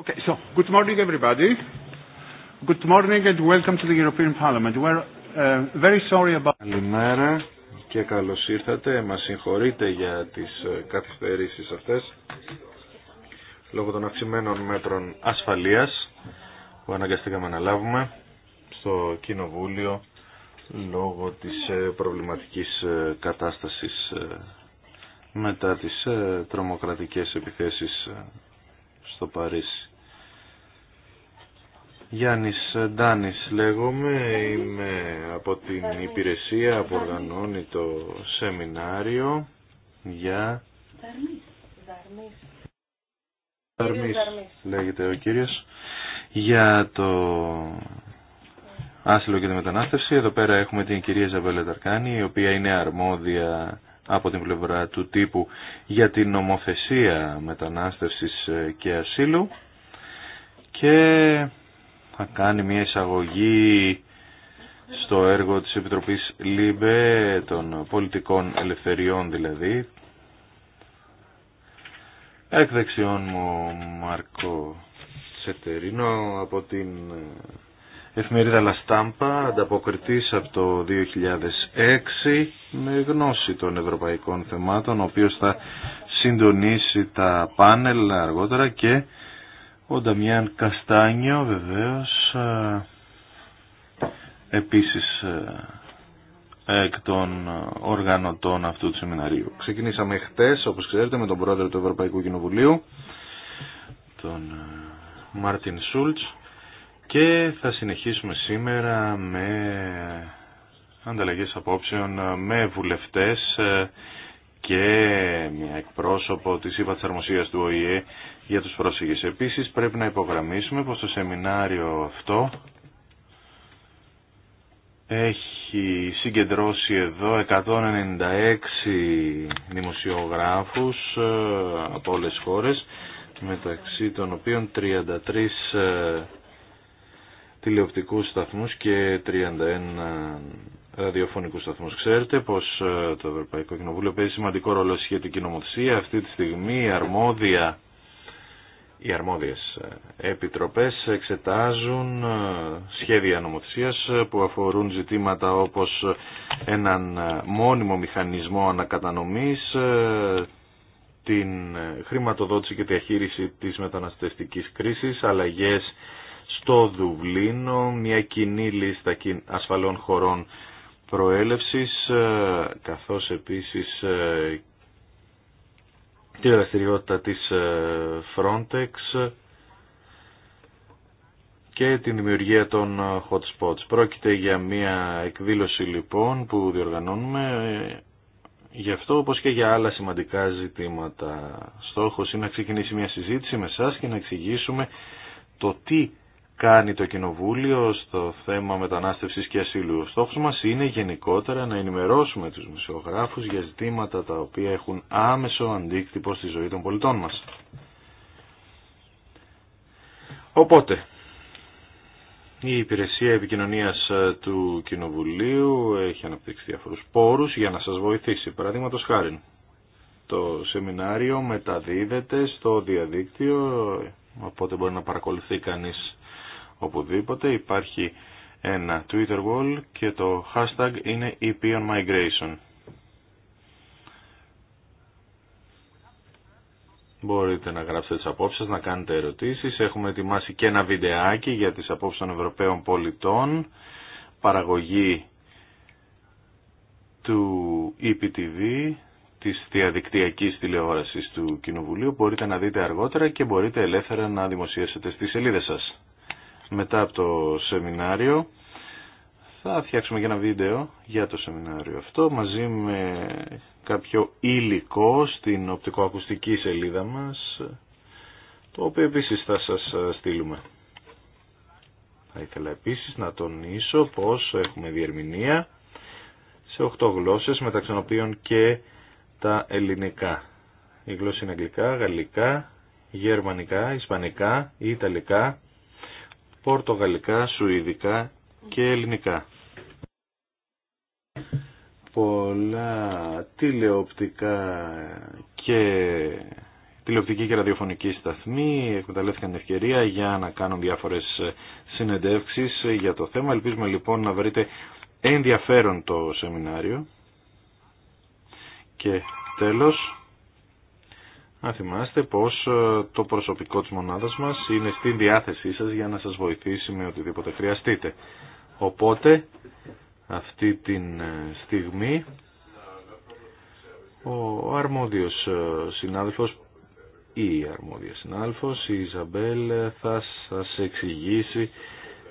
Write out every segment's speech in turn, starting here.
Okay, so good morning everybody. Good morning and welcome to the European Parliament. Uh, Καλημέρα και καλώς ήρθατε. Μας συγχωρείτε για τις ε, καθυστερήσεις αυτές λόγω των αυξημένων μέτρων ασφαλείας που αναγκαστήκαμε να λάβουμε στο Κοινοβούλιο λόγω της ε, προβληματικής ε, κατάστασης μετά τις τρομοκρατικές επιθέσεις στο Παρίσι. Γιάννης Ντάνης λέγομαι, είμαι από την υπηρεσία που οργανώνει το σεμινάριο για... Δαρμής. λέγεται ο κύριος, για το άσυλο και τη μετανάστευση. Εδώ πέρα έχουμε την κυρία Ζαβέλα Ταρκάνη, η οποία είναι αρμόδια από την πλευρά του τύπου για την νομοθεσία μετανάστευσης και ασύλου και θα κάνει μια εισαγωγή στο έργο της Επιτροπής ΛΥΜΠΕ των πολιτικών ελευθεριών δηλαδή. Εκ μου Μάρκο Σετερίνο από την εφημερίδα Λαστάμπα, ανταποκριτής από το 2006 με γνώση των ευρωπαϊκών θεμάτων, ο οποίος θα συντονίσει τα πάνελ αργότερα και ο Νταμιάν Καστάνιο βεβαίως ε, επίσης ε, εκ των οργανωτών αυτού του σεμιναρίου. Ξεκινήσαμε χτες, όπως ξέρετε, με τον πρόεδρο του Ευρωπαϊκού Κοινοβουλίου, τον ε, Μάρτιν Σούλτς, και θα συνεχίσουμε σήμερα με ανταλλαγές απόψεων με βουλευτές και μια εκπρόσωπο της ΥΠΑ του ΟΗΕ για τους προσήγες. Επίσης πρέπει να υπογραμμίσουμε πως το σεμινάριο αυτό έχει συγκεντρώσει εδώ 196 δημοσιογράφους ε, από όλες τις χώρες, μεταξύ των οποίων 33 ε, τηλεοπτικούς σταθμούς και 31 ραδιοφωνικούς σταθμούς. Ξέρετε πως ε, το Ευρωπαϊκό Κοινοβούλιο παίζει σημαντικό ρόλο σχετική νομοθεσία. Αυτή τη στιγμή η αρμόδια οι αρμόδιες ε, επιτροπές εξετάζουν ε, σχέδια νομοθεσίας ε, που αφορούν ζητήματα όπως έναν μόνιμο μηχανισμό ανακατανομής, την χρηματοδότηση και διαχείριση της μεταναστευτικής κρίσης, αλλαγές στο Δουβλίνο, μια κοινή λίστα ασφαλών χωρών προέλευσης, καθώς επίσης τη δραστηριότητα της ε, Frontex και την δημιουργία των ε, hotspots. Πρόκειται για μια εκδήλωση λοιπόν που διοργανώνουμε ε, γι' αυτό όπως και για άλλα σημαντικά ζητήματα. Στόχος είναι να ξεκινήσει μια συζήτηση με εσά και να εξηγήσουμε το τι κάνει το Κοινοβούλιο στο θέμα μετανάστευσης και ασύλου. Ο στόχος μας είναι γενικότερα να ενημερώσουμε τους μουσιογράφους για ζητήματα τα οποία έχουν άμεσο αντίκτυπο στη ζωή των πολιτών μας. Οπότε, η Υπηρεσία Επικοινωνίας του Κοινοβουλίου έχει αναπτύξει διαφορούς πόρους για να σας βοηθήσει. Παραδείγματο χάρη, το σεμινάριο μεταδίδεται στο διαδίκτυο, οπότε μπορεί να παρακολουθεί κανείς οπουδήποτε υπάρχει ένα Twitter wall και το hashtag είναι EP on migration. Μπορείτε να γράψετε τις απόψεις, να κάνετε ερωτήσεις. Έχουμε ετοιμάσει και ένα βιντεάκι για τις απόψεις των Ευρωπαίων πολιτών, παραγωγή του EPTV, της διαδικτυακής τηλεόρασης του Κοινοβουλίου. Μπορείτε να δείτε αργότερα και μπορείτε ελεύθερα να δημοσιεύσετε στις σελίδες σας μετά από το σεμινάριο. Θα φτιάξουμε και ένα βίντεο για το σεμινάριο αυτό μαζί με κάποιο υλικό στην οπτικοακουστική σελίδα μας το οποίο επίσης θα σας ε, στείλουμε. Θα ήθελα επίσης να τονίσω πως έχουμε διερμηνία σε 8 γλώσσες μεταξύ των οποίων και τα ελληνικά. Η γλώσσα είναι αγγλικά, γαλλικά, γερμανικά, ισπανικά, ιταλικά, πορτογαλικά, σουηδικά και ελληνικά. Πολλά τηλεοπτικά και τηλεοπτική και ραδιοφωνική σταθμή εκμεταλλεύτηκαν ευκαιρία για να κάνουν διάφορες συνεντεύξεις για το θέμα. Ελπίζουμε λοιπόν να βρείτε ενδιαφέρον το σεμινάριο. Και τέλος να θυμάστε πως ε, το προσωπικό της μονάδας μας είναι στην διάθεσή σας για να σας βοηθήσει με οτιδήποτε χρειαστείτε. Οπότε, αυτή την ε, στιγμή, ο αρμόδιος ε, συνάδελφος ή αρμόδια συνάδελφος, η Ιζαμπέλ, θα σας εξηγήσει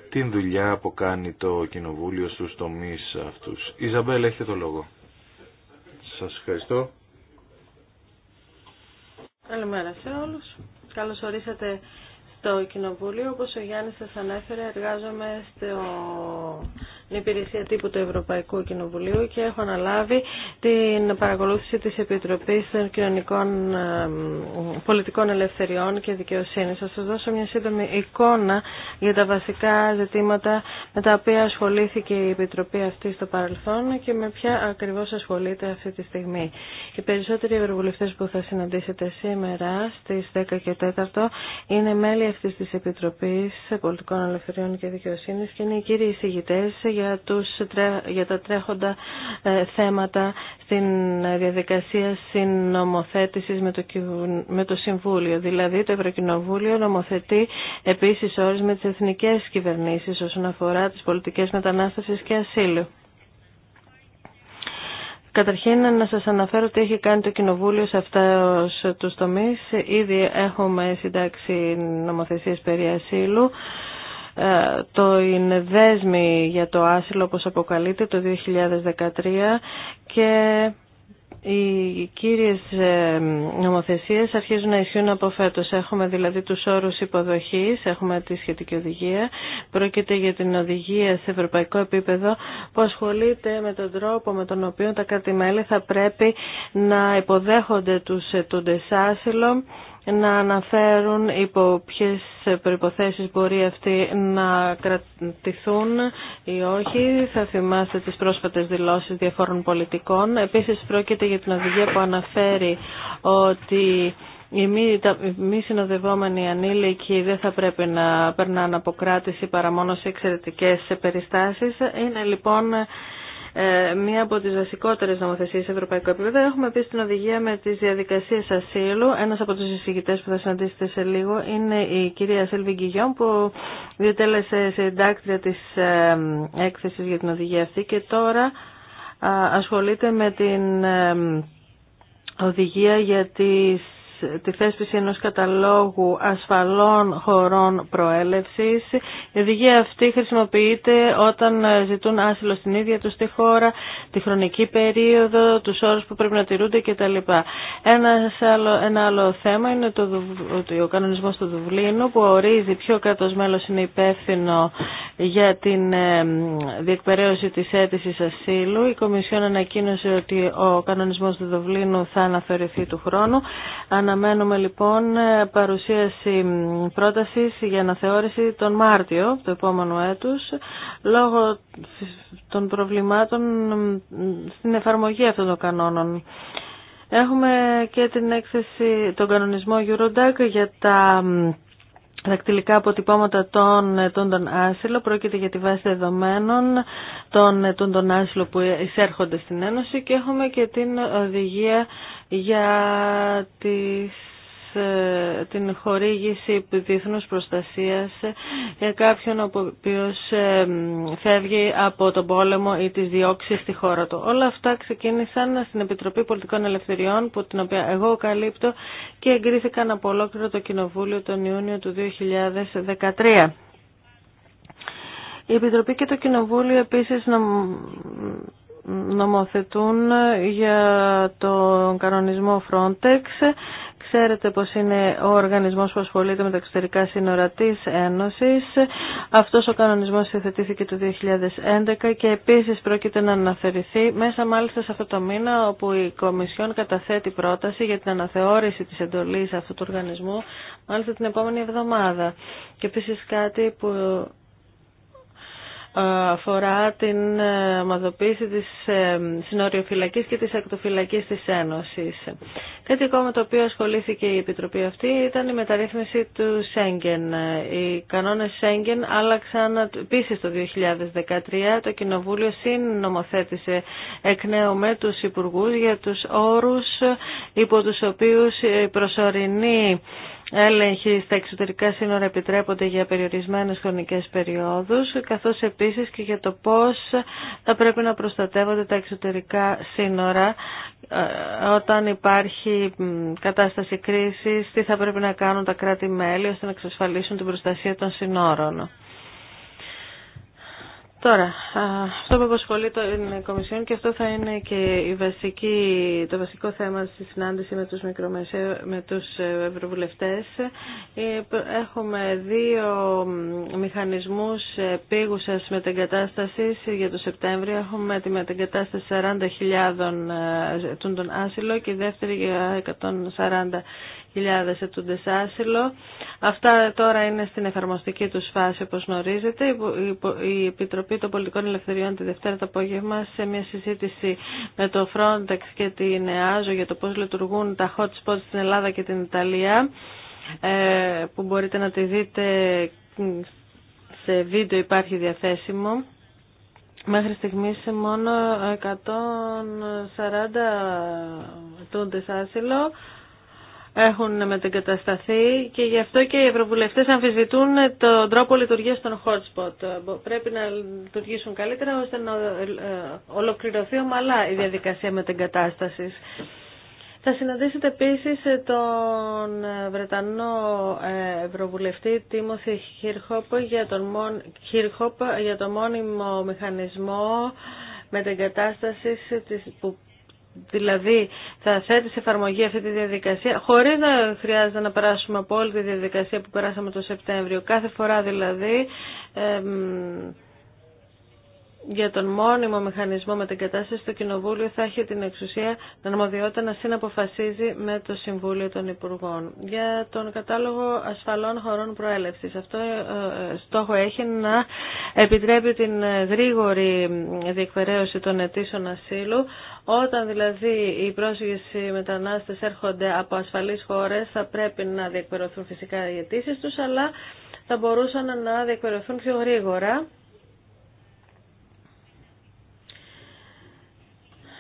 την δουλειά που κάνει το Κοινοβούλιο στους τομείς αυτούς. Ιζαμπέλ, έχετε το λόγο. Σας ευχαριστώ. Καλημέρα σε όλους. Καλώς ορίσατε στο Κοινοβούλιο. Όπως ο Γιάννης σας ανέφερε, εργάζομαι στο υπηρεσία τύπου του Ευρωπαϊκού Κοινοβουλίου και έχω αναλάβει την παρακολούθηση της Επιτροπής των Κοινωνικών Πολιτικών Ελευθεριών και Δικαιοσύνης. Θα σας δώσω μια σύντομη εικόνα για τα βασικά ζητήματα με τα οποία ασχολήθηκε η Επιτροπή αυτή στο παρελθόν και με ποια ακριβώς ασχολείται αυτή τη στιγμή. Οι περισσότεροι ευρωβουλευτές που θα συναντήσετε σήμερα στις 10 και 4 είναι μέλη αυτής της Επιτροπής Πολιτικών Ελευθεριών και Δικαιοσύνης και είναι οι κύριοι για, τα τρέχοντα ε, θέματα στην διαδικασία συνομοθέτησης με το, με το Συμβούλιο. Δηλαδή το Ευρωκοινοβούλιο νομοθετεί επίσης όρις με τις εθνικές κυβερνήσεις όσον αφορά τις πολιτικές μετανάστευση και ασύλου. Καταρχήν να σας αναφέρω τι έχει κάνει το Κοινοβούλιο σε αυτά τους τομείς. Ήδη έχουμε συντάξει νομοθεσίες περί ασύλου. Ε, το δέσμη για το άσυλο όπως αποκαλείται το 2013 και οι κύριες ε, νομοθεσίες αρχίζουν να ισχύουν από φέτος. Έχουμε δηλαδή τους όρους υποδοχής, έχουμε τη σχετική οδηγία. Πρόκειται για την οδηγία σε ευρωπαϊκό επίπεδο που ασχολείται με τον τρόπο με τον οποίο τα κράτη-μέλη θα πρέπει να υποδέχονται τους ετούντες άσυλο να αναφέρουν υπό ποιες προϋποθέσεις μπορεί αυτοί να κρατηθούν ή όχι. Θα θυμάστε τις πρόσφατες δηλώσεις διαφόρων πολιτικών. Επίσης πρόκειται για την οδηγία που αναφέρει ότι οι μη, τα, μη συνοδευόμενοι ανήλικοι δεν θα πρέπει να περνάνε από κράτηση παρά μόνο σε εξαιρετικές περιστάσεις. Είναι λοιπόν ε, μία από τις βασικότερες νομοθεσίες σε ευρωπαϊκό επίπεδο. Έχουμε πει την οδηγία με τις διαδικασίες ασύλου. Ένας από τους εισηγητές που θα συναντήσετε σε λίγο είναι η κυρία Σέλβι Κιγιόν που διατέλεσε συντάκτρια της ε, έκθεσης για την οδηγία αυτή και τώρα ε, ασχολείται με την οδηγία για τις τη θέσπιση ενός καταλόγου ασφαλών χωρών προέλευσης. Η οδηγία αυτή χρησιμοποιείται όταν ζητούν άσυλο στην ίδια τους τη χώρα, τη χρονική περίοδο, τους όρους που πρέπει να τηρούνται κτλ. Ένα άλλο, ένα άλλο θέμα είναι το, ο κανονισμός του Δουβλίνου που ορίζει ποιο κράτος μέλος είναι υπεύθυνο για την ε, διεκπαιρέωση της αίτησης ασύλου. Η Κομισιόν ανακοίνωσε ότι ο κανονισμός του Δουβλίνου θα αναθεωρηθεί του χρόνου. Αναμένουμε λοιπόν παρουσίαση πρότασης για αναθεώρηση τον Μάρτιο του επόμενου έτους λόγω των προβλημάτων στην εφαρμογή αυτών των κανόνων. Έχουμε και την έκθεση, τον κανονισμό Eurodac για τα δακτυλικά αποτυπώματα των των άσυλο. Πρόκειται για τη βάση δεδομένων των ετούντων άσυλο που εισέρχονται στην Ένωση και έχουμε και την οδηγία για ε, την χορήγηση διεθνούς προστασίας για κάποιον ο οποίος ε, φεύγει από τον πόλεμο ή τις διώξεις στη χώρα του. Όλα αυτά ξεκίνησαν στην Επιτροπή Πολιτικών Ελευθεριών που την οποία εγώ καλύπτω και εγκρίθηκαν από ολόκληρο το Κοινοβούλιο τον Ιούνιο του 2013. Η Επιτροπή και το Κοινοβούλιο επίσης νομοθετούν για τον κανονισμό Frontex. Ξέρετε πως είναι ο οργανισμός που ασχολείται με τα εξωτερικά σύνορα της Ένωσης. Αυτός ο κανονισμός υιοθετήθηκε το 2011 και επίσης πρόκειται να αναφερθεί μέσα μάλιστα σε αυτό το μήνα όπου η Κομισιόν καταθέτει πρόταση για την αναθεώρηση της εντολής αυτού του οργανισμού μάλιστα την επόμενη εβδομάδα. Και επίσης κάτι που ε, αφορά την ε, ομαδοποίηση της ε, συνοριοφυλακής και της ακτοφυλακής της Ένωσης. Κάτι ακόμα το οποίο ασχολήθηκε η Επιτροπή αυτή ήταν η μεταρρύθμιση του Σέγγεν. Οι κανόνες Σέγγεν άλλαξαν επίση το 2013. Το Κοινοβούλιο συνομοθέτησε εκ νέου με τους υπουργούς για τους όρους υπό τους οποίους η προσωρινή έλεγχοι στα εξωτερικά σύνορα επιτρέπονται για περιορισμένες χρονικές περιόδους, καθώς επίσης και για το πώς θα πρέπει να προστατεύονται τα εξωτερικά σύνορα ε, όταν υπάρχει κατάσταση κρίσης, τι θα πρέπει να κάνουν τα κράτη-μέλη ώστε να εξασφαλίσουν την προστασία των σύνορων. Τώρα, αυτό που απασχολεί την Κομισιόν και αυτό θα είναι και το βασικό θέμα στη συνάντηση με τους, με τους ευρωβουλευτές. Ε, έχουμε δύο μηχανισμούς πήγουσας μετεγκατάστασης για το Σεπτέμβριο. Έχουμε τη μετεγκατάσταση 40.000 ετούντων άσυλο και η δεύτερη για 140 ετούντες άσυλο. Αυτά τώρα είναι στην εφαρμοστική τους φάση όπως γνωρίζετε. Η Επιτροπή των Πολιτικών Ελευθεριών τη Δευτέρα το απόγευμα σε μια συζήτηση με το Frontex και την ΕΑΖΟ για το πώς λειτουργούν τα hot spots στην Ελλάδα και την Ιταλία ε, που μπορείτε να τη δείτε σε βίντεο υπάρχει διαθέσιμο. Μέχρι στιγμής μόνο 140 τούντες άσυλο έχουν μετεγκατασταθεί και γι' αυτό και οι ευρωβουλευτές αμφισβητούν τον τρόπο λειτουργίας των hotspot. Πρέπει να λειτουργήσουν καλύτερα ώστε να ε, ολοκληρωθεί ομαλά η διαδικασία μετεγκατάστασης. Θα συναντήσετε επίσης τον Βρετανό ε, Ευρωβουλευτή Τίμωθη Χίρχοπ για τον, για τον μόνιμο μηχανισμό μετεγκατάστασης που δηλαδή θα θέτει σε εφαρμογή αυτή τη διαδικασία, χωρίς να χρειάζεται να περάσουμε από όλη τη διαδικασία που περάσαμε το Σεπτέμβριο. Κάθε φορά δηλαδή για τον μόνιμο μηχανισμό κατάσταση το Κοινοβούλιο θα έχει την εξουσία, την αρμοδιότητα να συναποφασίζει με το Συμβούλιο των Υπουργών. Για τον κατάλογο ασφαλών χωρών προέλευσης. Αυτό ε, ε, στόχο έχει να επιτρέπει την γρήγορη διεκπαιρέωση των αιτήσεων ασύλου, όταν δηλαδή οι πρόσφυγες οι μετανάστες έρχονται από ασφαλείς χώρες θα πρέπει να διεκπαιρωθούν φυσικά οι αιτήσει τους αλλά θα μπορούσαν να διεκπαιρωθούν πιο γρήγορα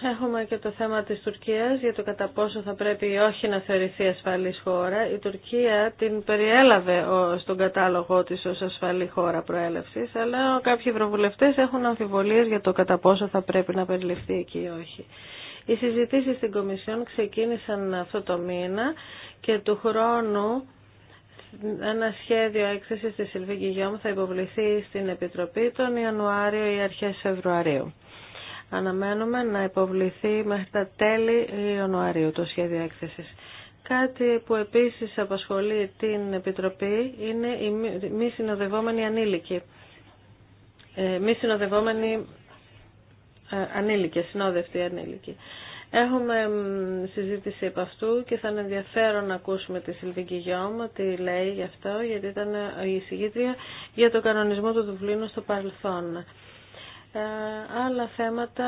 Έχουμε και το θέμα της Τουρκίας για το κατά πόσο θα πρέπει ή όχι να θεωρηθεί ασφαλής χώρα. Η Τουρκία την περιέλαβε στον κατάλογο της ως ασφαλή χώρα προέλευσης, αλλά κάποιοι ευρωβουλευτές έχουν αμφιβολίες για το κατά πόσο θα πρέπει να περιληφθεί εκεί ή όχι. Οι συζητήσεις στην Κομισιόν ξεκίνησαν αυτό το μήνα και του χρόνου ένα σχέδιο έκθεσης της Σιλβίκη Γιώμ θα υποβληθεί στην Επιτροπή τον Ιανουάριο ή αρχές Φεβρουαρίου. Αναμένουμε να υποβληθεί μέχρι τα τέλη Ιανουαρίου το σχέδιο έκθεσης. Κάτι που επίσης απασχολεί την Επιτροπή είναι η μη συνοδευόμενοι ανήλικη. Ε, μη συνοδευόμενοι ε, ανήλικοι, συνόδευτοι ανήλικοι. Έχουμε συζήτηση από αυτού και θα είναι ενδιαφέρον να ακούσουμε τη Σιλβίκη Γιώμ τι λέει γι' αυτό, γιατί ήταν η εισηγήτρια για το κανονισμό του Δουβλίνου στο παρελθόν. Ε, άλλα θέματα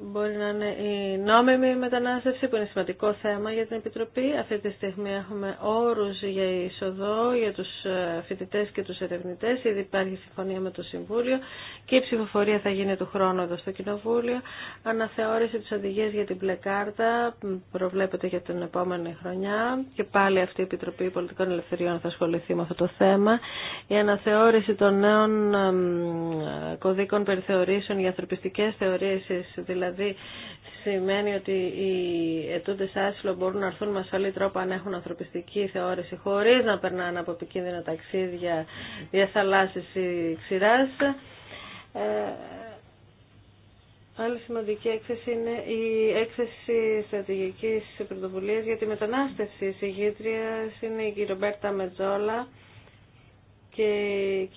μπορεί να είναι η νόμιμη μετανάστευση που είναι σημαντικό θέμα για την Επιτροπή. Αυτή τη στιγμή έχουμε όρους για είσοδο για τους ε, φοιτητές και τους ερευνητέ. Ήδη υπάρχει συμφωνία με το Συμβούλιο και η ψηφοφορία θα γίνει του χρόνου εδώ στο Κοινοβούλιο. Αναθεώρηση τους οδηγίας για την μπλε κάρτα προβλέπεται για την επόμενη χρονιά και πάλι αυτή η Επιτροπή Πολιτικών Ελευθεριών θα ασχοληθεί με αυτό το θέμα. Η αναθεώρηση των νέων κωδίκων θεωρήσεων οι ανθρωπιστικές θεωρήσεις, δηλαδή σημαίνει ότι οι ετούντες άσυλο μπορούν να έρθουν με ασφαλή τρόπο αν έχουν ανθρωπιστική θεώρηση χωρίς να περνάνε από επικίνδυνα ταξίδια, διαθαλάσσεις ή ξηράς. Ε, άλλη σημαντική έκθεση είναι η έκθεση στρατηγικής πρωτοβουλίας για τη μετανάστευση. Η συγγήτρια είναι η Μπερτα Μετζόλα και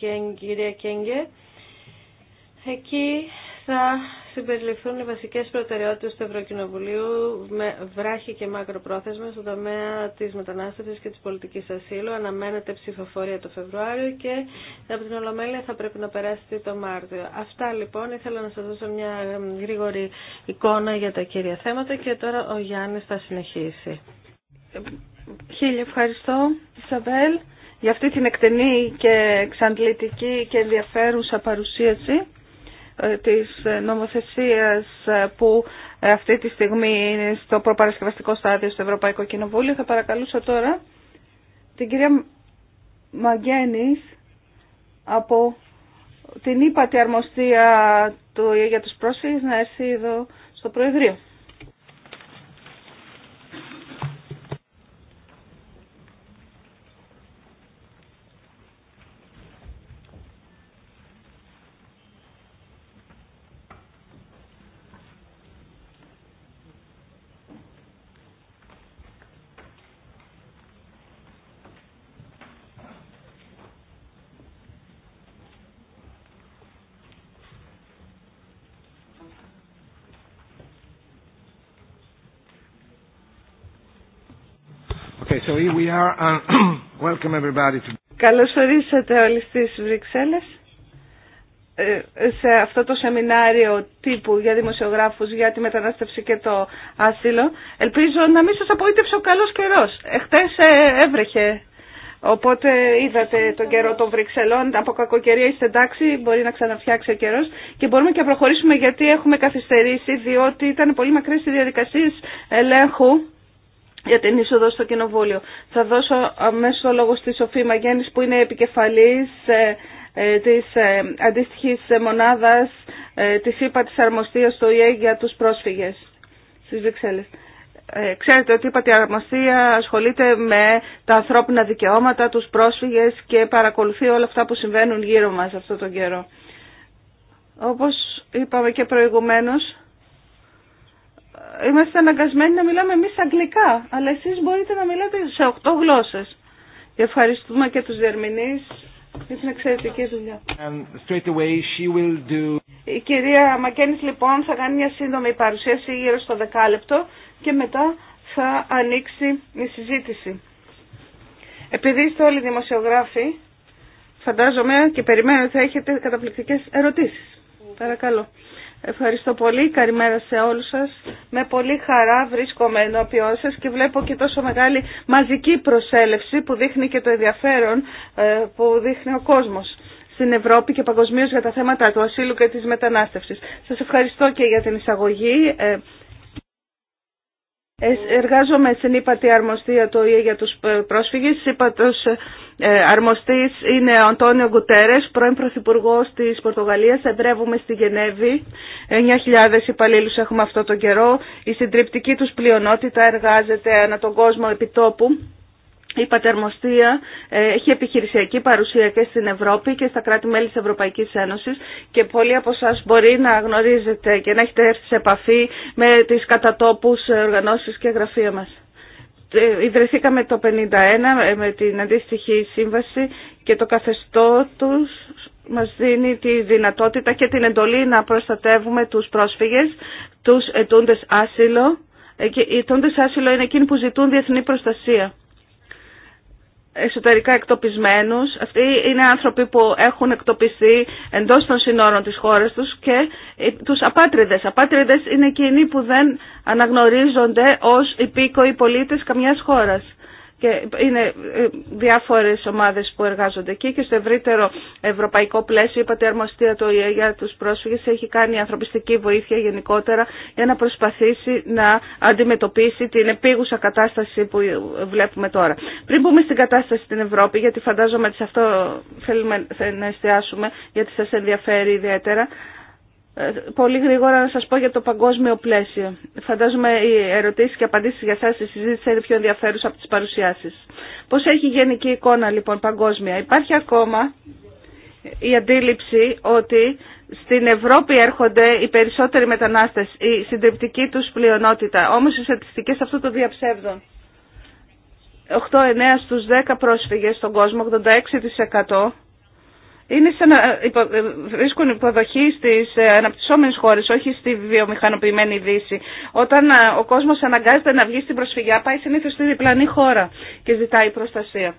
η κυρία Κέγκε. Εκεί θα συμπεριληφθούν οι βασικές προτεραιότητες του Ευρωκοινοβουλίου με βράχη και μακροπρόθεσμα στον τομέα της μετανάστευσης και της πολιτικής ασύλου. Αναμένεται ψηφοφορία το Φεβρουάριο και από την Ολομέλεια θα πρέπει να περάσει το Μάρτιο. Αυτά λοιπόν ήθελα να σας δώσω μια γρήγορη εικόνα για τα κύρια θέματα και τώρα ο Γιάννης θα συνεχίσει. Χίλια ευχαριστώ Ισαβέλ για αυτή την εκτενή και εξαντλητική και ενδιαφέρουσα παρουσίαση. Ε, της νομοθεσίας ε, που αυτή τη στιγμή είναι στο προπαρασκευαστικό στάδιο στο Ευρωπαϊκό Κοινοβούλιο. Θα παρακαλούσα τώρα την κυρία Μαγκένης από την ύπατη αρμοστία του για τους πρόσφυγες να έρθει εδώ στο Προεδρείο. Καλώς ορίσατε όλοι στις Βρυξέλλες ε, σε αυτό το σεμινάριο τύπου για δημοσιογράφους για τη μετανάστευση και το άσυλο. Ελπίζω να μην σας απογοήτευσε ο καλός καιρός. Εχθές ε, έβρεχε, οπότε είδατε τον καιρό των Βρυξελών. Από κακοκαιρία είστε εντάξει, μπορεί να ξαναφτιάξει ο καιρός. Και μπορούμε και να προχωρήσουμε γιατί έχουμε καθυστερήσει, διότι ήταν πολύ μακρές οι διαδικασίες ελέγχου για την είσοδο στο Κοινοβούλιο. Θα δώσω αμέσω το λόγο στη Σοφή Μαγέννη, που είναι επικεφαλής ε, ε, της ε, αντίστοιχης μονάδας τη ΥΠΑ της Αρμοστία στο ΙΕ για τους πρόσφυγες στις Ε, Ξέρετε ότι η Αρμοστία ασχολείται με τα ανθρώπινα δικαιώματα, τους πρόσφυγες και παρακολουθεί όλα αυτά που συμβαίνουν γύρω μας αυτό τον καιρό. Όπως είπαμε και προηγουμένως, είμαστε αναγκασμένοι να μιλάμε εμεί αγγλικά, αλλά εσεί μπορείτε να μιλάτε σε οκτώ γλώσσε. ευχαριστούμε και του Δερμηνεί για την εξαιρετική δουλειά. Η κυρία Μακένη λοιπόν θα κάνει μια σύντομη παρουσίαση γύρω στο δεκάλεπτο και μετά θα ανοίξει η συζήτηση. Επειδή είστε όλοι δημοσιογράφοι, φαντάζομαι και περιμένω ότι θα έχετε καταπληκτικές ερωτήσεις. Παρακαλώ. Ευχαριστώ πολύ. Καλημέρα σε όλους σας. Με πολύ χαρά βρίσκομαι ενώπιό σας και βλέπω και τόσο μεγάλη μαζική προσέλευση που δείχνει και το ενδιαφέρον ε, που δείχνει ο κόσμος στην Ευρώπη και παγκοσμίω για τα θέματα του ασύλου και της μετανάστευσης. Σας ευχαριστώ και για την εισαγωγή. Ε, Εργάζομαι στην ύπατη αρμοστία του ΟΗΕ για τους ε, πρόσφυγες. Υπατός ε, ε, αρμοστής είναι ο Αντώνιο Γκουτέρες, πρώην Πρωθυπουργός της Πορτογαλίας. Εδρεύουμε στη Γενέβη. 9.000 υπαλλήλου έχουμε αυτό τον καιρό. Η συντριπτική τους πλειονότητα εργάζεται ανά τον κόσμο επιτόπου. Η πατερμοστία ε, έχει επιχειρησιακή παρουσία και στην Ευρώπη και στα κράτη-μέλη της Ευρωπαϊκής Ένωσης και πολλοί από εσά μπορεί να γνωρίζετε και να έχετε έρθει σε επαφή με τις κατατόπους οργανώσεις και γραφεία μας. Ε, ιδρυθήκαμε το 1951 ε, με την αντίστοιχη σύμβαση και το καθεστώ τους μας δίνει τη δυνατότητα και την εντολή να προστατεύουμε τους πρόσφυγες, τους ετούντες άσυλο. Οι ετούντες άσυλο είναι εκείνοι που ζητούν διεθνή προστασία εσωτερικά εκτοπισμένους. Αυτοί είναι άνθρωποι που έχουν εκτοπιστεί εντός των συνόρων της χώρας τους και ε, τους απάτριδες. Απάτριδες είναι εκείνοι που δεν αναγνωρίζονται ως υπήκοοι πολίτες καμιάς χώρας είναι ε, διάφορες ομάδες που εργάζονται εκεί και στο ευρύτερο ευρωπαϊκό πλαίσιο είπατε η αρμοστία του για τους πρόσφυγες έχει κάνει ανθρωπιστική βοήθεια γενικότερα για να προσπαθήσει να αντιμετωπίσει την επίγουσα κατάσταση που βλέπουμε τώρα. Πριν πούμε στην κατάσταση στην Ευρώπη, γιατί φαντάζομαι ότι σε αυτό θέλουμε να εστιάσουμε, γιατί σας ενδιαφέρει ιδιαίτερα, ε, πολύ γρήγορα να σας πω για το παγκόσμιο πλαίσιο. Φαντάζομαι οι ερωτήσεις και απαντήσεις για εσάς στη συζήτηση θα είναι πιο ενδιαφέρουσα από τις παρουσιάσεις. Πώς έχει γενική εικόνα λοιπόν παγκόσμια. Υπάρχει ακόμα η αντίληψη ότι στην Ευρώπη έρχονται οι περισσότεροι μετανάστες, η συντριπτική τους πλειονότητα. Όμως οι στατιστικές αυτού το διαψεύδουν. 8-9 στους 10 πρόσφυγες στον κόσμο, 86% είναι σαν να ε, ε, βρίσκουν υποδοχή στις ε, αναπτυσσόμενες χώρες, όχι στη βιομηχανοποιημένη Δύση. Όταν ο κόσμος αναγκάζεται να βγει στην προσφυγιά, πάει συνήθως στη διπλανή χώρα και ζητάει προστασία.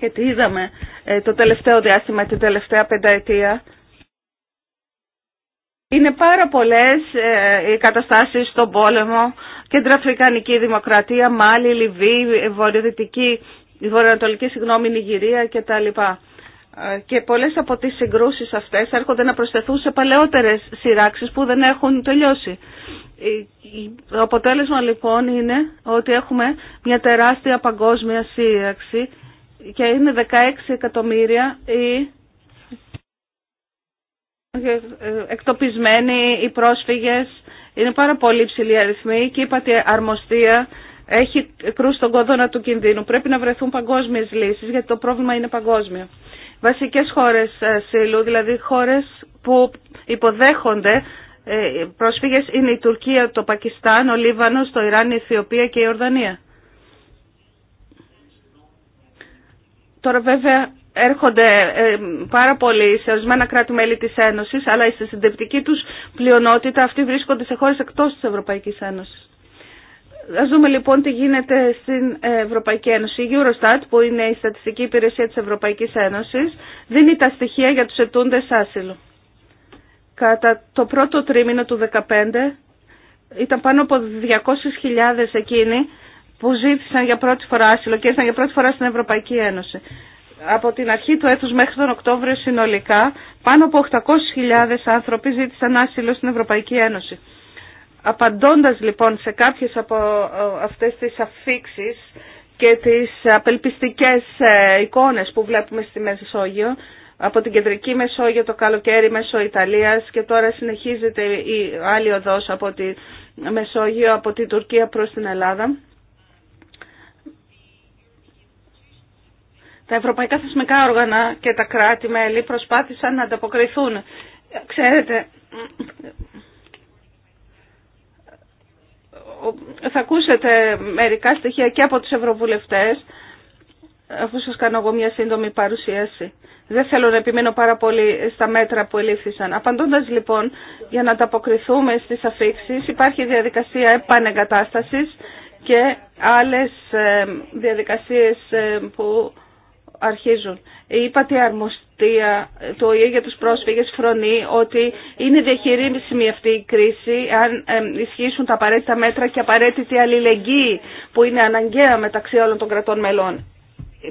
Και τι είδαμε το τελευταίο διάστημα, την τελευταία πενταετία. Είναι πάρα πολλές οι καταστάσεις στον πόλεμο, κεντροαφρικανική δημοκρατία, Μάλι, Λιβύη, βορειοδυτική, βορειοανατολική συγγνώμη, Νιγηρία κτλ. Ε, και πολλές από τις συγκρούσεις αυτές έρχονται να προσθεθούν σε παλαιότερες σειράξεις που δεν έχουν τελειώσει. Το αποτέλεσμα λοιπόν είναι ότι έχουμε μια τεράστια παγκόσμια σύραξη και είναι 16 εκατομμύρια οι ε, εκτοπισμένοι, οι πρόσφυγες. Είναι πάρα πολύ ψηλή αριθμή και είπατε αρμοστία έχει κρούσει τον κόδωνα του κινδύνου. Πρέπει να βρεθούν παγκόσμιες λύσεις γιατί το πρόβλημα είναι παγκόσμιο βασικές χώρες ασύλου, δηλαδή χώρες που υποδέχονται ε, πρόσφυγες είναι η Τουρκία, το Πακιστάν, ο Λίβανος, το Ιράν, η Αιθιοπία και η Ορδανία. Τώρα βέβαια έρχονται ε, πάρα πολλοί σε ορισμένα κράτη-μέλη της Ένωσης, αλλά στη συντεπτική τους πλειονότητα αυτοί βρίσκονται σε χώρες εκτός της Ευρωπαϊκής Ένωσης. Ας δούμε λοιπόν τι γίνεται στην Ευρωπαϊκή Ένωση. Η Eurostat, που είναι η στατιστική υπηρεσία της Ευρωπαϊκής Ένωσης, δίνει τα στοιχεία για τους ετούντες άσυλο. Κατά το πρώτο τρίμηνο του 2015 ήταν πάνω από 200.000 εκείνοι που ζήτησαν για πρώτη φορά άσυλο και ήρθαν για πρώτη φορά στην Ευρωπαϊκή Ένωση. Από την αρχή του έτους μέχρι τον Οκτώβριο συνολικά πάνω από 800.000 άνθρωποι ζήτησαν άσυλο στην Ευρωπαϊκή Ένωση. Απαντώντας λοιπόν σε κάποιες από ε, αυτές τις αφήξεις και τις απελπιστικές ε, εικόνες που βλέπουμε στη Μεσόγειο, από την κεντρική Μεσόγειο το καλοκαίρι μέσω Ιταλίας και τώρα συνεχίζεται η άλλη οδός από τη Μεσόγειο, από την Τουρκία προς την Ελλάδα. Τα ευρωπαϊκά θεσμικά όργανα και τα κράτη-μέλη προσπάθησαν να ανταποκριθούν. Ξέρετε, θα ακούσετε μερικά στοιχεία και από τους ευρωβουλευτές, αφού σας κάνω εγώ μια σύντομη παρουσίαση. Δεν θέλω να επιμείνω πάρα πολύ στα μέτρα που ελήφθησαν. Απαντώντας λοιπόν, για να ανταποκριθούμε στις αφήξεις, υπάρχει διαδικασία επανεγκατάστασης και άλλες ε, διαδικασίες ε, που αρχίζουν. Η αρμοστία του ΟΗΕ για τους πρόσφυγες φρονεί ότι είναι διαχειρίσιμη αυτή η κρίση αν ισχύσουν τα απαραίτητα μέτρα και απαραίτητη αλληλεγγύη που είναι αναγκαία μεταξύ όλων των κρατών μελών.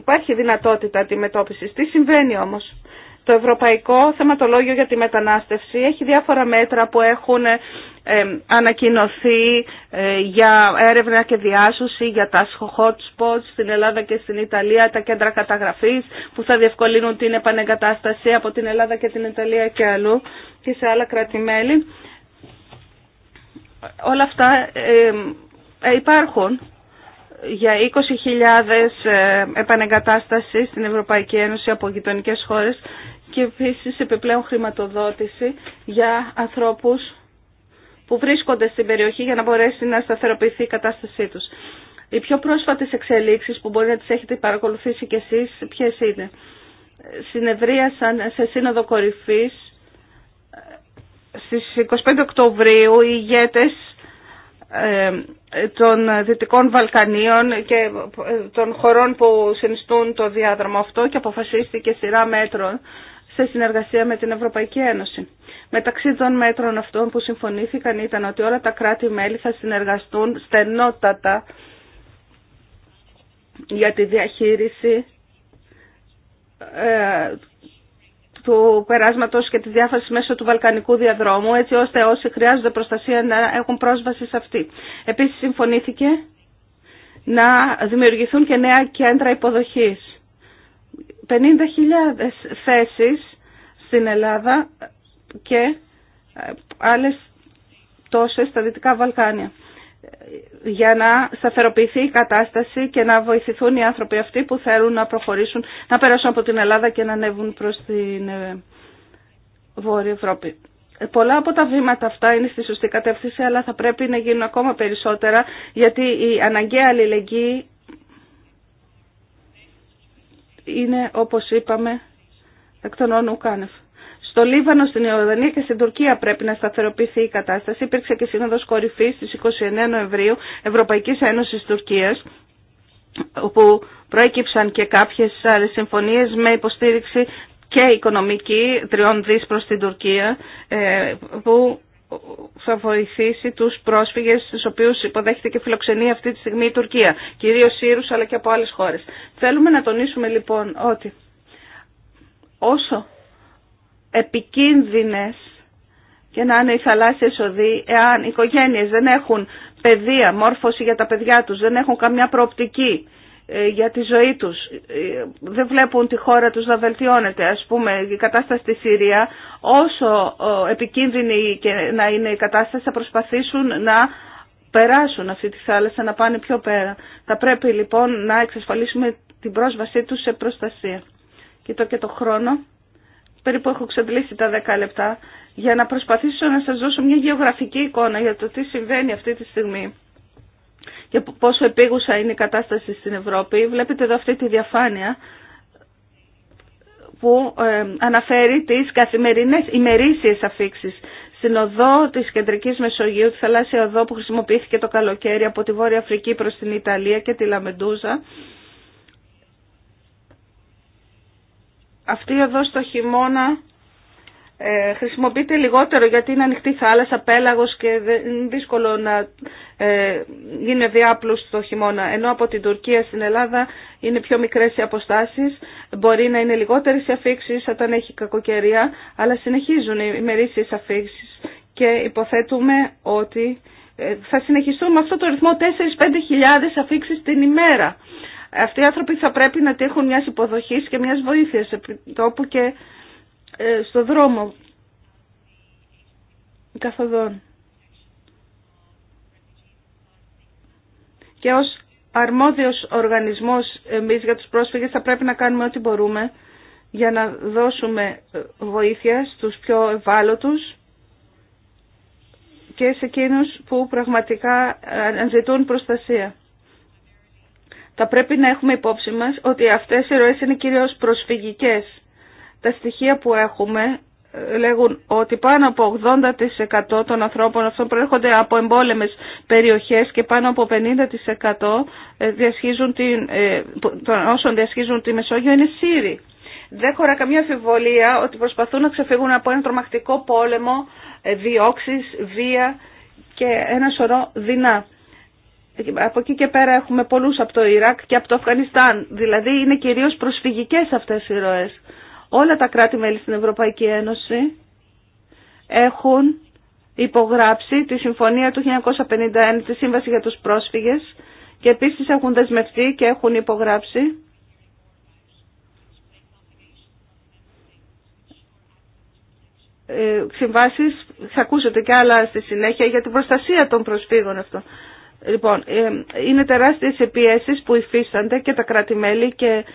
Υπάρχει δυνατότητα αντιμετώπισης. Τι συμβαίνει όμως. Το Ευρωπαϊκό Θεματολόγιο για τη Μετανάστευση έχει διάφορα μέτρα που έχουν ε, ανακοινωθεί ε, για έρευνα και διάσωση για τα hot spots στην Ελλάδα και στην Ιταλία, τα κέντρα καταγραφής που θα διευκολύνουν την επανεγκατάσταση από την Ελλάδα και την Ιταλία και αλλού και σε άλλα κράτη-μέλη. Όλα αυτά ε, υπάρχουν για 20.000 επανεγκατάσταση στην Ευρωπαϊκή Ένωση από γειτονικέ χώρες και επίσης επιπλέον χρηματοδότηση για ανθρώπους που βρίσκονται στην περιοχή για να μπορέσει να σταθεροποιηθεί η κατάστασή τους. Οι πιο πρόσφατες εξελίξεις που μπορεί να τις έχετε παρακολουθήσει κι εσείς, ποιες είναι. Συνεδρίασαν σε σύνοδο κορυφής ε, στις 25 Οκτωβρίου οι ηγέτες ε, των Δυτικών Βαλκανίων και ε, των χωρών που συνιστούν το διάδρομο αυτό και αποφασίστηκε σειρά μέτρων σε συνεργασία με την Ευρωπαϊκή Ένωση. Μεταξύ των μέτρων αυτών που συμφωνήθηκαν ήταν ότι όλα τα κράτη-μέλη θα συνεργαστούν στενότατα για τη διαχείριση ε, του περάσματος και τη διάφαση μέσω του Βαλκανικού διαδρόμου, έτσι ώστε όσοι χρειάζονται προστασία να έχουν πρόσβαση σε αυτή. Επίσης συμφωνήθηκε να δημιουργηθούν και νέα κέντρα υποδοχής. 50.000 θέσεις στην Ελλάδα και ε, άλλες τόσες στα Δυτικά Βαλκάνια για να σταθεροποιηθεί η κατάσταση και να βοηθηθούν οι άνθρωποι αυτοί που θέλουν να προχωρήσουν, να περάσουν από την Ελλάδα και να ανέβουν προς την ε, Βόρεια Ευρώπη. Ε, πολλά από τα βήματα αυτά είναι στη σωστή κατεύθυνση, αλλά θα πρέπει να γίνουν ακόμα περισσότερα, γιατί η αναγκαία αλληλεγγύη είναι, όπως είπαμε, εκ των όνων ουκάνευ. Στο Λίβανο, στην Ιορδανία και στην Τουρκία πρέπει να σταθεροποιηθεί η κατάσταση. Υπήρξε και σύνοδο κορυφή στις 29 Νοεμβρίου Ευρωπαϊκής Ένωσης Τουρκίας όπου προέκυψαν και κάποιες άλλε συμφωνίες με υποστήριξη και οικονομική τριών δι προ την Τουρκία ε, που θα βοηθήσει τους πρόσφυγες στους οποίους υποδέχεται και φιλοξενεί αυτή τη στιγμή η Τουρκία, κυρίως Σύρους αλλά και από άλλες χώρες. Θέλουμε να τονίσουμε λοιπόν ότι όσο επικίνδυνες και να είναι οι θαλάσσιες οδοί εάν οι οικογένειες δεν έχουν παιδεία, μόρφωση για τα παιδιά τους, δεν έχουν καμιά προοπτική ε, για τη ζωή τους. Ε, δεν βλέπουν τη χώρα τους να βελτιώνεται. Ας πούμε, η κατάσταση στη Συρία, όσο επικίνδυνη και να είναι η κατάσταση, θα προσπαθήσουν να περάσουν αυτή τη θάλασσα, να πάνε πιο πέρα. Θα πρέπει λοιπόν να εξασφαλίσουμε την πρόσβασή τους σε προστασία. Κοιτώ και το χρόνο περίπου έχω ξεπλήσει τα 10 λεπτά, για να προσπαθήσω να σας δώσω μια γεωγραφική εικόνα για το τι συμβαίνει αυτή τη στιγμή και πόσο επίγουσα είναι η κατάσταση στην Ευρώπη. Βλέπετε εδώ αυτή τη διαφάνεια που ε, αναφέρει τις καθημερινές ημερήσιες αφήξεις στην οδό της Κεντρικής Μεσογείου, τη θαλάσσια οδό που χρησιμοποιήθηκε το καλοκαίρι από τη Βόρεια Αφρική προς την Ιταλία και τη Λαμεντούζα. Αυτή εδώ στο χειμώνα ε, χρησιμοποιείται λιγότερο γιατί είναι ανοιχτή θάλασσα, πέλαγος και δεν είναι δύσκολο να ε, γίνει διάπλους το χειμώνα. Ενώ από την Τουρκία στην Ελλάδα είναι πιο μικρές οι αποστάσεις, μπορεί να είναι λιγότερες οι αφήξεις όταν έχει κακοκαιρία, αλλά συνεχίζουν οι μερίσεις αφήξεις και υποθέτουμε ότι ε, θα συνεχιστούν με αυτό το ρυθμό 4-5 χιλιάδες αφήξεις την ημέρα. Αυτοί οι άνθρωποι θα πρέπει να τύχουν μια υποδοχής και μιας βοήθειας τόπου και ε, στο δρόμο καθοδόν. Και ως αρμόδιος οργανισμός εμείς για τους πρόσφυγες θα πρέπει να κάνουμε ό,τι μπορούμε για να δώσουμε ε, βοήθεια στους πιο ευάλωτους και σε εκείνους που πραγματικά ε, αναζητούν προστασία θα πρέπει να έχουμε υπόψη μας ότι αυτές οι ροές είναι κυρίως προσφυγικές. Τα στοιχεία που έχουμε ε, λέγουν ότι πάνω από 80% των ανθρώπων αυτών προέρχονται από εμπόλεμες περιοχές και πάνω από 50% ε, διασχίζουν την, ε, των όσων διασχίζουν τη Μεσόγειο είναι Σύριοι. Δεν χωρά καμία αφιβολία ότι προσπαθούν να ξεφύγουν από ένα τρομακτικό πόλεμο, διώξεις, βία και ένα σωρό δεινά. Από εκεί και πέρα έχουμε πολλούς από το Ιράκ και από το Αφγανιστάν. Δηλαδή είναι κυρίως προσφυγικές αυτές οι ροές. Όλα τα κράτη-μέλη στην Ευρωπαϊκή Ένωση έχουν υπογράψει τη Συμφωνία του 1951, τη Σύμβαση για τους Πρόσφυγες και επίσης έχουν δεσμευτεί και έχουν υπογράψει ε, συμβάσεις, θα ακούσετε και άλλα στη συνέχεια, για την προστασία των προσφύγων αυτών. Λοιπόν, ε, είναι τεράστιες οι που υφίστανται και τα κράτη-μέλη και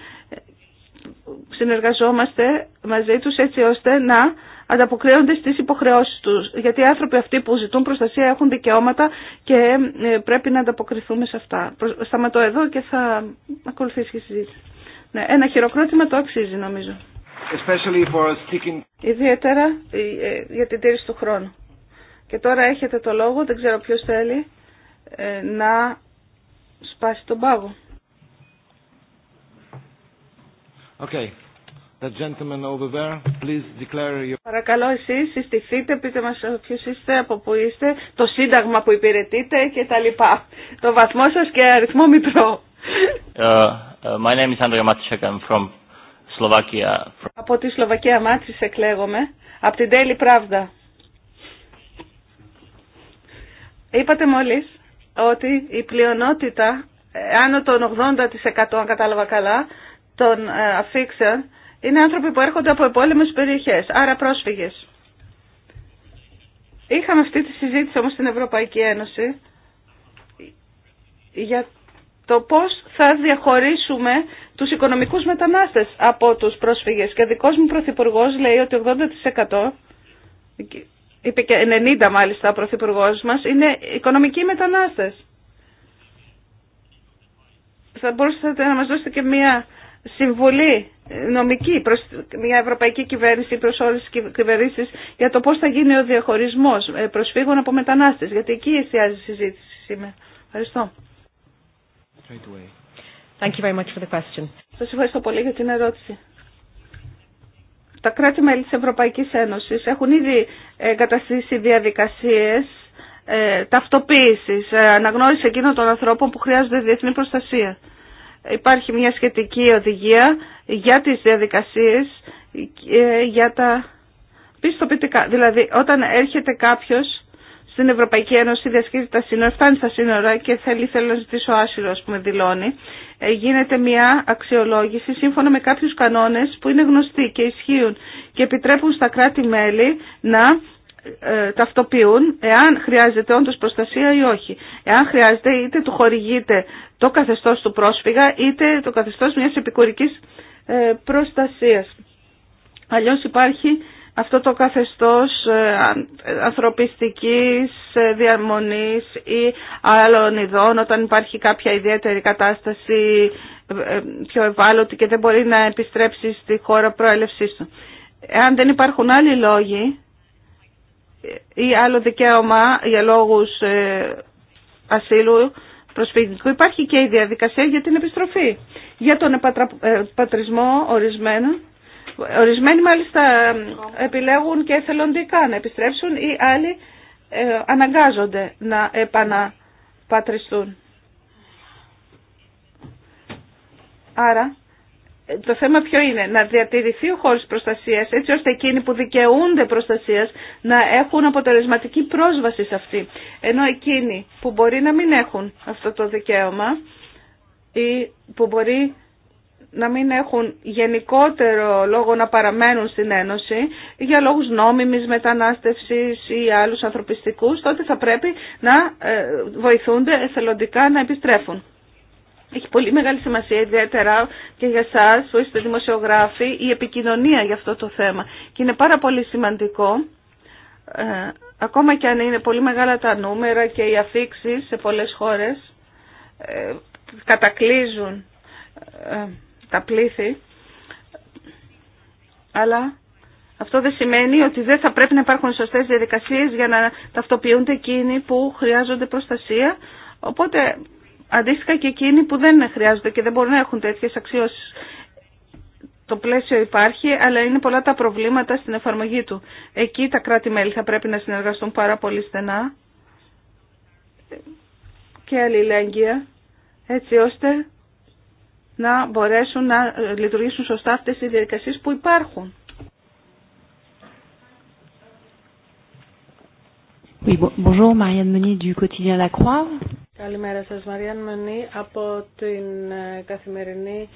συνεργαζόμαστε μαζί τους έτσι ώστε να ανταποκρίνονται στις υποχρεώσεις τους. Γιατί οι άνθρωποι αυτοί που ζητούν προστασία έχουν δικαιώματα και ε, πρέπει να ανταποκριθούμε σε αυτά. Σταματώ εδώ και θα ακολουθήσει και η συζήτηση. Ναι, ένα χειροκρότημα το αξίζει νομίζω. For sticking... Ιδιαίτερα ε, για την τήρηση του χρόνου. Και τώρα έχετε το λόγο, δεν ξέρω ποιος θέλει. Ε, να σπάσει τον πάγο. Okay. The gentleman over there, please declare your... Παρακαλώ εσείς συστηθείτε, πείτε μας ποιος είστε, από πού είστε, το σύνταγμα που υπηρετείτε και τα λοιπά. Το βαθμό σας και αριθμό μητρό. Uh, uh, my name is Andrea Matisek, I'm from Slovakia. Από τη Σλοβακία Μάτσισεκ λέγομαι, από την Daily Pravda. Είπατε μόλις ότι η πλειονότητα άνω των 80% αν κατάλαβα καλά των ε, αφήξεων είναι άνθρωποι που έρχονται από επόλεμες περιοχές, άρα πρόσφυγες. Είχαμε αυτή τη συζήτηση όμως στην Ευρωπαϊκή Ένωση για το πώς θα διαχωρίσουμε τους οικονομικούς μετανάστες από τους πρόσφυγες. Και δικός μου πρωθυπουργό λέει ότι 80% είπε και 90 μάλιστα ο Πρωθυπουργό μα είναι οικονομικοί μετανάστες. Θα μπορούσατε να μα δώσετε και μια συμβουλή νομική προ μια ευρωπαϊκή κυβέρνηση, προ όλε τι κυβερνήσεις για το πώ θα γίνει ο διαχωρισμός ε, προσφύγων από μετανάστες, γιατί εκεί εστιάζει η συζήτηση σήμερα. Ευχαριστώ. Thank Σας ευχαριστώ πολύ για την ερώτηση. Τα κράτη-μέλη της Ευρωπαϊκής Ένωσης έχουν ήδη καταστήσει διαδικασίες ε, ταυτοποίησης, ε, αναγνώριση εκείνων των ανθρώπων που χρειάζονται διεθνή προστασία. Υπάρχει μια σχετική οδηγία για τις διαδικασίες, ε, για τα πιστοποιητικά. Δηλαδή, όταν έρχεται κάποιος στην Ευρωπαϊκή Ένωση διασχίζει τα σύνορα, φτάνει στα σύνορα και θέλει, θέλω να ο άσυλο, α πούμε, δηλώνει, ε, γίνεται μια αξιολόγηση σύμφωνα με κάποιου κανόνε που είναι γνωστοί και ισχύουν και επιτρέπουν στα κράτη-μέλη να ε, ταυτοποιούν εάν χρειάζεται όντω προστασία ή όχι. Εάν χρειάζεται είτε του χορηγείται το καθεστώ του πρόσφυγα είτε το καθεστώς μια επικουρικής ε, προστασία. Αλλιώς υπάρχει αυτό το καθεστώς ε, ανθρωπιστικής ε, διαμονής ή άλλων ειδών όταν υπάρχει κάποια ιδιαίτερη κατάσταση ε, πιο ευάλωτη και δεν μπορεί να επιστρέψει στη χώρα προέλευσής του. Εάν δεν υπάρχουν άλλοι λόγοι ή άλλο δικαίωμα για λόγους ασύλου προσφυγικού υπάρχει και η διαδικασία για την επιστροφή. Για τον πατρισμό ορισμένο. Ορισμένοι μάλιστα επιλέγουν και εθελοντικά να επιστρέψουν ή άλλοι ε, αναγκάζονται να επαναπατριστούν. Άρα, το θέμα ποιο είναι, να διατηρηθεί ο χώρος προστασίας έτσι ώστε εκείνοι που δικαιούνται προστασίας να έχουν αποτελεσματική πρόσβαση σε αυτή. Ενώ εκείνοι που μπορεί να μην έχουν αυτό το δικαίωμα ή που μπορεί να μην έχουν γενικότερο λόγο να παραμένουν στην Ένωση για λόγους νόμιμης μετανάστευσης ή άλλους ανθρωπιστικούς, τότε θα πρέπει να ε, βοηθούνται εθελοντικά να επιστρέφουν. Έχει πολύ μεγάλη σημασία ιδιαίτερα και για εσά που είστε δημοσιογράφοι η επικοινωνία για αυτό το θέμα. Και είναι πάρα πολύ σημαντικό, ε, ακόμα και αν είναι πολύ μεγάλα τα νούμερα και οι αφήξεις σε πολλές χώρες ε, κατακλείζουν τα πλήθη, αλλά αυτό δεν σημαίνει ότι δεν θα πρέπει να υπάρχουν σωστέ διαδικασίε για να ταυτοποιούνται εκείνοι που χρειάζονται προστασία, οπότε αντίστοιχα και εκείνοι που δεν χρειάζονται και δεν μπορούν να έχουν τέτοιε αξιώσει. Το πλαίσιο υπάρχει, αλλά είναι πολλά τα προβλήματα στην εφαρμογή του. Εκεί τα κράτη-μέλη θα πρέπει να συνεργαστούν πάρα πολύ στενά και αλληλέγγυα, έτσι ώστε να μπορέσουν να λειτουργήσουν σωστά αυτές οι διαδικασίες που υπάρχουν. Oui, bonjour, Marianne Meunier du quotidien La Croix. Καλημέρα σας, Μαριάν Μενή, από την ε, καθημερινή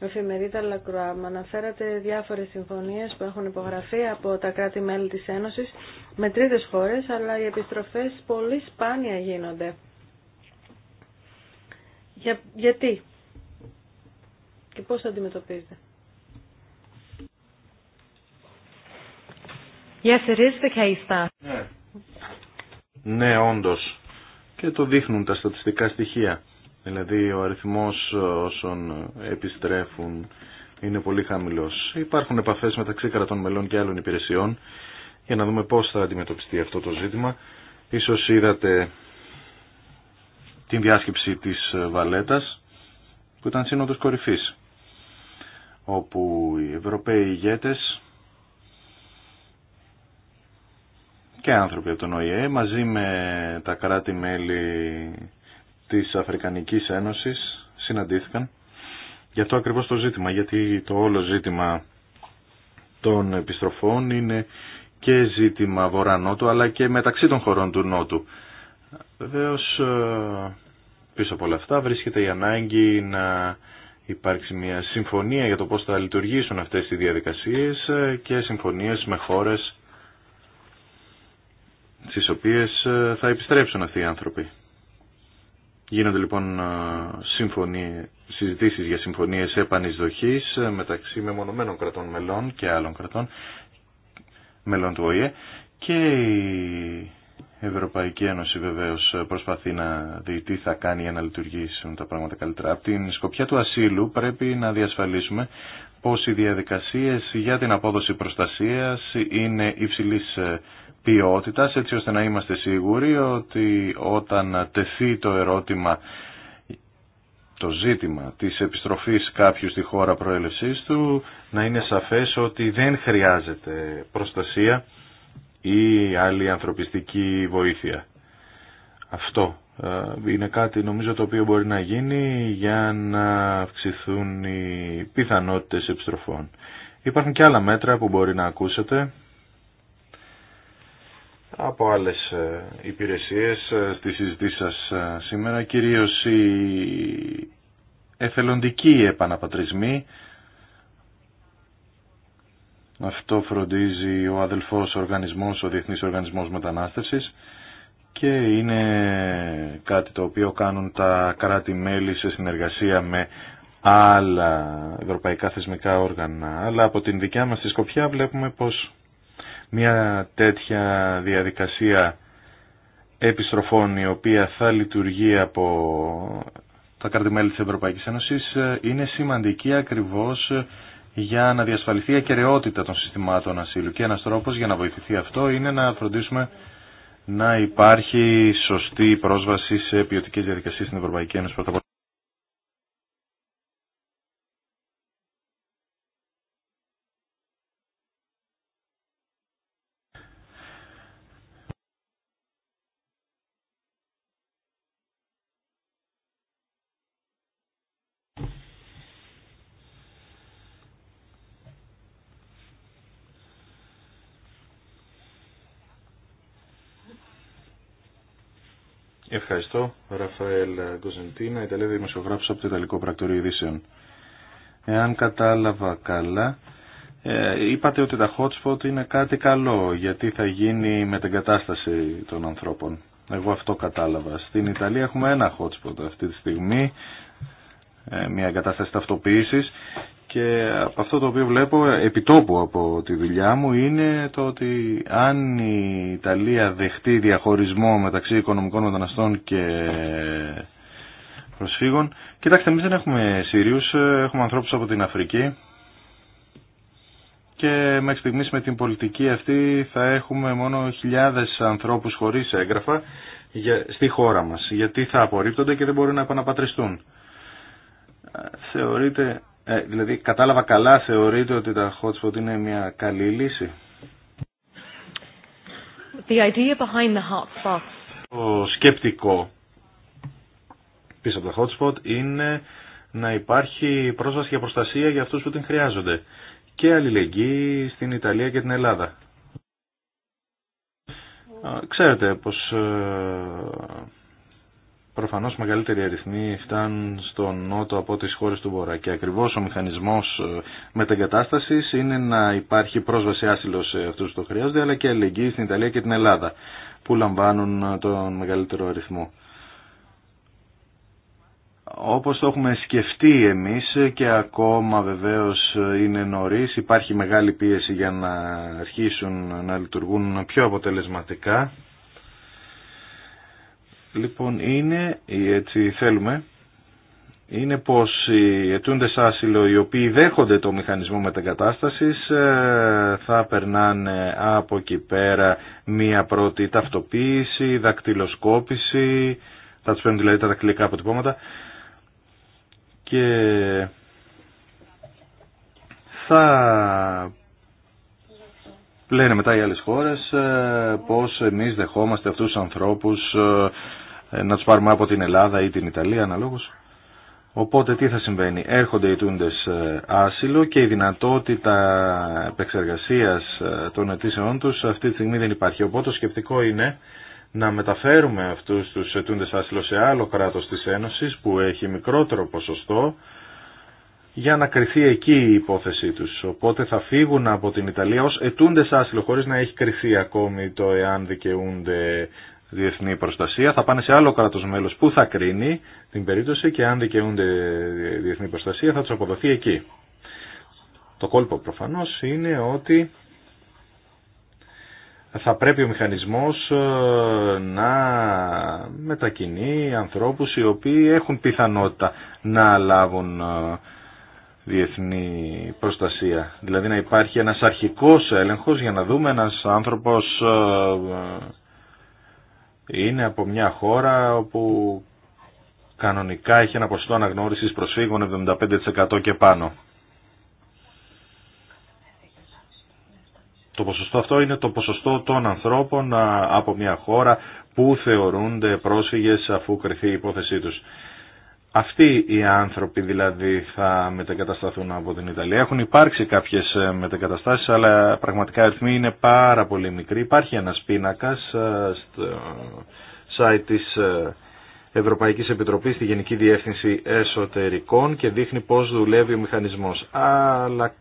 εφημερίδα Croix. Μα αναφέρατε διάφορες συμφωνίες που έχουν υπογραφεί από τα κράτη-μέλη της Ένωσης με τρίτες χώρες, αλλά οι επιστροφές πολύ σπάνια γίνονται. Για, γιατί και πώς αντιμετωπίζετε. Yes, it is the case that. Ναι. ναι, όντως. Και το δείχνουν τα στατιστικά στοιχεία. Δηλαδή ο αριθμός όσων επιστρέφουν είναι πολύ χαμηλός. Υπάρχουν επαφές μεταξύ κρατών μελών και άλλων υπηρεσιών για να δούμε πώς θα αντιμετωπιστεί αυτό το ζήτημα. Ίσως είδατε την διάσκεψη της Βαλέτας που ήταν σύνοδος κορυφής όπου οι Ευρωπαίοι ηγέτες και άνθρωποι από τον ΟΗΕ μαζί με τα κράτη-μέλη της Αφρικανικής Ένωσης συναντήθηκαν. για αυτό ακριβώς το ζήτημα, γιατί το όλο ζήτημα των επιστροφών είναι και ζήτημα βορρά-νότου αλλά και μεταξύ των χωρών του νότου. Βεβαίω ε, πίσω από όλα αυτά βρίσκεται η ανάγκη να υπάρξει μια συμφωνία για το πώς θα λειτουργήσουν αυτές οι διαδικασίες ε, και συμφωνίες με χώρες στις οποίες ε, θα επιστρέψουν αυτοί οι άνθρωποι. Γίνονται λοιπόν ε, συζητήσεις για συμφωνίες επανεισδοχής μεταξύ μεμονωμένων κρατών μελών και άλλων κρατών μελών του ΟΗΕ και η Ευρωπαϊκή Ένωση βεβαίω προσπαθεί να δει τι θα κάνει για να λειτουργήσουν τα πράγματα καλύτερα. Από την σκοπιά του ασύλου πρέπει να διασφαλίσουμε πως οι διαδικασίε για την απόδοση προστασίας είναι υψηλή ε, ποιότητας έτσι ώστε να είμαστε σίγουροι ότι όταν τεθεί το ερώτημα το ζήτημα της επιστροφής κάποιου στη χώρα προέλευσής του να είναι σαφές ότι δεν χρειάζεται προστασία ή άλλη ανθρωπιστική βοήθεια. Αυτό ε, είναι κάτι νομίζω το οποίο μπορεί να γίνει για να αυξηθούν οι πιθανότητες επιστροφών. Υπάρχουν και άλλα μέτρα που μπορεί να ακούσετε από άλλες ε, υπηρεσίες ε, στη συζητή σας σήμερα, κυρίως οι εθελοντικοί επαναπατρισμοί. Αυτό φροντίζει ο αδελφός οργανισμός, ο Διεθνής Οργανισμός Μετανάστευσης και είναι κάτι το οποίο κάνουν τα κράτη-μέλη σε συνεργασία με άλλα ευρωπαϊκά θεσμικά όργανα. Αλλά από την δικιά μας τη Σκοπιά βλέπουμε πως μια τέτοια διαδικασία επιστροφών η οποία θα λειτουργεί από τα κράτη-μέλη της Ευρωπαϊκής Ένωσης ε, είναι σημαντική ακριβώς για να διασφαλιστεί η ακαιρεότητα των συστημάτων ασύλου. Και ένας τρόπος για να βοηθηθεί αυτό είναι να φροντίσουμε να υπάρχει σωστή πρόσβαση σε ποιοτικέ διαδικασίες στην Ευρωπαϊκή Ένωση Ευχαριστώ. Ραφαέλ Γκοζεντίνα, Ιταλέδη δημοσιογράφος από το Ιταλικό Πρακτορείο Ειδήσεων. Εάν κατάλαβα καλά, ε, είπατε ότι τα hotspot είναι κάτι καλό, γιατί θα γίνει με την κατάσταση των ανθρώπων. Εγώ αυτό κατάλαβα. Στην Ιταλία έχουμε ένα hotspot αυτή τη στιγμή, ε, μια κατάσταση ταυτοποίησης και από αυτό το οποίο βλέπω επιτόπου από τη δουλειά μου είναι το ότι αν η Ιταλία δεχτεί διαχωρισμό μεταξύ οικονομικών μεταναστών και προσφύγων. Κοιτάξτε, εμείς δεν έχουμε Σύριους, έχουμε ανθρώπους από την Αφρική και μέχρι στιγμής με την πολιτική αυτή θα έχουμε μόνο χιλιάδες ανθρώπους χωρίς έγγραφα στη χώρα μας, γιατί θα απορρίπτονται και δεν μπορούν να επαναπατριστούν. Θεωρείται ε, δηλαδή, κατάλαβα καλά, θεωρείτε ότι τα hotspot είναι μια καλή λύση. The idea behind the hotspot. Το σκεπτικό πίσω από τα hotspot είναι να υπάρχει πρόσβαση και προστασία για αυτούς που την χρειάζονται και αλληλεγγύη στην Ιταλία και την Ελλάδα. Ξέρετε πως ε, προφανώς μεγαλύτεροι αριθμοί φτάνουν στον νότο από τις χώρες του Βορρά και ακριβώς ο μηχανισμός ε, μεταγκατάστασης είναι να υπάρχει πρόσβαση άσυλο σε αυτούς που το χρειάζονται αλλά και αλληλεγγύη στην Ιταλία και την Ελλάδα που λαμβάνουν ε, τον μεγαλύτερο αριθμό. Όπως το έχουμε σκεφτεί εμείς ε, και ακόμα βεβαίως είναι νωρίς, υπάρχει μεγάλη πίεση για να αρχίσουν να λειτουργούν πιο αποτελεσματικά Λοιπόν, είναι, έτσι θέλουμε, είναι πως οι ετούντες άσυλο οι οποίοι δέχονται το μηχανισμό μετακατάστασης ε, θα περνάνε από εκεί πέρα μία πρώτη ταυτοποίηση, δακτυλοσκόπηση, θα τους παίρνουν δηλαδή τα δακτυλικά αποτυπώματα και θα Λένε μετά οι άλλες χώρες ε, πως εμείς δεχόμαστε αυτούς τους ανθρώπους ε, να τους πάρουμε από την Ελλάδα ή την Ιταλία αναλόγως. Οπότε τι θα συμβαίνει. Έρχονται οι τούντες ε, άσυλο και η δυνατότητα επεξεργασίας των αιτήσεών τους αυτή τη στιγμή δεν υπάρχει. Οπότε το σκεπτικό είναι να μεταφέρουμε αυτούς τους αιτούντες άσυλο σε άλλο κράτος της Ένωσης που έχει μικρότερο ποσοστό για να κρυθεί εκεί η υπόθεσή τους. Οπότε θα φύγουν από την Ιταλία ως ετούντες άσυλο χωρίς να έχει κρυθεί ακόμη το εάν δικαιούνται διεθνή προστασία. Θα πάνε σε άλλο κράτος μέλος που θα κρίνει την περίπτωση και αν δικαιούνται διεθνή προστασία θα τους αποδοθεί εκεί. Το κόλπο προφανώς είναι ότι θα πρέπει ο μηχανισμός ε, να μετακινεί ανθρώπους οι οποίοι έχουν πιθανότητα να λάβουν ε, διεθνή προστασία. Δηλαδή να υπάρχει ένας αρχικός έλεγχος για να δούμε ένας άνθρωπος ε, είναι από μια χώρα όπου κανονικά έχει ένα ποσοστό αναγνώρισης προσφύγων 75% και πάνω. Το ποσοστό αυτό είναι το ποσοστό των ανθρώπων ε, από μια χώρα που θεωρούνται πρόσφυγες αφού κρυθεί η υπόθεσή τους. Αυτοί οι άνθρωποι δηλαδή θα μετακατασταθούν από την Ιταλία. Έχουν υπάρξει κάποιες ε, μετακαταστάσεις αλλά πραγματικά αριθμοί είναι πάρα πολύ μικροί. Υπάρχει ένας πίνακας ε, στο site της ε, Ευρωπαϊκής Επιτροπής στη Γενική Διεύθυνση Εσωτερικών και δείχνει πώς δουλεύει ο μηχανισμός. Αλλά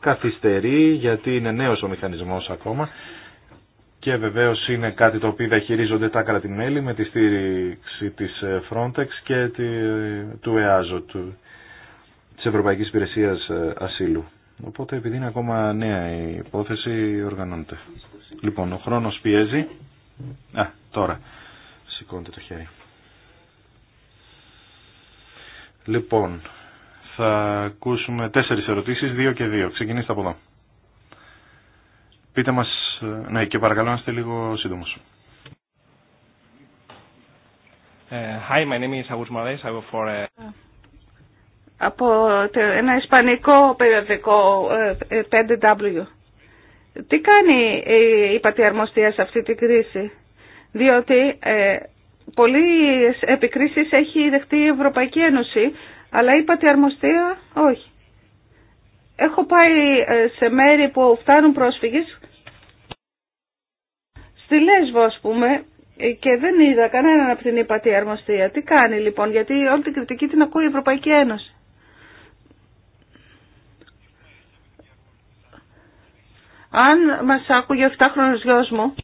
καθυστερεί γιατί είναι νέος ο μηχανισμός ακόμα και βεβαίως είναι κάτι το οποίο διαχειρίζονται τα κρατημέλη με τη στήριξη της ε, Frontex και του ΕΑΖΟ, του, της Ευρωπαϊκής Υπηρεσίας ε, Ασύλου. Οπότε επειδή είναι ακόμα νέα η υπόθεση οργανώνεται. Λοιπόν, ο χρόνος πιέζει. Α, τώρα σηκώνεται το χέρι. Λοιπόν, θα ακούσουμε τέσσερις ερωτήσεις, δύο και δύο. Ξεκινήστε από εδώ. Πείτε μας ε, ναι, και παρακαλώ να είστε λίγο σύντομο. Ε, hi, my name is I work for... Ε, Από ένα ισπανικό περιοδικό 5W. Τι κάνει η πατιαρμοστία σε αυτή την κρίση, διότι ε, πολλοί επικρίσεις έχει δεχτεί η Ευρωπαϊκή Ένωση, αλλά η πατιαρμοστία όχι. Έχω πάει σε μέρη που φτάνουν πρόσφυγες Στη Λέσβο, ας πούμε, ε, και δεν είδα κανέναν από την υπατή αρμοστία. Τι κάνει λοιπόν, γιατί όλη την κριτική την ακούει η Ευρωπαϊκή Ένωση. Αν μας άκουγε ο 7χρονος γιος μου,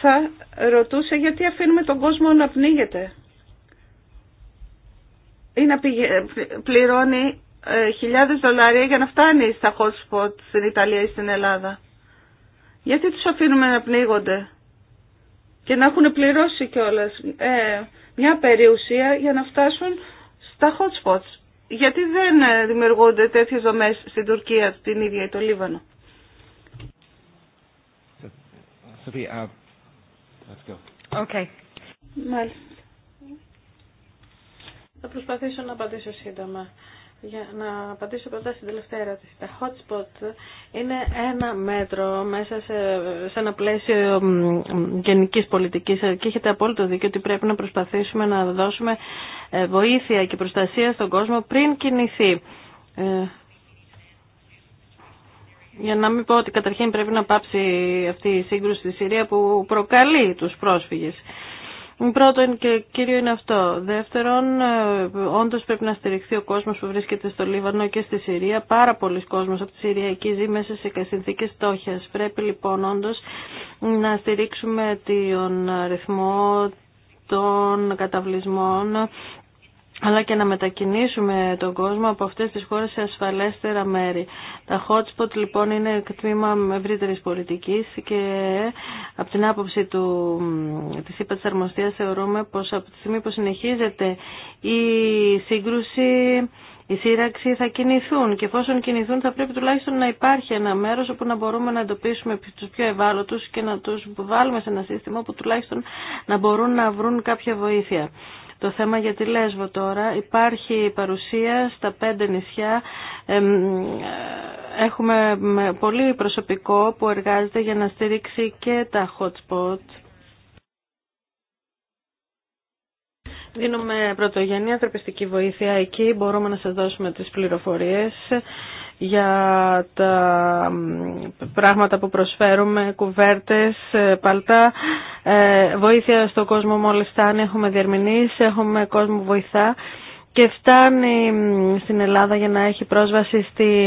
θα ρωτούσε γιατί αφήνουμε τον κόσμο να πνίγεται ή να πληρώνει ε, χιλιάδες δολάρια για να φτάνει στα hot spot στην Ιταλία ή στην Ελλάδα. Γιατί τους αφήνουμε να πνίγονται και να έχουν πληρώσει κιόλα ε, μια περιουσία για να φτάσουν στα hot spots. Γιατί δεν ε, δημιουργούνται τέτοιε δομέ στην Τουρκία, την ίδια ή το Λίβανο. Uh, okay. Μάλιστα. Θα προσπαθήσω να απαντήσω σύντομα. Για να απαντήσω πρώτα στην τελευταία ερώτηση. Τα hot είναι ένα μέτρο μέσα σε, σε ένα πλαίσιο γενική πολιτική και έχετε απόλυτο δίκιο ότι πρέπει να προσπαθήσουμε να δώσουμε ε, βοήθεια και προστασία στον κόσμο πριν κινηθεί. Ε, για να μην πω ότι καταρχήν πρέπει να πάψει αυτή η σύγκρουση στη Συρία που προκαλεί τους πρόσφυγες. Πρώτον και κύριο είναι αυτό. Δεύτερον, ε, όντω πρέπει να στηριχθεί ο κόσμο που βρίσκεται στο Λίβανο και στη Συρία. Πάρα πολλοί κόσμοι από τη Συρία εκεί ζει μέσα σε συνθήκε στόχια. Πρέπει λοιπόν όντω να στηρίξουμε τον αριθμό των καταβλισμών αλλά και να μετακινήσουμε τον κόσμο από αυτές τις χώρες σε ασφαλέστερα μέρη. Τα hotspot λοιπόν είναι τμήμα ευρύτερης πολιτικής και από την άποψη του, της ΥΠΑ της Αρμοστίας θεωρούμε πως από τη στιγμή που συνεχίζεται η σύγκρουση η σύραξη θα κινηθούν και εφόσον κινηθούν θα πρέπει τουλάχιστον να υπάρχει ένα μέρος όπου να μπορούμε να εντοπίσουμε τους πιο ευάλωτους και να τους βάλουμε σε ένα σύστημα που τουλάχιστον να μπορούν να βρουν κάποια βοήθεια. Το θέμα για τη Λέσβο τώρα. Υπάρχει παρουσία στα πέντε νησιά. Έχουμε πολύ προσωπικό που εργάζεται για να στηρίξει και τα hot spot. Δίνουμε πρωτογενή ανθρωπιστική βοήθεια εκεί, μπορούμε να σας δώσουμε τις πληροφορίες για τα πράγματα που προσφέρουμε, κουβέρτες, ε, παλτά, ε, βοήθεια στον κόσμο μόλις φτάνει, έχουμε διερμηνείς, έχουμε κόσμο βοηθά και φτάνει στην Ελλάδα για να έχει πρόσβαση στη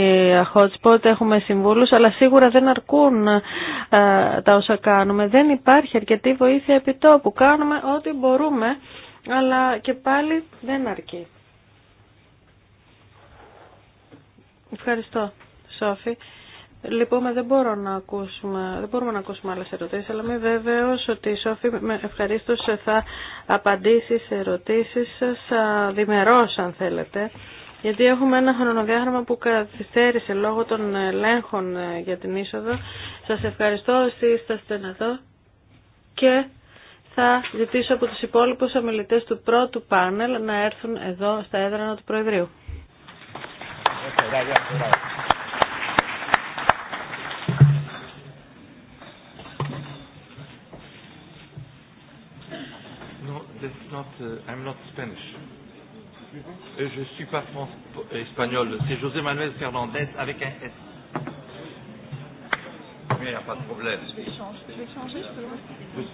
hotspot, έχουμε συμβούλους, αλλά σίγουρα δεν αρκούν ε, τα όσα κάνουμε. Δεν υπάρχει αρκετή βοήθεια επιτόπου. Κάνουμε ό,τι μπορούμε, αλλά και πάλι δεν αρκεί. Ευχαριστώ, Σόφη. Λοιπόν, δεν, μπορώ να ακούσουμε, δεν μπορούμε να ακούσουμε άλλες ερωτήσεις, αλλά είμαι βέβαιος ότι η Σόφη με ευχαρίστως θα απαντήσει σε ερωτήσεις σας διμερώς, αν θέλετε. Γιατί έχουμε ένα χρονοδιάγραμμα που καθυστέρησε λόγω των ελέγχων ε, για την είσοδο. Σας ευχαριστώ, εσείς είστε εδώ και θα ζητήσω από τους υπόλοιπους ομιλητές του πρώτου πάνελ να έρθουν εδώ στα έδρανα του Προεδρείου. No, that's not. I'm not Spanish. je suis pas espagnol. C'est José Manuel Fernandez avec un S. Mais a pas de problème. Je Je changer. Je peux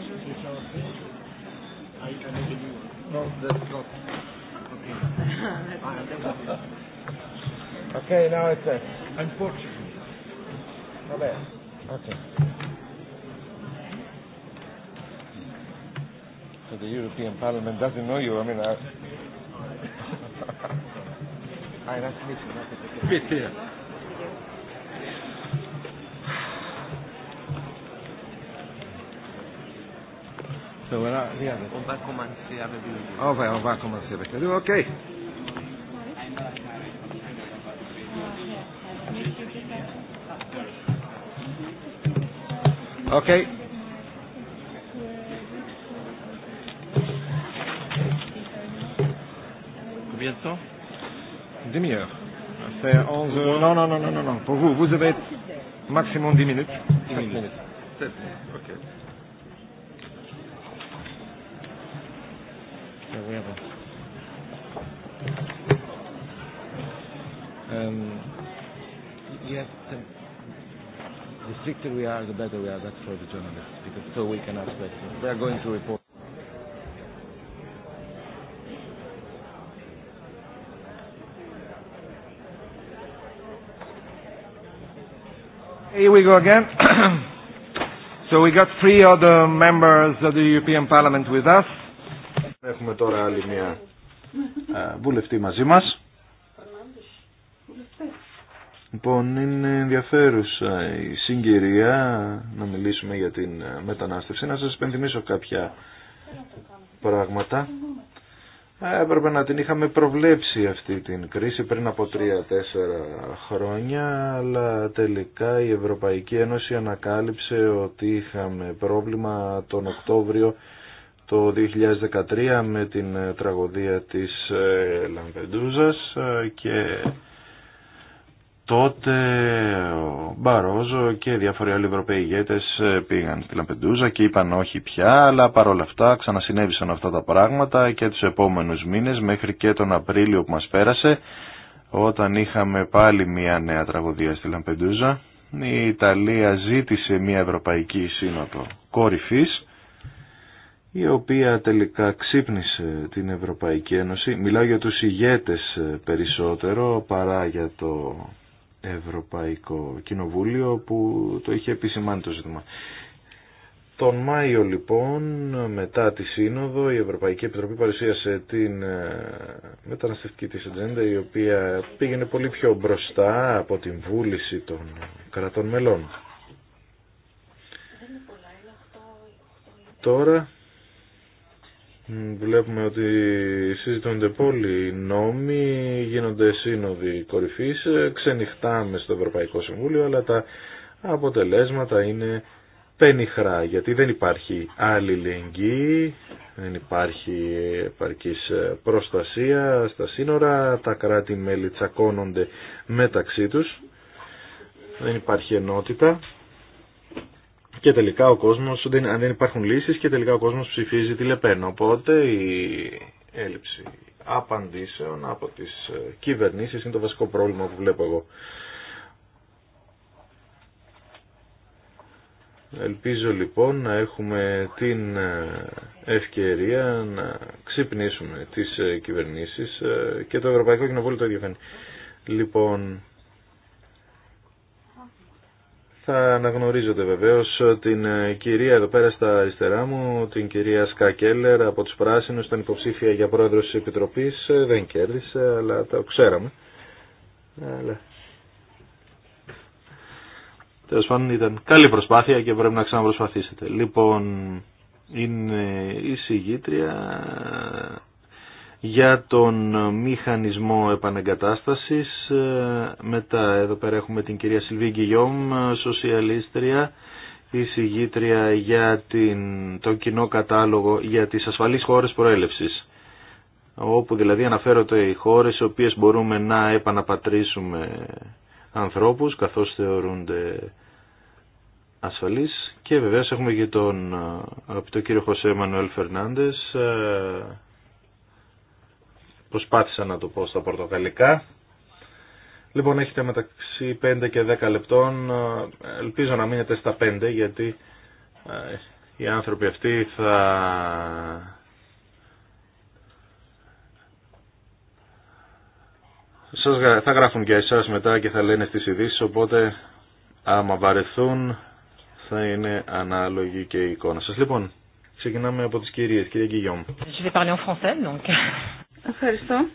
Je vais changer. Okay, now it's it. Unfortunately. Vabbè. Okay. So the European Parliament doesn't know you. I mean, I. I that's to meet here. So where are the others? On va commencer avec lui. On va, on va commencer avec lui. OK. Okay. Combien de temps Demi-heure. C'est 11 heures. Non, non, non, non, non, non. Pour vous, vous avez maximum 10 minutes. 10 minutes. 7 minutes, ok. Um, yes, the, stricter we are, the better we are. That's for the journalists, because so we can ask questions. We are going to report. Here we go again. so we got three other members of the European Parliament with us έχουμε τώρα άλλη μια ε, βουλευτή μαζί μας. Λοιπόν, είναι ενδιαφέρουσα η συγκυρία να μιλήσουμε για την ε, μετανάστευση. Να σας πενθυμίσω κάποια πράγματα. Έπρεπε να την είχαμε προβλέψει αυτή την κρίση πριν από τρία-τέσσερα χρόνια, αλλά τελικά η Ευρωπαϊκή Ένωση ανακάλυψε ότι είχαμε πρόβλημα τον Οκτώβριο το 2013 με την ε, τραγωδία της ε, Λαμπεντούζας ε, και τότε ο Μπαρόζο και διάφοροι άλλοι Ευρωπαίοι ηγέτες πήγαν στη Λαμπεντούζα και είπαν όχι πια, αλλά παρόλα αυτά ξανασυνέβησαν αυτά τα πράγματα και τους επόμενους μήνες μέχρι και τον Απρίλιο που μας πέρασε όταν είχαμε πάλι μια νέα τραγωδία στη Λαμπεντούζα η Ιταλία ζήτησε μια Ευρωπαϊκή Σύνοδο κορυφής η οποία τελικά ξύπνησε την Ευρωπαϊκή Ένωση. Μιλάω για τους ηγέτες ε, περισσότερο παρά για το Ευρωπαϊκό Κοινοβούλιο που το είχε επισημάνει το ζήτημα. Τον Μάιο λοιπόν μετά τη Σύνοδο η Ευρωπαϊκή Επιτροπή παρουσίασε την ε, μεταναστευτική της ατζέντα η οποία πήγαινε πολύ πιο μπροστά από την βούληση των κρατών μελών. Τώρα Βλέπουμε ότι συζητούνται πολλοί νόμοι, γίνονται σύνοδοι κορυφής, ε, ξενυχτάμε στο Ευρωπαϊκό Συμβούλιο, αλλά τα αποτελέσματα είναι πενιχρά, γιατί δεν υπάρχει άλλη αλληλεγγύη, δεν υπάρχει επαρκής ε, προστασία στα σύνορα, τα κράτη-μέλη τσακώνονται μεταξύ τους, δεν υπάρχει ενότητα και τελικά ο κόσμος, αν δεν υπάρχουν λύσεις και τελικά ο κόσμος ψηφίζει τη Λεπέν. Οπότε η έλλειψη απαντήσεων από τις ε, κυβερνήσεις είναι το βασικό πρόβλημα που βλέπω εγώ. Ελπίζω λοιπόν να έχουμε την ε, ευκαιρία να ξυπνήσουμε τις ε, κυβερνήσεις και το Ευρωπαϊκό Κοινοβούλιο το ίδιο Λοιπόν, θα αναγνωρίζετε βεβαίως την ε, κυρία εδώ πέρα στα αριστερά μου, την κυρία Σκακέλερ από τους Πράσινους, ήταν υποψήφια για πρόεδρο της Επιτροπής, ε, δεν κέρδισε, αλλά το ξέραμε. Αλλά... Τέλος πάντων ήταν καλή προσπάθεια και πρέπει να ξαναπροσπαθήσετε. Λοιπόν, είναι η συγγήτρια για τον μηχανισμό επανεγκατάστασης. Ε, μετά εδώ πέρα έχουμε την κυρία Σιλβί Γκυγιόμ, σοσιαλίστρια, εισηγήτρια για την, τον κοινό κατάλογο για τις ασφαλείς χώρες προέλευσης όπου δηλαδή αναφέρονται οι χώρες οι οποίες μπορούμε να επαναπατρίσουμε ανθρώπους καθώς θεωρούνται ασφαλείς και βεβαίως έχουμε και τον ε, τον κύριο Χωσέ Μανουέλ Φερνάντες ε, Προσπάθησα να το πω στα πορτοκαλικά. Λοιπόν, έχετε μεταξύ 5 και 10 λεπτών. Ε, ελπίζω να μείνετε στα 5 γιατί ε, οι άνθρωποι αυτοί θα σας, θα γράφουν και εσάς μετά και θα λένε στις ειδήσει, οπότε άμα βαρεθούν θα είναι ανάλογη και η εικόνα σας. Λοιπόν, ξεκινάμε από τις κυρίες. Κυρία Γκυγιόμ. Je vais Ευχαριστώ.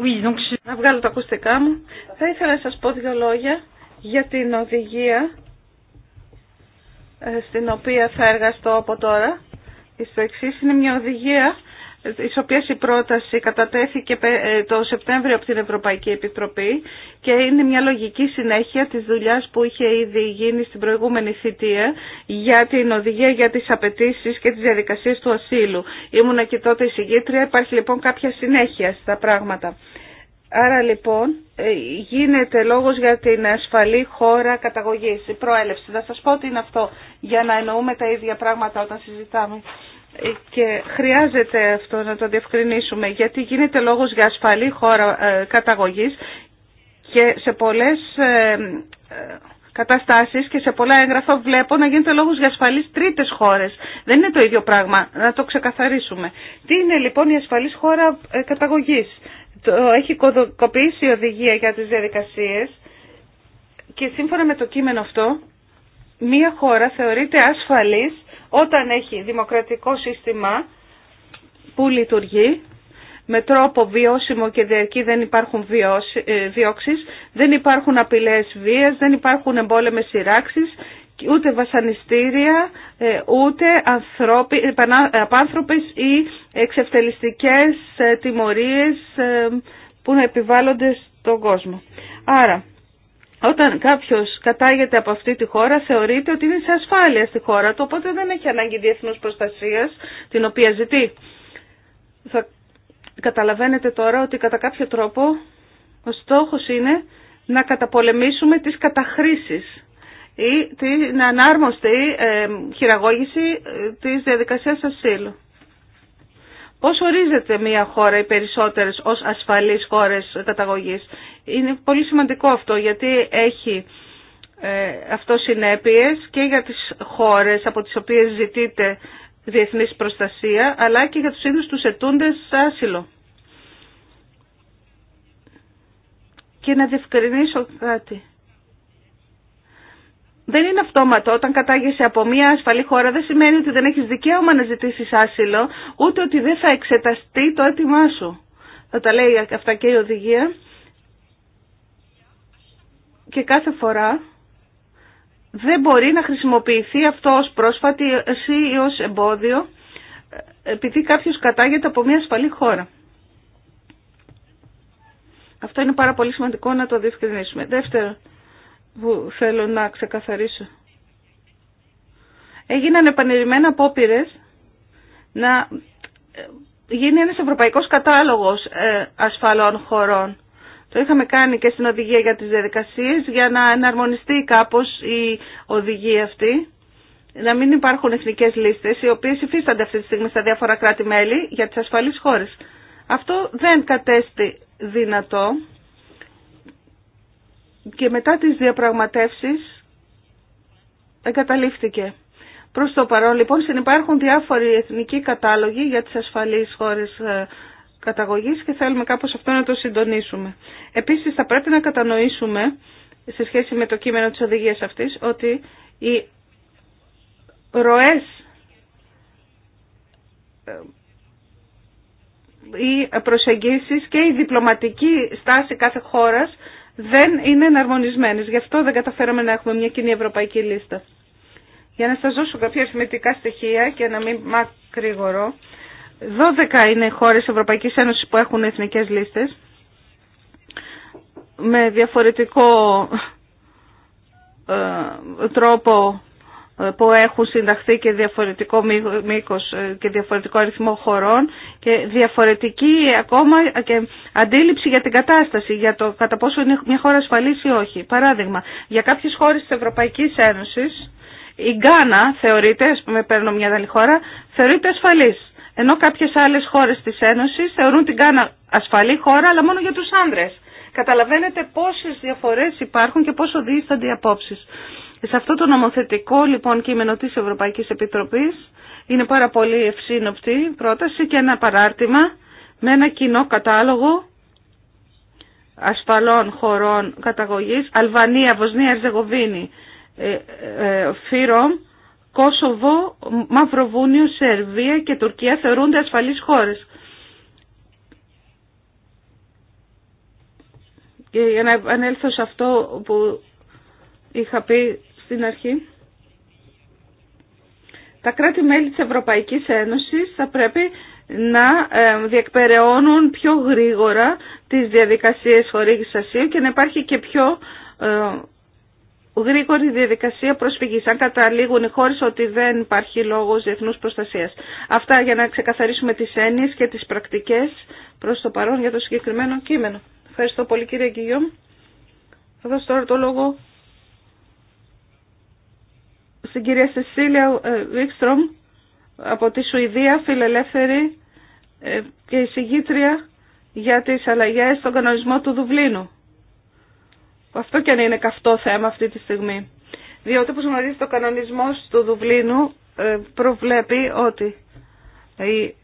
Oui, donc... Να βγάλω τα ακουστικά μου. Θα ήθελα να σας πω δύο λόγια για την οδηγία ε, στην οποία θα εργαστώ από τώρα. Στο εξή είναι μια οδηγία Τη οποία η πρόταση κατατέθηκε ε, το Σεπτέμβριο από την Ευρωπαϊκή Επιτροπή και είναι μια λογική συνέχεια της δουλειά που είχε ήδη γίνει στην προηγούμενη θητεία για την οδηγία για τις απαιτήσει και τις διαδικασίες του ασύλου. Ήμουν και τότε εισηγήτρια, υπάρχει λοιπόν κάποια συνέχεια στα πράγματα. Άρα λοιπόν ε, γίνεται λόγος για την ασφαλή χώρα καταγωγής, η προέλευση. Θα σας πω τι είναι αυτό για να εννοούμε τα ίδια πράγματα όταν συζητάμε και χρειάζεται αυτό να το διευκρινίσουμε γιατί γίνεται λόγος για ασφαλή χώρα ε, καταγωγής και σε πολλές ε, ε, καταστάσεις και σε πολλά έγγραφα βλέπω να γίνεται λόγος για ασφαλείς τρίτες χώρες. Δεν είναι το ίδιο πράγμα, να το ξεκαθαρίσουμε. Τι είναι λοιπόν η ασφαλής χώρα καταγωγής. Το έχει κωδικοποιήσει η οδηγία για τις διαδικασίες και σύμφωνα με το κείμενο αυτό, μία χώρα θεωρείται ασφαλής όταν έχει δημοκρατικό σύστημα που λειτουργεί με τρόπο βιώσιμο και διαρκή δεν υπάρχουν ε, διώξεις, δεν υπάρχουν απειλές βίας, δεν υπάρχουν εμπόλεμες σειράξεις, ούτε βασανιστήρια, ε, ούτε απάνθρωπες ή εξευτελιστικές ε, τιμωρίες που να επιβάλλονται στον κόσμο. Άρα, όταν κάποιο κατάγεται από αυτή τη χώρα θεωρείται ότι είναι σε ασφάλεια στη χώρα του, οπότε δεν έχει ανάγκη διεθνού προστασία, την οποία ζητεί. Θα καταλαβαίνετε τώρα ότι κατά κάποιο τρόπο ο στόχος είναι να καταπολεμήσουμε τις καταχρήσει ή να ανάρμωστε ή την ανάρμοστη ε, χειραγώγηση ε, της διαδικασίας ασύλου. Πώς ορίζεται μια χώρα ή περισσότερες ως ασφαλείς χώρες καταγωγής. Είναι πολύ σημαντικό αυτό γιατί έχει ε, αυτό συνέπειες και για τις χώρες από τις οποίες ζητείται διεθνής προστασία αλλά και για τους ίδιους τους ετούντες άσυλο. Και να διευκρινίσω κάτι δεν είναι αυτόματο. Όταν κατάγεσαι από μια ασφαλή χώρα δεν σημαίνει ότι δεν έχεις δικαίωμα να ζητήσεις άσυλο, ούτε ότι δεν θα εξεταστεί το έτοιμά σου. Θα τα λέει αυτά και η οδηγία. Και κάθε φορά δεν μπορεί να χρησιμοποιηθεί αυτό ως πρόσφατη ή ως εμπόδιο επειδή κάποιος κατάγεται από μια ασφαλή χώρα. Αυτό είναι πάρα πολύ σημαντικό να το διευκρινίσουμε. Δεύτερο, που θέλω να ξεκαθαρίσω. Έγιναν επανειλημμένα απόπειρε να ε, γίνει ένας ευρωπαϊκός κατάλογος ε, ασφαλών χωρών. Το είχαμε κάνει και στην οδηγία για τις διαδικασίες για να εναρμονιστεί κάπως η οδηγία αυτή. Να μην υπάρχουν εθνικές λίστες οι οποίες υφίστανται αυτή τη στιγμή στα διάφορα κράτη-μέλη για τις ασφαλείς χώρες. Αυτό δεν κατέστη δυνατό και μετά τις διαπραγματεύσεις εγκαταλείφθηκε. Προς το παρόν λοιπόν συνεπάρχουν διάφοροι εθνικοί κατάλογοι για τις ασφαλείς χώρες ε, καταγωγής και θέλουμε κάπως αυτό να το συντονίσουμε. Επίσης θα πρέπει να κατανοήσουμε σε σχέση με το κείμενο της οδηγίας αυτής ότι οι ροές ε, οι προσεγγίσεις και η διπλωματική στάση κάθε χώρας δεν είναι εναρμονισμένες. Γι' αυτό δεν καταφέραμε να έχουμε μια κοινή ευρωπαϊκή λίστα. Για να σας δώσω κάποια αριθμητικά στοιχεία και να μην μακρηγορώ. 12 είναι οι χώρες Ευρωπαϊκής Ένωσης που έχουν εθνικές λίστες με διαφορετικό ε, τρόπο που έχουν συνταχθεί και διαφορετικό μήκος ε, και διαφορετικό αριθμό χωρών και διαφορετική ακόμα και αντίληψη για την κατάσταση, για το κατά πόσο είναι μια χώρα ασφαλής ή όχι. Παράδειγμα, για κάποιες χώρες της Ευρωπαϊκής Ένωσης, η Γκάνα θεωρείται, ας πούμε παίρνω μια άλλη χώρα, θεωρείται ασφαλής. Ενώ κάποιες άλλες χώρες της ευρωπαικης ενωσης η γκανα θεωρειται α πουμε παιρνω μια αλλη θεωρούν την Γκάνα ασφαλή χώρα, αλλά μόνο για τους άνδρες. Καταλαβαίνετε πόσες διαφορές υπάρχουν και πόσο δίστανται οι σε αυτό το νομοθετικό λοιπόν κείμενο της Ευρωπαϊκής Επιτροπής είναι πάρα πολύ ευσύνοπτη πρόταση και ένα παράρτημα με ένα κοινό κατάλογο ασφαλών χωρών καταγωγής Αλβανία, Βοσνία, Ερζεγοβίνη, ε, ε Κόσοβο, Μαυροβούνιο, Σερβία και Τουρκία θεωρούνται ασφαλείς χώρες. Και για να επανέλθω σε αυτό που είχα πει στην αρχή. Τα κράτη-μέλη της Ευρωπαϊκής Ένωσης θα πρέπει να ε, διεκπεραιώνουν πιο γρήγορα τις διαδικασίες χορήγησης ασύλου και να υπάρχει και πιο ε, γρήγορη διαδικασία προσφυγής, αν καταλήγουν οι χώρες ότι δεν υπάρχει λόγος διεθνούς προστασίας. Αυτά για να ξεκαθαρίσουμε τις έννοιες και τις πρακτικές προς το παρόν για το συγκεκριμένο κείμενο. Ευχαριστώ πολύ κύριε Γκυγιόμ. Θα δώσω τώρα το λόγο στην κυρία Σεσίλια ε, Βίξτρομ από τη Σουηδία, φιλελεύθερη ε, και εισηγήτρια για τις αλλαγές στον κανονισμό του Δουβλίνου. Αυτό και αν είναι καυτό θέμα αυτή τη στιγμή. Διότι όπως γνωρίζετε ο κανονισμός του Δουβλίνου ε, προβλέπει ότι η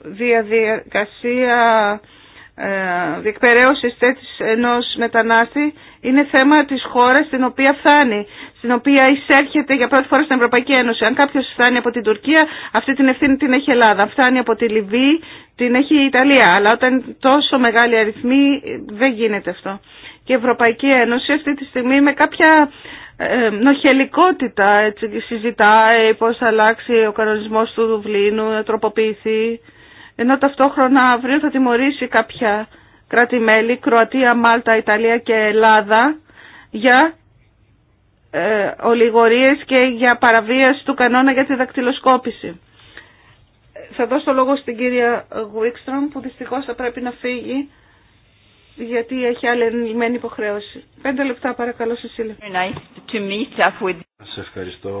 διαδικασία διεκπαιρέωσης τέτοις ενός μετανάστη είναι θέμα τη χώρα στην οποία φτάνει, στην οποία εισέρχεται για πρώτη φορά στην Ευρωπαϊκή Ένωση. Αν κάποιο φτάνει από την Τουρκία, αυτή την ευθύνη την έχει η Ελλάδα. Αν φτάνει από τη Λιβύη, την έχει η Ιταλία. Αλλά όταν τόσο μεγάλη αριθμή δεν γίνεται αυτό. Και η Ευρωπαϊκή Ένωση αυτή τη στιγμή με κάποια ε, νοχελικότητα έτσι, συζητάει πώ θα αλλάξει ο κανονισμό του Δουβλίνου, να τροποποιηθεί, ενώ ταυτόχρονα αύριο θα τιμωρήσει κάποια κράτη-μέλη, Κροατία, Μάλτα, Ιταλία και Ελλάδα για ε, ολιγορίες και για παραβίαση του κανόνα για τη δακτυλοσκόπηση. Θα δώσω το λόγο στην κυρία Γουίξτρομ που δυστυχώς θα πρέπει να φύγει γιατί έχει άλλη ενημένη υποχρέωση. Πέντε λεπτά παρακαλώ Σεσίλια. Σας ευχαριστώ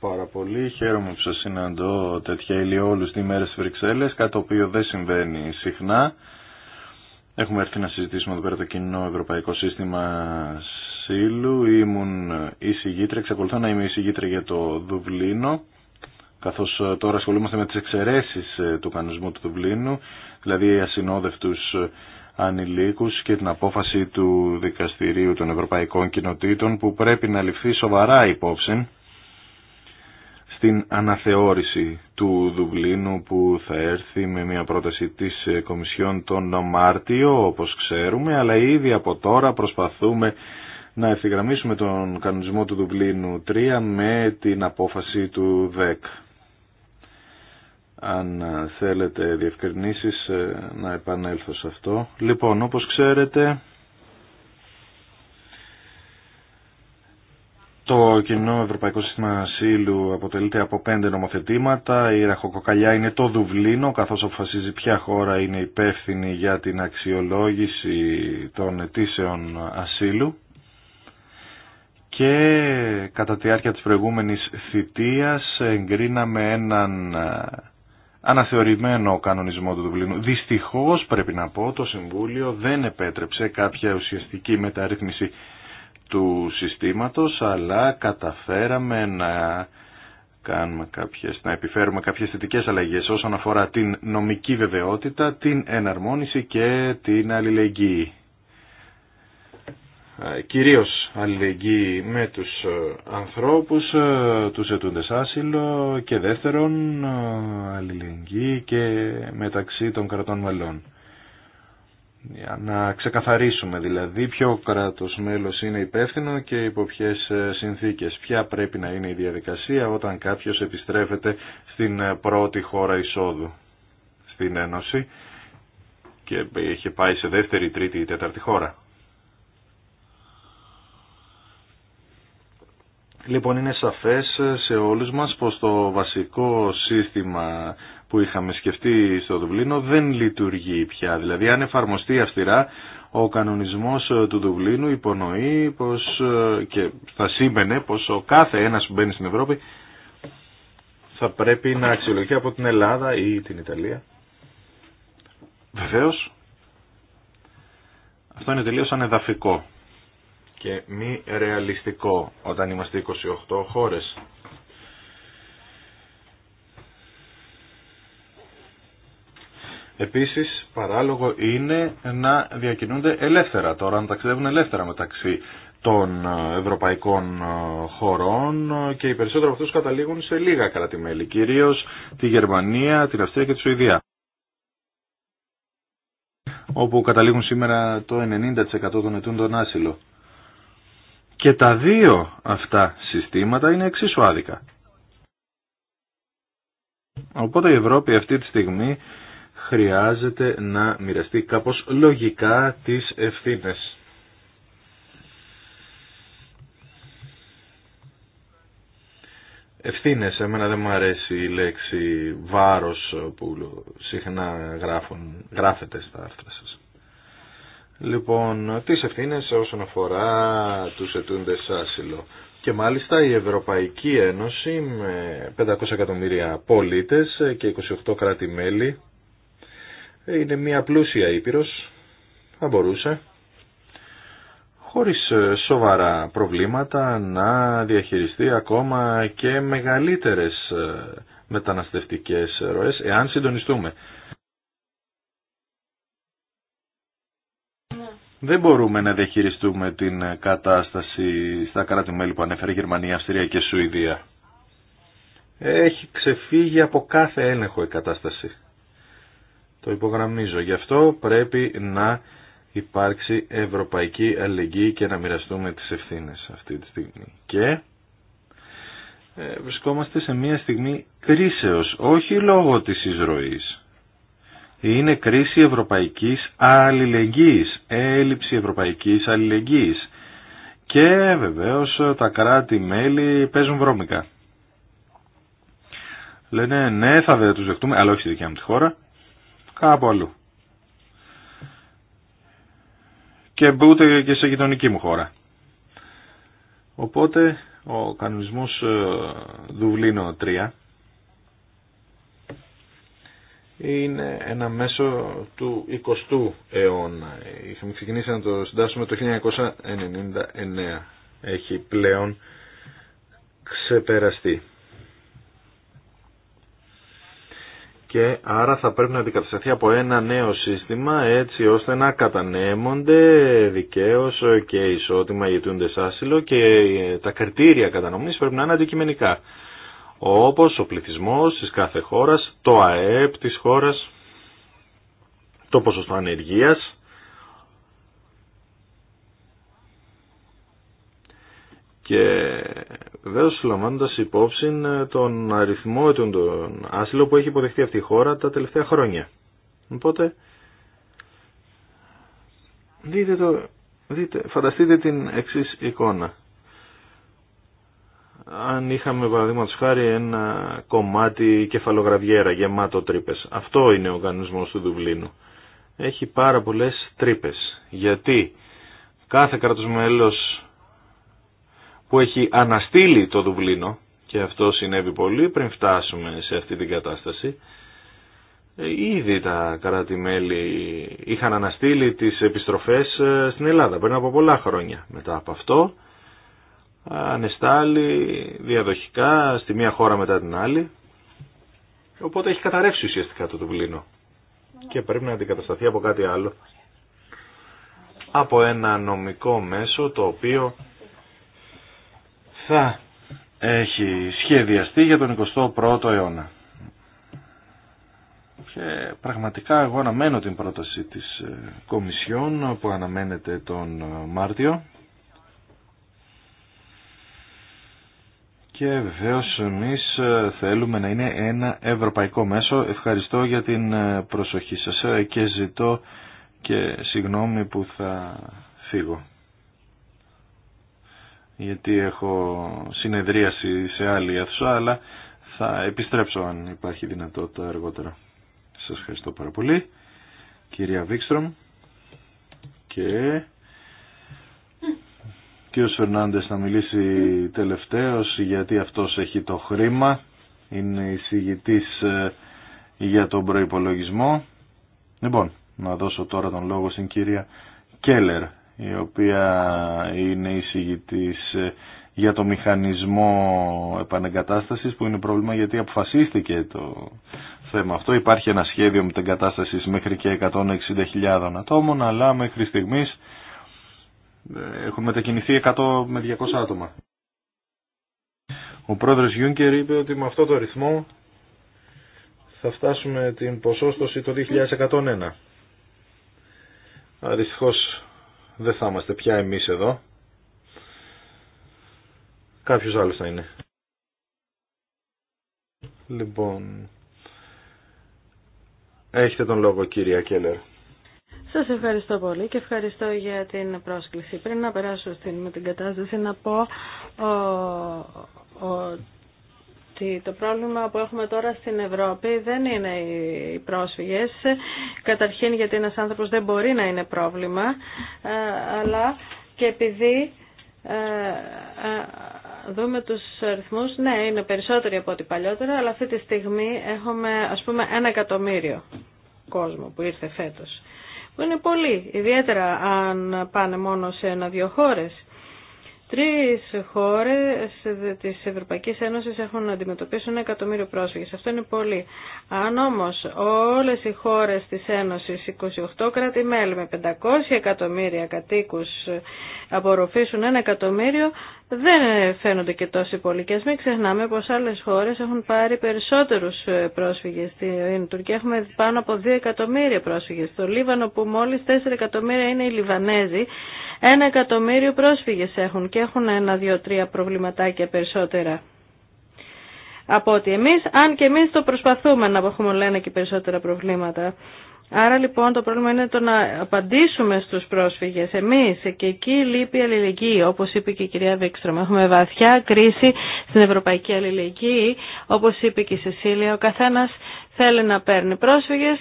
πάρα πολύ. Χαίρομαι που σας συναντώ τέτοια ηλιόλου στη μέρα στις Βρυξέλλες, κάτι το οποίο δεν συμβαίνει συχνά. Έχουμε έρθει να συζητήσουμε εδώ πέρα το κοινό ευρωπαϊκό σύστημα σύλλου. Ήμουν εισηγήτρια, εξακολουθώ να είμαι εισηγήτρια για το Δουβλίνο, καθώς τώρα ασχολούμαστε με τις εξαιρέσεις ε, του κανονισμού του Δουβλίνου, δηλαδή ασυνόδευτους ανηλίκους και την απόφαση του Δικαστηρίου των Ευρωπαϊκών Κοινοτήτων που πρέπει να ληφθεί σοβαρά υπόψη την αναθεώρηση του Δουβλίνου που θα έρθει με μια πρόταση της ε, Κομισιόν τον Μάρτιο όπως ξέρουμε αλλά ήδη από τώρα προσπαθούμε να ευθυγραμμίσουμε τον κανονισμό του Δουβλίνου 3 με την απόφαση του ΔΕΚ. Αν ε, θέλετε διευκρινήσεις ε, να επανέλθω σε αυτό. Λοιπόν, όπως ξέρετε Το κοινό Ευρωπαϊκό Σύστημα Ασύλου αποτελείται από πέντε νομοθετήματα. Η ραχοκοκαλιά είναι το Δουβλίνο, καθώς αποφασίζει ποια χώρα είναι υπεύθυνη για την αξιολόγηση των αιτήσεων ασύλου. Και κατά τη διάρκεια της προηγούμενης θητείας εγκρίναμε έναν αναθεωρημένο κανονισμό του Δουβλίνου. Δυστυχώς πρέπει να πω το Συμβούλιο δεν επέτρεψε κάποια ουσιαστική μεταρρύθμιση του συστήματος, αλλά καταφέραμε να, κάνουμε κάποιες, να επιφέρουμε κάποιες θετικέ αλλαγές όσον αφορά την νομική βεβαιότητα, την εναρμόνιση και την αλληλεγγύη. Ε, κυρίως αλληλεγγύη με τους ε, ανθρώπους, ε, τους ετούντες άσυλο και δεύτερον αλληλεγγύη και μεταξύ των κρατών μελών. Για να ξεκαθαρίσουμε δηλαδή ποιο κράτος μέλος είναι υπεύθυνο και υπό ποιες ε, συνθήκες. Ποια πρέπει να είναι η διαδικασία όταν κάποιος επιστρέφεται στην ε, πρώτη χώρα εισόδου στην Ένωση και έχει πάει σε δεύτερη, τρίτη ή τέταρτη χώρα. Λοιπόν, είναι σαφές σε όλους μας πως το βασικό σύστημα που είχαμε σκεφτεί στο Δουβλίνο δεν λειτουργεί πια. Δηλαδή αν εφαρμοστεί αυστηρά ο κανονισμός ε, του Δουβλίνου υπονοεί πως, ε, και θα σήμαινε πως ο κάθε ένας που μπαίνει στην Ευρώπη θα πρέπει να αξιολογεί από την Ελλάδα ή την Ιταλία. Βεβαίως, αυτό είναι τελείως ανεδαφικό και μη ρεαλιστικό όταν είμαστε 28 χώρες. Επίσης, παράλογο είναι να διακινούνται ελεύθερα τώρα, να ταξιδεύουν ελεύθερα μεταξύ των ε, ευρωπαϊκών ε, χωρών και οι περισσότεροι από αυτούς καταλήγουν σε λίγα κυρίως τη Γερμανία, την Αυστρία και τη Σουηδία όπου καταλήγουν σήμερα το 90% των ετούν τον άσυλο. Και τα δύο αυτά συστήματα είναι εξίσου άδικα. Οπότε η Ευρώπη αυτή τη στιγμή χρειάζεται να μοιραστεί κάπως λογικά τις ευθύνες. Ευθύνες, εμένα δεν μου αρέσει η λέξη βάρος που συχνά γράφουν, γράφεται στα άρθρα σας. Λοιπόν, τις ευθύνες όσον αφορά τους ετούντες άσυλο. Και μάλιστα η Ευρωπαϊκή Ένωση με 500 εκατομμύρια πολίτες και 28 κράτη-μέλη είναι μια πλούσια Ήπειρος, θα μπορούσε, χωρίς ε, σοβαρά προβλήματα, να διαχειριστεί ακόμα και μεγαλύτερες ε, μεταναστευτικές ροές, εάν συντονιστούμε. Δεν μπορούμε να διαχειριστούμε την κατάσταση στα κράτη-μέλη που ανέφερε Γερμανία, Αυστρία και Σουηδία. Έχει ξεφύγει από κάθε έλεγχο η κατάσταση. Το υπογραμμίζω. Γι' αυτό πρέπει να υπάρξει ευρωπαϊκή αλληλεγγύη και να μοιραστούμε τις ευθύνες αυτή τη στιγμή. Και ε, βρισκόμαστε σε μια στιγμή κρίσεως, όχι λόγω της εισρωής. Είναι κρίση ευρωπαϊκής αλληλεγγύης, έλλειψη ευρωπαϊκής αλληλεγγύης. Και βεβαίως τα κράτη-μέλη παίζουν βρώμικα. Λένε ναι θα δε τους δεχτούμε, αλλά όχι στη δικιά μου τη χώρα κάπου αλλού. Και ούτε και σε γειτονική μου χώρα. Οπότε ο κανονισμός ε, Δουβλίνο 3 είναι ένα μέσο του 20ου αιώνα. Είχαμε ξεκινήσει να το συντάσσουμε το 1999. Έχει πλέον ξεπεραστεί. και άρα θα πρέπει να αντικατασταθεί από ένα νέο σύστημα έτσι ώστε να κατανέμονται δικαίως και ισότιμα αιτούντε άσυλο και τα κριτήρια κατανομής πρέπει να είναι αντικειμενικά όπως ο πληθυσμός της κάθε χώρας, το ΑΕΠ της χώρας, το ποσοστό ανεργίας και βεβαίω λαμβάνοντα υπόψη ε, τον αριθμό των άσυλων που έχει υποδεχτεί αυτή η χώρα τα τελευταία χρόνια. Οπότε, δείτε το, δείτε, φανταστείτε την εξή εικόνα. Αν είχαμε παραδείγματο χάρη ένα κομμάτι κεφαλογραβιέρα γεμάτο τρύπε. Αυτό είναι ο οργανισμό του Δουβλίνου. Έχει πάρα πολλέ τρύπε. Γιατί κάθε κράτο μέλος που έχει αναστείλει το Δουβλίνο και αυτό συνέβη πολύ πριν φτάσουμε σε αυτή την κατάσταση. Ε, ήδη τα κρατη είχαν αναστείλει τις επιστροφές ε, στην Ελλάδα πριν από πολλά χρόνια. Μετά από αυτό ανεστάλλει διαδοχικά στη μία χώρα μετά την άλλη. Οπότε έχει καταρρεύσει ουσιαστικά το Δουβλίνο και πρέπει να αντικατασταθεί από κάτι άλλο. Από ένα νομικό μέσο το οποίο θα έχει σχεδιαστεί για τον 21ο αιώνα. Και πραγματικά εγώ αναμένω την πρόταση της ε, Κομισιόν που αναμένεται τον ε, Μάρτιο. Και βεβαίως εμείς ε, θέλουμε να είναι ένα ευρωπαϊκό μέσο. Ευχαριστώ για την προσοχή σας και ζητώ και συγγνώμη που θα φύγω γιατί έχω συνεδρίαση σε άλλη αθουσά, αλλά θα επιστρέψω αν υπάρχει δυνατότητα αργότερα. Σας ευχαριστώ πάρα πολύ, κυρία Βίξτρομ και κύριος Φερνάντες θα μιλήσει τελευταίος γιατί αυτός έχει το χρήμα, είναι εισηγητής ε, για τον προϋπολογισμό. Λοιπόν, να δώσω τώρα τον λόγο στην κυρία Κέλλερ η οποία είναι εισηγητής ε, για το μηχανισμό επανεγκατάστασης που είναι πρόβλημα γιατί αποφασίστηκε το θέμα αυτό. Υπάρχει ένα σχέδιο μετεγκατάστασης μέχρι και 160.000 ατόμων αλλά μέχρι στιγμής ε, έχουν μετακινηθεί 100 με 200 άτομα. Ο πρόεδρος Γιούνκερ είπε ότι με αυτό το ρυθμό θα φτάσουμε την ποσόστοση το 2101 δεν θα είμαστε πια εμείς εδώ. Κάποιος άλλος θα είναι. Λοιπόν, έχετε τον λόγο κυρία Κέλλερ. Σας ευχαριστώ πολύ και ευχαριστώ για την πρόσκληση. Πριν να περάσω στην, με την κατάσταση να πω ο, το πρόβλημα που έχουμε τώρα στην Ευρώπη δεν είναι οι πρόσφυγες. Καταρχήν γιατί ένας άνθρωπος δεν μπορεί να είναι πρόβλημα, ε, αλλά και επειδή ε, ε, δούμε τους αριθμούς, ναι είναι περισσότεροι από ό,τι παλιότερα, αλλά αυτή τη στιγμή έχουμε ας πούμε ένα εκατομμύριο κόσμο που ήρθε φέτος. Που είναι πολύ, ιδιαίτερα αν πάνε μόνο σε ένα-δύο χώρες. Τρεις χώρες της Ευρωπαϊκής Ένωσης έχουν να αντιμετωπίσουν ένα εκατομμύριο πρόσφυγες. Αυτό είναι πολύ. Αν όμως όλες οι χώρες της Ένωσης, 28 κράτη-μέλη με 500 εκατομμύρια κατοίκους απορροφήσουν ένα εκατομμύριο, δεν φαίνονται και τόσοι πολλοί. Και ας μην ξεχνάμε πως άλλες χώρες έχουν πάρει περισσότερους ε, πρόσφυγες. Στην Τουρκία έχουμε πάνω από 2 εκατομμύρια πρόσφυγες. Στο Λίβανο που μόλις 4 εκατομμύρια είναι οι Λιβανέζοι, 1 εκατομμύριο πρόσφυγες έχουν και έχουν ένα, δύο, τρία προβληματάκια περισσότερα. Από ότι εμείς, αν και εμείς το προσπαθούμε να έχουμε λένε και περισσότερα προβλήματα. Άρα λοιπόν το πρόβλημα είναι το να απαντήσουμε στους πρόσφυγες. Εμείς και εκεί λείπει η αλληλεγγύη, όπως είπε και η κυρία Βίξτρομ. Έχουμε βαθιά κρίση στην ευρωπαϊκή αλληλεγγύη, όπως είπε και η Σεσίλια. Ο καθένας θέλει να παίρνει πρόσφυγες,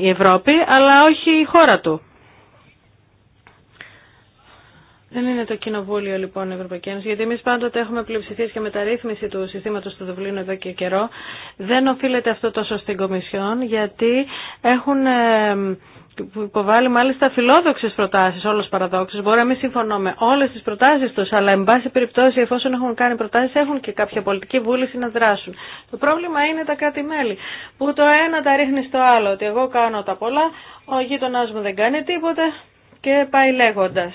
η Ευρώπη, αλλά όχι η χώρα του. Δεν είναι το κοινοβούλιο λοιπόν η Ευρωπαϊκή Ένωση, γιατί εμεί πάντοτε έχουμε πλειοψηφίε και μεταρρύθμιση του συστήματο του Δουβλίνου εδώ και καιρό. Δεν οφείλεται αυτό τόσο στην Κομισιόν, γιατί έχουν ε, υποβάλει μάλιστα φιλόδοξε προτάσει, όλε παραδόξω. Μπορεί να μην συμφωνώ με όλε τι προτάσει του, αλλά εν πάση περιπτώσει, εφόσον έχουν κάνει προτάσει, έχουν και κάποια πολιτική βούληση να δράσουν. Το πρόβλημα είναι τα κάτι μελη που το ένα τα ρίχνει στο άλλο. Ότι εγώ κάνω τα πολλά, ο γείτονά μου δεν κάνει τίποτα και πάει λέγοντα.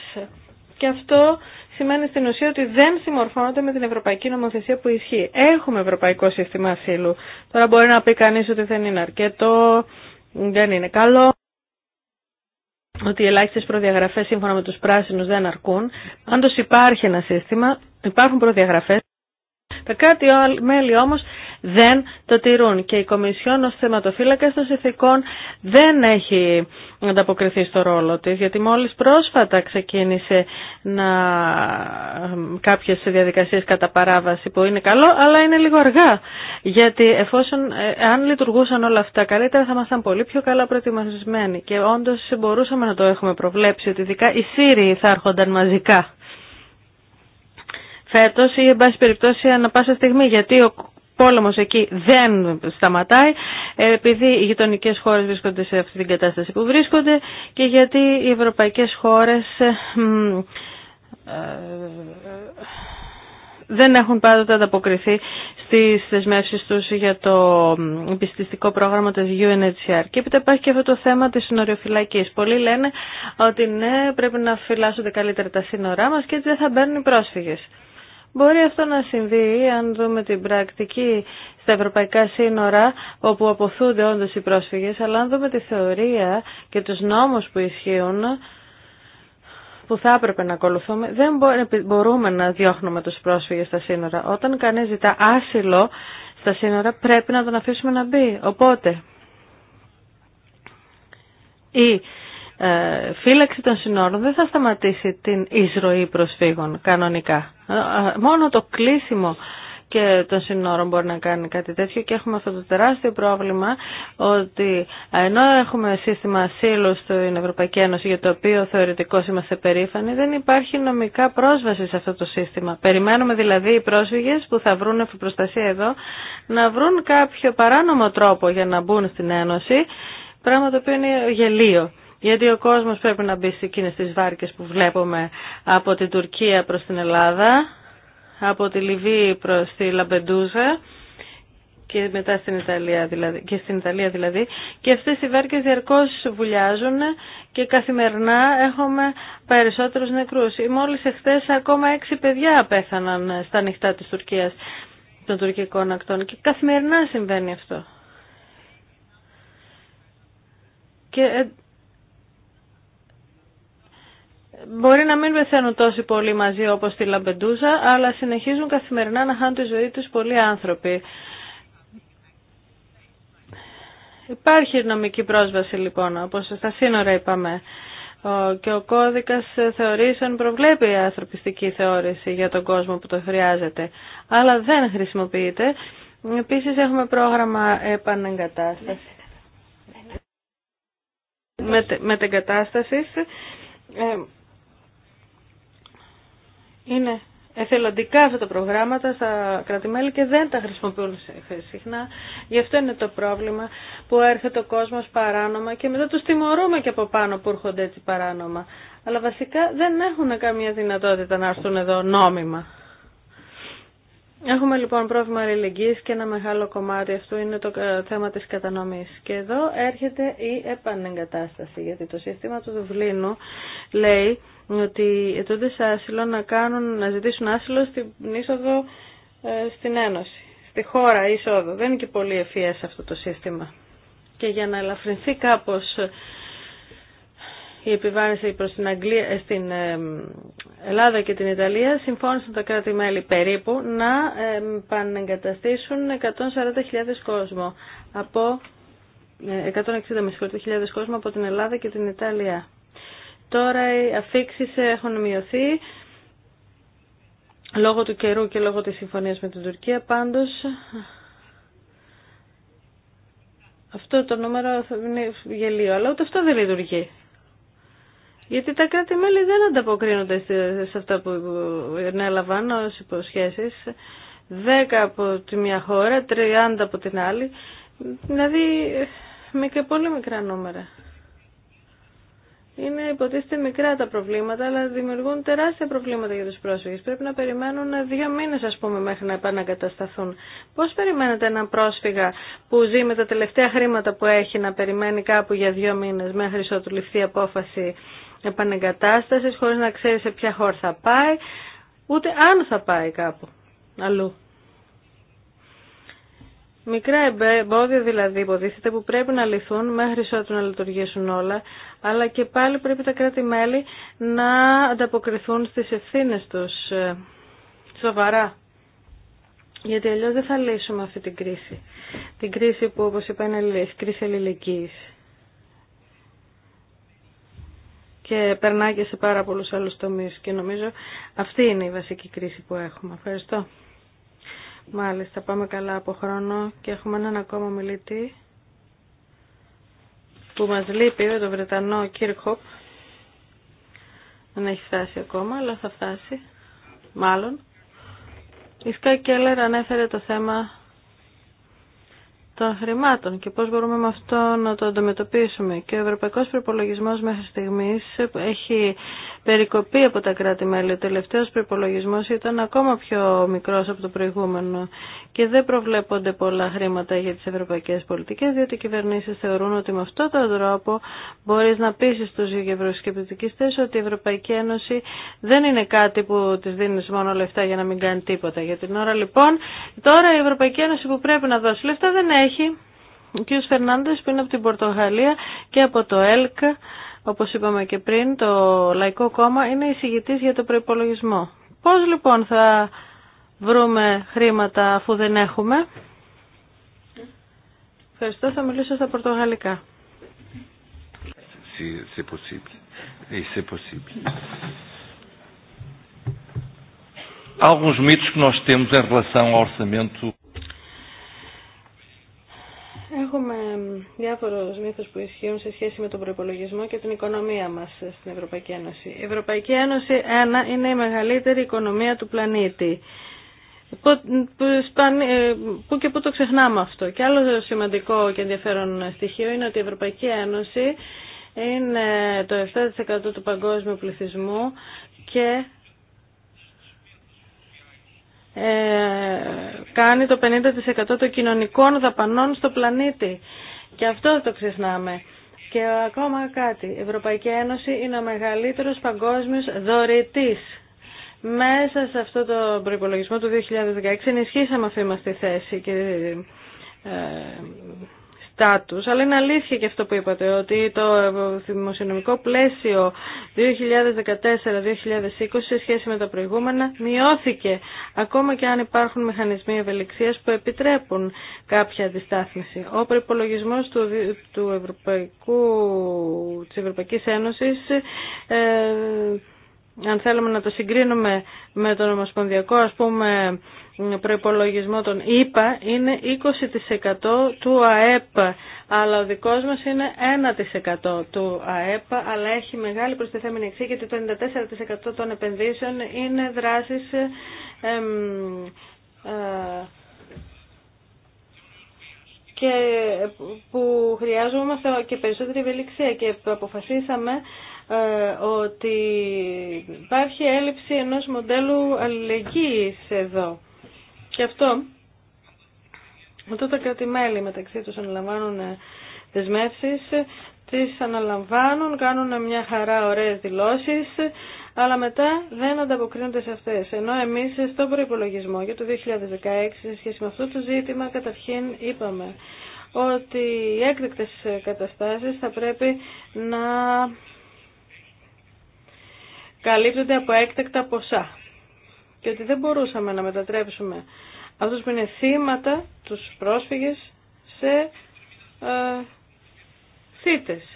Και αυτό σημαίνει στην ουσία ότι δεν συμμορφώνονται με την ευρωπαϊκή νομοθεσία που ισχύει. Έχουμε ευρωπαϊκό σύστημα ασύλου. Τώρα μπορεί να πει κανείς ότι δεν είναι αρκετό, δεν είναι καλό, ότι οι ελάχιστε προδιαγραφέ σύμφωνα με του πράσινου δεν αρκούν. Πάντω υπάρχει ένα σύστημα, υπάρχουν προδιαγραφέ. Τα κάτι μέλη όμως δεν το τηρούν και η Κομισιόν ως θεματοφύλακας των συνθηκών δεν έχει ανταποκριθεί στο ρόλο της γιατί μόλις πρόσφατα ξεκίνησε να... κάποιες διαδικασίες κατά παράβαση που είναι καλό αλλά είναι λίγο αργά γιατί εφόσον ε, αν λειτουργούσαν όλα αυτά καλύτερα θα ήμασταν πολύ πιο καλά προετοιμασμένοι και όντως μπορούσαμε να το έχουμε προβλέψει ότι ειδικά οι Σύριοι θα έρχονταν μαζικά φέτος ή εν πάση περιπτώσει ανα πάσα στιγμή γιατί ο πόλεμος εκεί δεν σταματάει επειδή οι γειτονικέ χώρες βρίσκονται σε αυτή την κατάσταση που βρίσκονται και γιατί οι ευρωπαϊκές χώρες ε, ε, δεν έχουν πάντοτε ανταποκριθεί στις θεσμεύσεις τους για το πιστιστικό πρόγραμμα της UNHCR. Και έπειτα υπάρχει και αυτό το θέμα της συνοριοφυλακής. Πολλοί λένε ότι ναι, πρέπει να φυλάσσονται καλύτερα τα σύνορά μας και έτσι δεν θα μπαίνουν οι πρόσφυγες. Μπορεί αυτό να συμβεί αν δούμε την πρακτική στα ευρωπαϊκά σύνορα όπου αποθούνται όντως οι πρόσφυγες, αλλά αν δούμε τη θεωρία και τους νόμους που ισχύουν, που θα έπρεπε να ακολουθούμε, δεν μπορούμε να διώχνουμε τους πρόσφυγες στα σύνορα. Όταν κανείς ζητά άσυλο στα σύνορα πρέπει να τον αφήσουμε να μπει. Οπότε, η ε, φύλαξη των σύνορων δεν θα σταματήσει την εισρωή προσφύγων κανονικά. Μόνο το κλείσιμο και των συνόρων μπορεί να κάνει κάτι τέτοιο και έχουμε αυτό το τεράστιο πρόβλημα ότι ενώ έχουμε σύστημα ασύλου στην Ευρωπαϊκή Ένωση για το οποίο θεωρητικώς είμαστε περήφανοι δεν υπάρχει νομικά πρόσβαση σε αυτό το σύστημα. Περιμένουμε δηλαδή οι πρόσφυγες που θα βρουν προστασία εδώ να βρουν κάποιο παράνομο τρόπο για να μπουν στην Ένωση πράγμα το οποίο είναι γελίο γιατί ο κόσμος πρέπει να μπει σε εκείνες τις βάρκες που βλέπουμε από την Τουρκία προς την Ελλάδα, από τη Λιβύη προς τη Λαμπεντούζα και μετά στην Ιταλία δηλαδή, και στην Ιταλία δηλαδή και αυτές οι βάρκες διαρκώς βουλιάζουν και καθημερινά έχουμε περισσότερους νεκρούς. Μόλις εχθές ακόμα έξι παιδιά πέθαναν στα νυχτά της Τουρκίας των τουρκικών ακτών και καθημερινά συμβαίνει αυτό. Και ε, Μπορεί να μην πεθαίνουν τόσοι πολύ μαζί όπως στη Λαμπεντούζα, αλλά συνεχίζουν καθημερινά να χάνουν τη ζωή τους πολλοί άνθρωποι. Υπάρχει νομική πρόσβαση λοιπόν, όπως στα σύνορα είπαμε. Και ο κώδικας θεωρήσεων προβλέπει η ανθρωπιστική θεώρηση για τον κόσμο που το χρειάζεται, αλλά δεν χρησιμοποιείται. Επίσης έχουμε πρόγραμμα επανεγκατάσταση. Μετεγκατάστασης. Ναι. Με είναι εθελοντικά αυτά τα προγράμματα στα κρατημέλη και δεν τα χρησιμοποιούν συχνά. Γι' αυτό είναι το πρόβλημα που έρχεται ο κόσμος παράνομα και μετά τους τιμωρούμε και από πάνω που έρχονται έτσι παράνομα. Αλλά βασικά δεν έχουν καμία δυνατότητα να έρθουν εδώ νόμιμα. Έχουμε λοιπόν πρόβλημα αλληλεγγύης και ένα μεγάλο κομμάτι αυτού είναι το ε, θέμα της κατανομής. Και εδώ έρχεται η επανεγκατάσταση, γιατί το σύστημα του Δουβλίνου λέει ότι ετούνται σε άσυλο να, κάνουν, να ζητήσουν άσυλο στην είσοδο ε, στην Ένωση, στη χώρα είσοδο. Δεν είναι και πολύ ευφυές αυτό το σύστημα. Και για να ελαφρυνθεί κάπως η επιβάρυνση προς την ε, στην ε, Ελλάδα και την Ιταλία συμφώνησαν τα κράτη-μέλη περίπου να ε, πανεγκαταστήσουν 140.000 κόσμο από 160.000 κόσμο από την Ελλάδα και την Ιταλία. Τώρα οι αφήξεις έχουν μειωθεί λόγω του καιρού και λόγω της συμφωνίας με την Τουρκία. Πάντως αυτό το νούμερο θα είναι γελίο, αλλά ούτε αυτό δεν λειτουργεί. Γιατί τα κράτη-μέλη δεν ανταποκρίνονται σε αυτά που έλαβαν ω υποσχέσει. Δέκα από τη μια χώρα, 30 από την άλλη. Δηλαδή, και πολύ μικρά νούμερα. Είναι υποτίθεται μικρά τα προβλήματα, αλλά δημιουργούν τεράστια προβλήματα για τους πρόσφυγες. Πρέπει να περιμένουν δύο μήνες, ας πούμε, μέχρι να επαναγκατασταθούν. Πώς περιμένετε έναν πρόσφυγα που ζει με τα τελευταία χρήματα που έχει να περιμένει κάπου για δύο μήνες μέχρι ότου ληφθεί απόφαση επανεγκατάστασης χωρίς να ξέρει σε ποια χώρα θα πάει, ούτε αν θα πάει κάπου αλλού. Μικρά εμπόδια δηλαδή υποτίθεται που πρέπει να λυθούν μέχρι ότου να λειτουργήσουν όλα, αλλά και πάλι πρέπει τα κράτη-μέλη να ανταποκριθούν στις ευθύνες τους ε, σοβαρά. Γιατί αλλιώς δεν θα λύσουμε αυτή την κρίση. Την κρίση που όπως είπα είναι κρίση αλληλεγγύης. και περνά και σε πάρα πολλούς άλλους τομείς και νομίζω αυτή είναι η βασική κρίση που έχουμε. Ευχαριστώ. Μάλιστα, πάμε καλά από χρόνο και έχουμε έναν ακόμα μιλητή που μας λείπει, τον Βρετανό Κίρκοπ. Δεν έχει φτάσει ακόμα, αλλά θα φτάσει, μάλλον. Η Σκάκ Κέλλερ ανέφερε το θέμα των χρημάτων και πώς μπορούμε με αυτό να το αντιμετωπίσουμε. Και ο Ευρωπαϊκός προϋπολογισμός μέχρι στιγμής έχει περικοπεί από τα κράτη-μέλη. Ο τελευταίος ήταν ακόμα πιο μικρός από το προηγούμενο και δεν προβλέπονται πολλά χρήματα για τις ευρωπαϊκές πολιτικές διότι οι κυβερνήσεις θεωρούν ότι με αυτόν τον τρόπο μπορείς να πείσεις τους ευρωσκεπτικιστές ότι η Ευρωπαϊκή Ένωση δεν είναι κάτι που τη δίνεις μόνο λεφτά για να μην κάνει τίποτα. Για την ώρα λοιπόν τώρα η Ευρωπαϊκή Ένωση που πρέπει να δώσει λεφτά δεν έχει. Ο κ. Φερνάνδε που είναι από την Πορτογαλία και από το ΕΛΚ, όπως είπαμε και πριν, το Λαϊκό Κόμμα είναι εισηγητής για το προπολογισμό. Πώς λοιπόν θα βρούμε χρήματα αφού δεν έχουμε. Ευχαριστώ, θα μιλήσω στα πορτογαλικά. Alguns mitos que nós temos em relação ao orçamento. Έχουμε διάφορους μύθους που ισχύουν σε σχέση με τον προπολογισμό και την οικονομία μας στην Ευρωπαϊκή Ένωση. Η Ευρωπαϊκή Ένωση ένα, είναι η μεγαλύτερη οικονομία του πλανήτη. Πού ε, και πού το ξεχνάμε αυτό. Και άλλο σημαντικό και ενδιαφέρον στοιχείο είναι ότι η Ευρωπαϊκή Ένωση είναι το 7% του παγκόσμιου πληθυσμού και ε, κάνει το 50% των κοινωνικών δαπανών στο πλανήτη. Και αυτό το ξεχνάμε. Και ακόμα κάτι. Η Ευρωπαϊκή Ένωση είναι ο μεγαλύτερος παγκόσμιος δωρητής μέσα σε αυτό το προπολογισμό του 2016 ενισχύσαμε αυτή μας τη θέση και ε, αλλά είναι αλήθεια και αυτό που είπατε, ότι το δημοσιονομικό πλαίσιο 2014-2020 σε σχέση με τα προηγούμενα μειώθηκε, ακόμα και αν υπάρχουν μηχανισμοί ευελιξίας που επιτρέπουν κάποια αντιστάθμιση. Ο προπολογισμό του, του Ευρωπαϊκού, της Ευρωπαϊκής Ένωσης ε, αν θέλουμε να το συγκρίνουμε με τον ομοσπονδιακό ας πούμε προϋπολογισμό των ΙΠΑ είναι 20% του ΑΕΠ αλλά ο δικός μας είναι 1% του ΑΕΠΑ, αλλά έχει μεγάλη προστιθέμενη εξή γιατί το 94% των επενδύσεων είναι δράσεις εμ, ε, και που χρειάζομαστε και περισσότερη ευελιξία και αποφασίσαμε ε, ότι υπάρχει έλλειψη ενός μοντέλου αλληλεγγύης εδώ. Και αυτό, αυτό τα κρατημέλη μεταξύ τους αναλαμβάνουν δεσμεύσεις, τις αναλαμβάνουν, κάνουν μια χαρά ωραίες δηλώσεις, αλλά μετά δεν ανταποκρίνονται σε αυτές. Ενώ εμείς στον προπολογισμό για το 2016 σε σχέση με αυτό το ζήτημα καταρχήν είπαμε ότι οι έκτακτες καταστάσεις θα πρέπει να καλύπτονται από έκτακτα ποσά και ότι δεν μπορούσαμε να μετατρέψουμε αυτούς που είναι θύματα, τους πρόσφυγες, σε ε, θύτες.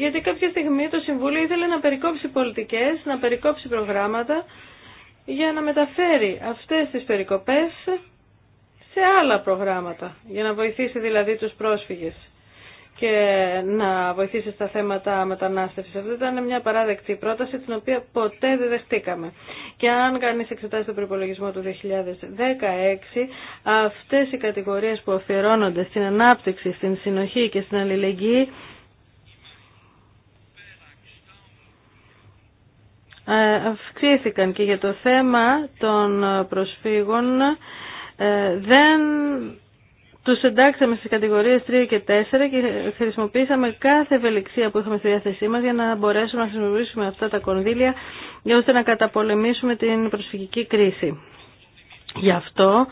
Γιατί κάποια στιγμή το Συμβούλιο ήθελε να περικόψει πολιτικές, να περικόψει προγράμματα για να μεταφέρει αυτές τις περικοπές σε άλλα προγράμματα, για να βοηθήσει δηλαδή τους πρόσφυγες και να βοηθήσει στα θέματα μετανάστευσης. Αυτή ήταν μια παράδεκτη πρόταση την οποία ποτέ δεν δεχτήκαμε. Και αν κανείς εξετάσει τον προπολογισμό του 2016, αυτές οι κατηγορίες που αφιερώνονται στην ανάπτυξη, στην συνοχή και στην αλληλεγγύη Ε, αυξήθηκαν και για το θέμα των προσφύγων ε, δεν τους εντάξαμε στις κατηγορίες 3 και 4 και χρησιμοποίησαμε κάθε ευελιξία που είχαμε στη διάθεσή μας για να μπορέσουμε να χρησιμοποιήσουμε αυτά τα κονδύλια για ώστε να καταπολεμήσουμε την προσφυγική κρίση. Γι' αυτό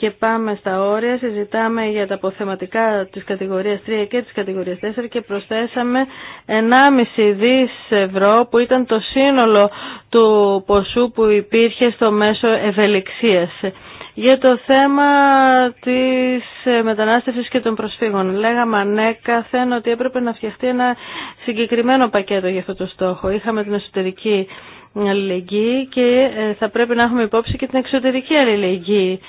και πάμε στα όρια, συζητάμε για τα αποθεματικά της κατηγορίας 3 και της κατηγορίας 4 και προσθέσαμε 1,5 δις ευρώ που ήταν το σύνολο του ποσού που υπήρχε στο μέσο ευελιξίας. Για το θέμα της μετανάστευσης και των προσφύγων. Λέγαμε ανέκαθεν ναι, ότι έπρεπε να φτιαχτεί ένα συγκεκριμένο πακέτο για αυτό το στόχο. Είχαμε την εσωτερική αλληλεγγύη και ε, θα πρέπει να έχουμε υπόψη και την εξωτερική αλληλεγγύη.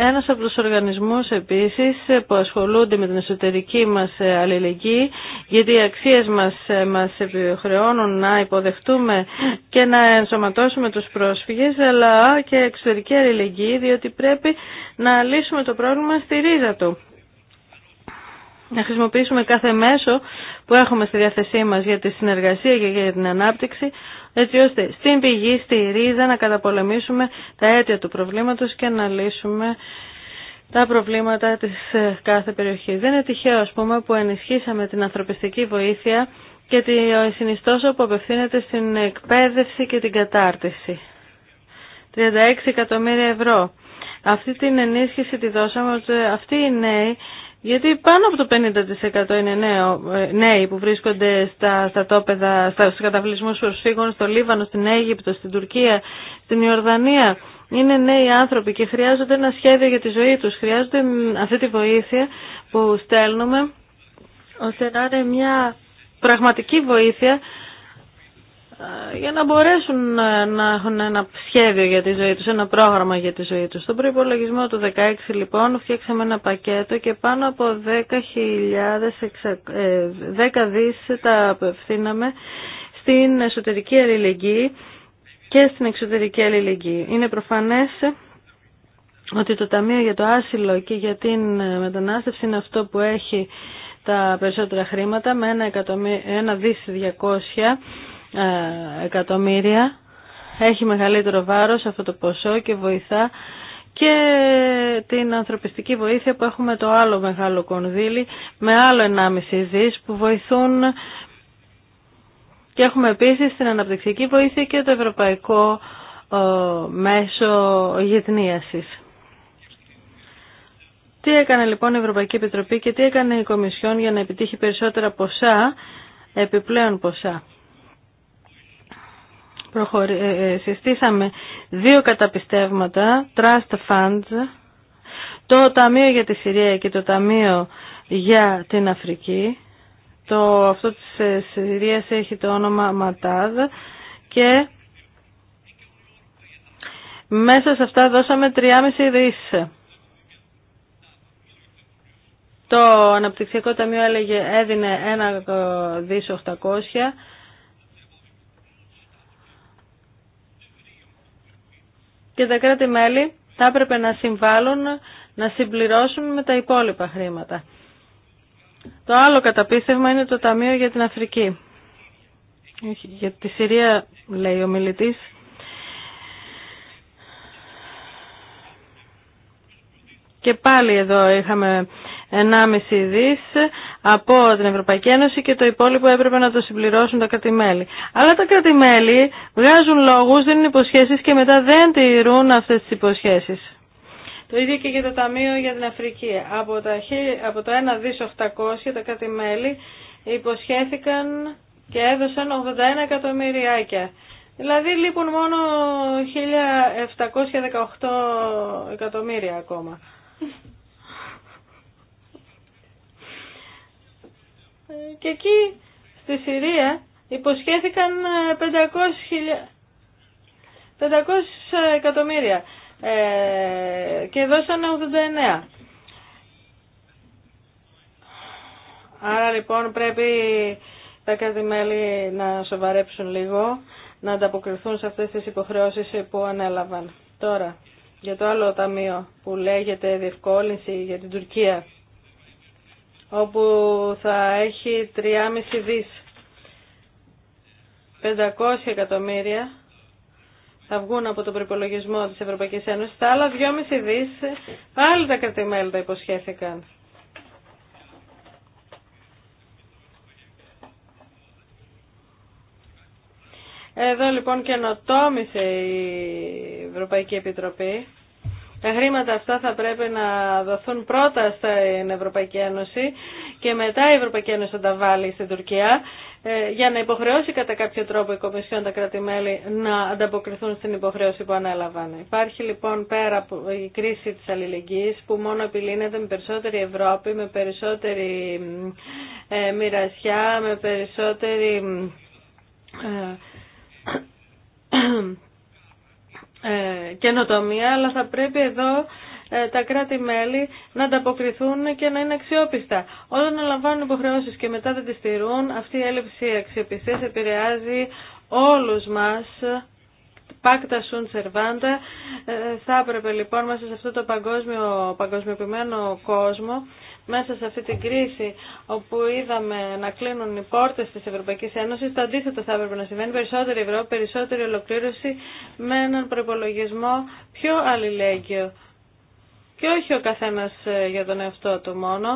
Ένας από τους οργανισμούς επίσης που ασχολούνται με την εσωτερική μας αλληλεγγύη γιατί οι αξίες μας μας επιχρεώνουν να υποδεχτούμε και να ενσωματώσουμε τους πρόσφυγες αλλά και εξωτερική αλληλεγγύη διότι πρέπει να λύσουμε το πρόβλημα στη ρίζα του. Να χρησιμοποιήσουμε κάθε μέσο που έχουμε στη διάθεσή μας για τη συνεργασία και για την ανάπτυξη, έτσι ώστε στην πηγή, στη ρίζα να καταπολεμήσουμε τα αίτια του προβλήματος και να λύσουμε τα προβλήματα της ε, κάθε περιοχής. Δεν είναι τυχαίο, ας πούμε, που ενισχύσαμε την ανθρωπιστική βοήθεια και τη συνιστόσα που απευθύνεται στην εκπαίδευση και την κατάρτιση. 36 εκατομμύρια ευρώ. Αυτή την ενίσχυση τη δώσαμε ότι αυτοί οι νέοι γιατί πάνω από το 50% είναι ε, νέοι που βρίσκονται στα τόπεδα, στα, στους καταβλισμούς προσφύγων, στο Λίβανο, στην Αίγυπτο, στην Τουρκία, στην Ιορδανία. Είναι νέοι άνθρωποι και χρειάζονται ένα σχέδιο για τη ζωή τους. Χρειάζονται αυτή τη βοήθεια που στέλνουμε ώστε να είναι μια πραγματική βοήθεια ε, για να μπορέσουν ε, να έχουν ένα σχέδιο για τη ζωή τους, ένα πρόγραμμα για τη ζωή τους. Στον προϋπολογισμό του 2016, λοιπόν φτιάξαμε ένα πακέτο και πάνω από 10.000 10 ε, δις τα απευθύναμε στην εσωτερική αλληλεγγύη και στην εξωτερική αλληλεγγύη. Είναι προφανές ότι το Ταμείο για το Άσυλο και για την μετανάστευση είναι αυτό που έχει τα περισσότερα χρήματα με 1 δις 200 ε, εκατομμύρια. Έχει μεγαλύτερο βάρος αυτό το ποσό και βοηθά και την ανθρωπιστική βοήθεια που έχουμε το άλλο μεγάλο κονδύλι με άλλο 1,5 δις που βοηθούν και έχουμε επίσης την αναπτυξιακή βοήθεια και το ευρωπαϊκό ε, μέσο γυθνίασης. Τι έκανε λοιπόν η Ευρωπαϊκή Επιτροπή και τι έκανε η Κομισιόν για να επιτύχει περισσότερα ποσά, επιπλέον ποσά προχωρη... Ε, ε, συστήσαμε δύο καταπιστεύματα, Trust Funds, το Ταμείο για τη Συρία και το Ταμείο για την Αφρική. Το, αυτό της ε, Συρίας έχει το όνομα Ματάδ και μέσα σε αυτά δώσαμε 3,5 δις. Το Αναπτυξιακό Ταμείο έλεγε έδινε ένα δις και τα κράτη-μέλη θα έπρεπε να συμβάλλουν, να συμπληρώσουν με τα υπόλοιπα χρήματα. Το άλλο καταπίστευμα είναι το Ταμείο για την Αφρική. Για τη Συρία, λέει ο μιλητής, Και πάλι εδώ είχαμε 1,5 δις από την Ευρωπαϊκή Ένωση και το υπόλοιπο έπρεπε να το συμπληρώσουν τα κρατημέλη. Αλλά τα κρατημέλη βγάζουν λόγους, δίνουν υποσχέσεις και μετά δεν τηρούν αυτές τις υποσχέσεις. Το ίδιο και για το Ταμείο για την Αφρική. Από, τα, από το 1 δις 800 τα κρατημέλη υποσχέθηκαν και έδωσαν 81 εκατομμυριάκια. Δηλαδή λείπουν μόνο 1718 εκατομμύρια ακόμα. Ε, και εκεί στη Συρία υποσχέθηκαν 500, ε, 500 εκατομμύρια ε, και δώσανε 89. Άρα λοιπόν πρέπει τα κατημέλη να σοβαρέψουν λίγο, να ανταποκριθούν σε αυτές τις υποχρεώσεις που ανέλαβαν. Τώρα, για το άλλο ταμείο που λέγεται διευκόλυνση για την Τουρκία όπου θα έχει 3,5 δις. 500 εκατομμύρια θα βγουν από τον προπολογισμό της Ευρωπαϊκής Ένωσης. Τα άλλα 2,5 δις πάλι τα κρατημέλη τα υποσχέθηκαν. Εδώ λοιπόν καινοτόμησε η Ευρωπαϊκή Επιτροπή τα χρήματα αυτά θα πρέπει να δοθούν πρώτα στην Ευρωπαϊκή Ένωση και μετά η Ευρωπαϊκή Ένωση θα τα βάλει στην Τουρκία ε, για να υποχρεώσει κατά κάποιο τρόπο η Κομισιόν τα κρατη να ανταποκριθούν στην υποχρέωση που ανέλαβαν. Υπάρχει λοιπόν πέρα από η κρίση της αλληλεγγύης που μόνο επιλύνεται με περισσότερη Ευρώπη, με περισσότερη ε, μοιρασιά, με περισσότερη ε, ε, καινοτομία, αλλά θα πρέπει εδώ ε, τα κράτη-μέλη να ανταποκριθούν και να είναι αξιόπιστα. Όταν λαμβάνουν υποχρεώσεις και μετά δεν τις τηρούν, αυτή η έλλειψη αξιοπιστίας επηρεάζει όλους μας Πάκτα Σουν Σερβάντα θα έπρεπε λοιπόν μέσα σε αυτό το παγκόσμιο, παγκοσμιοποιημένο κόσμο μέσα σε αυτή την κρίση όπου είδαμε να κλείνουν οι πόρτες της Ευρωπαϊκής Ένωσης, το αντίθετο θα έπρεπε να συμβαίνει περισσότερη Ευρώπη, περισσότερη ολοκλήρωση με έναν προπολογισμό πιο αλληλέγγυο. Και όχι ο καθένας ε, για τον εαυτό του μόνο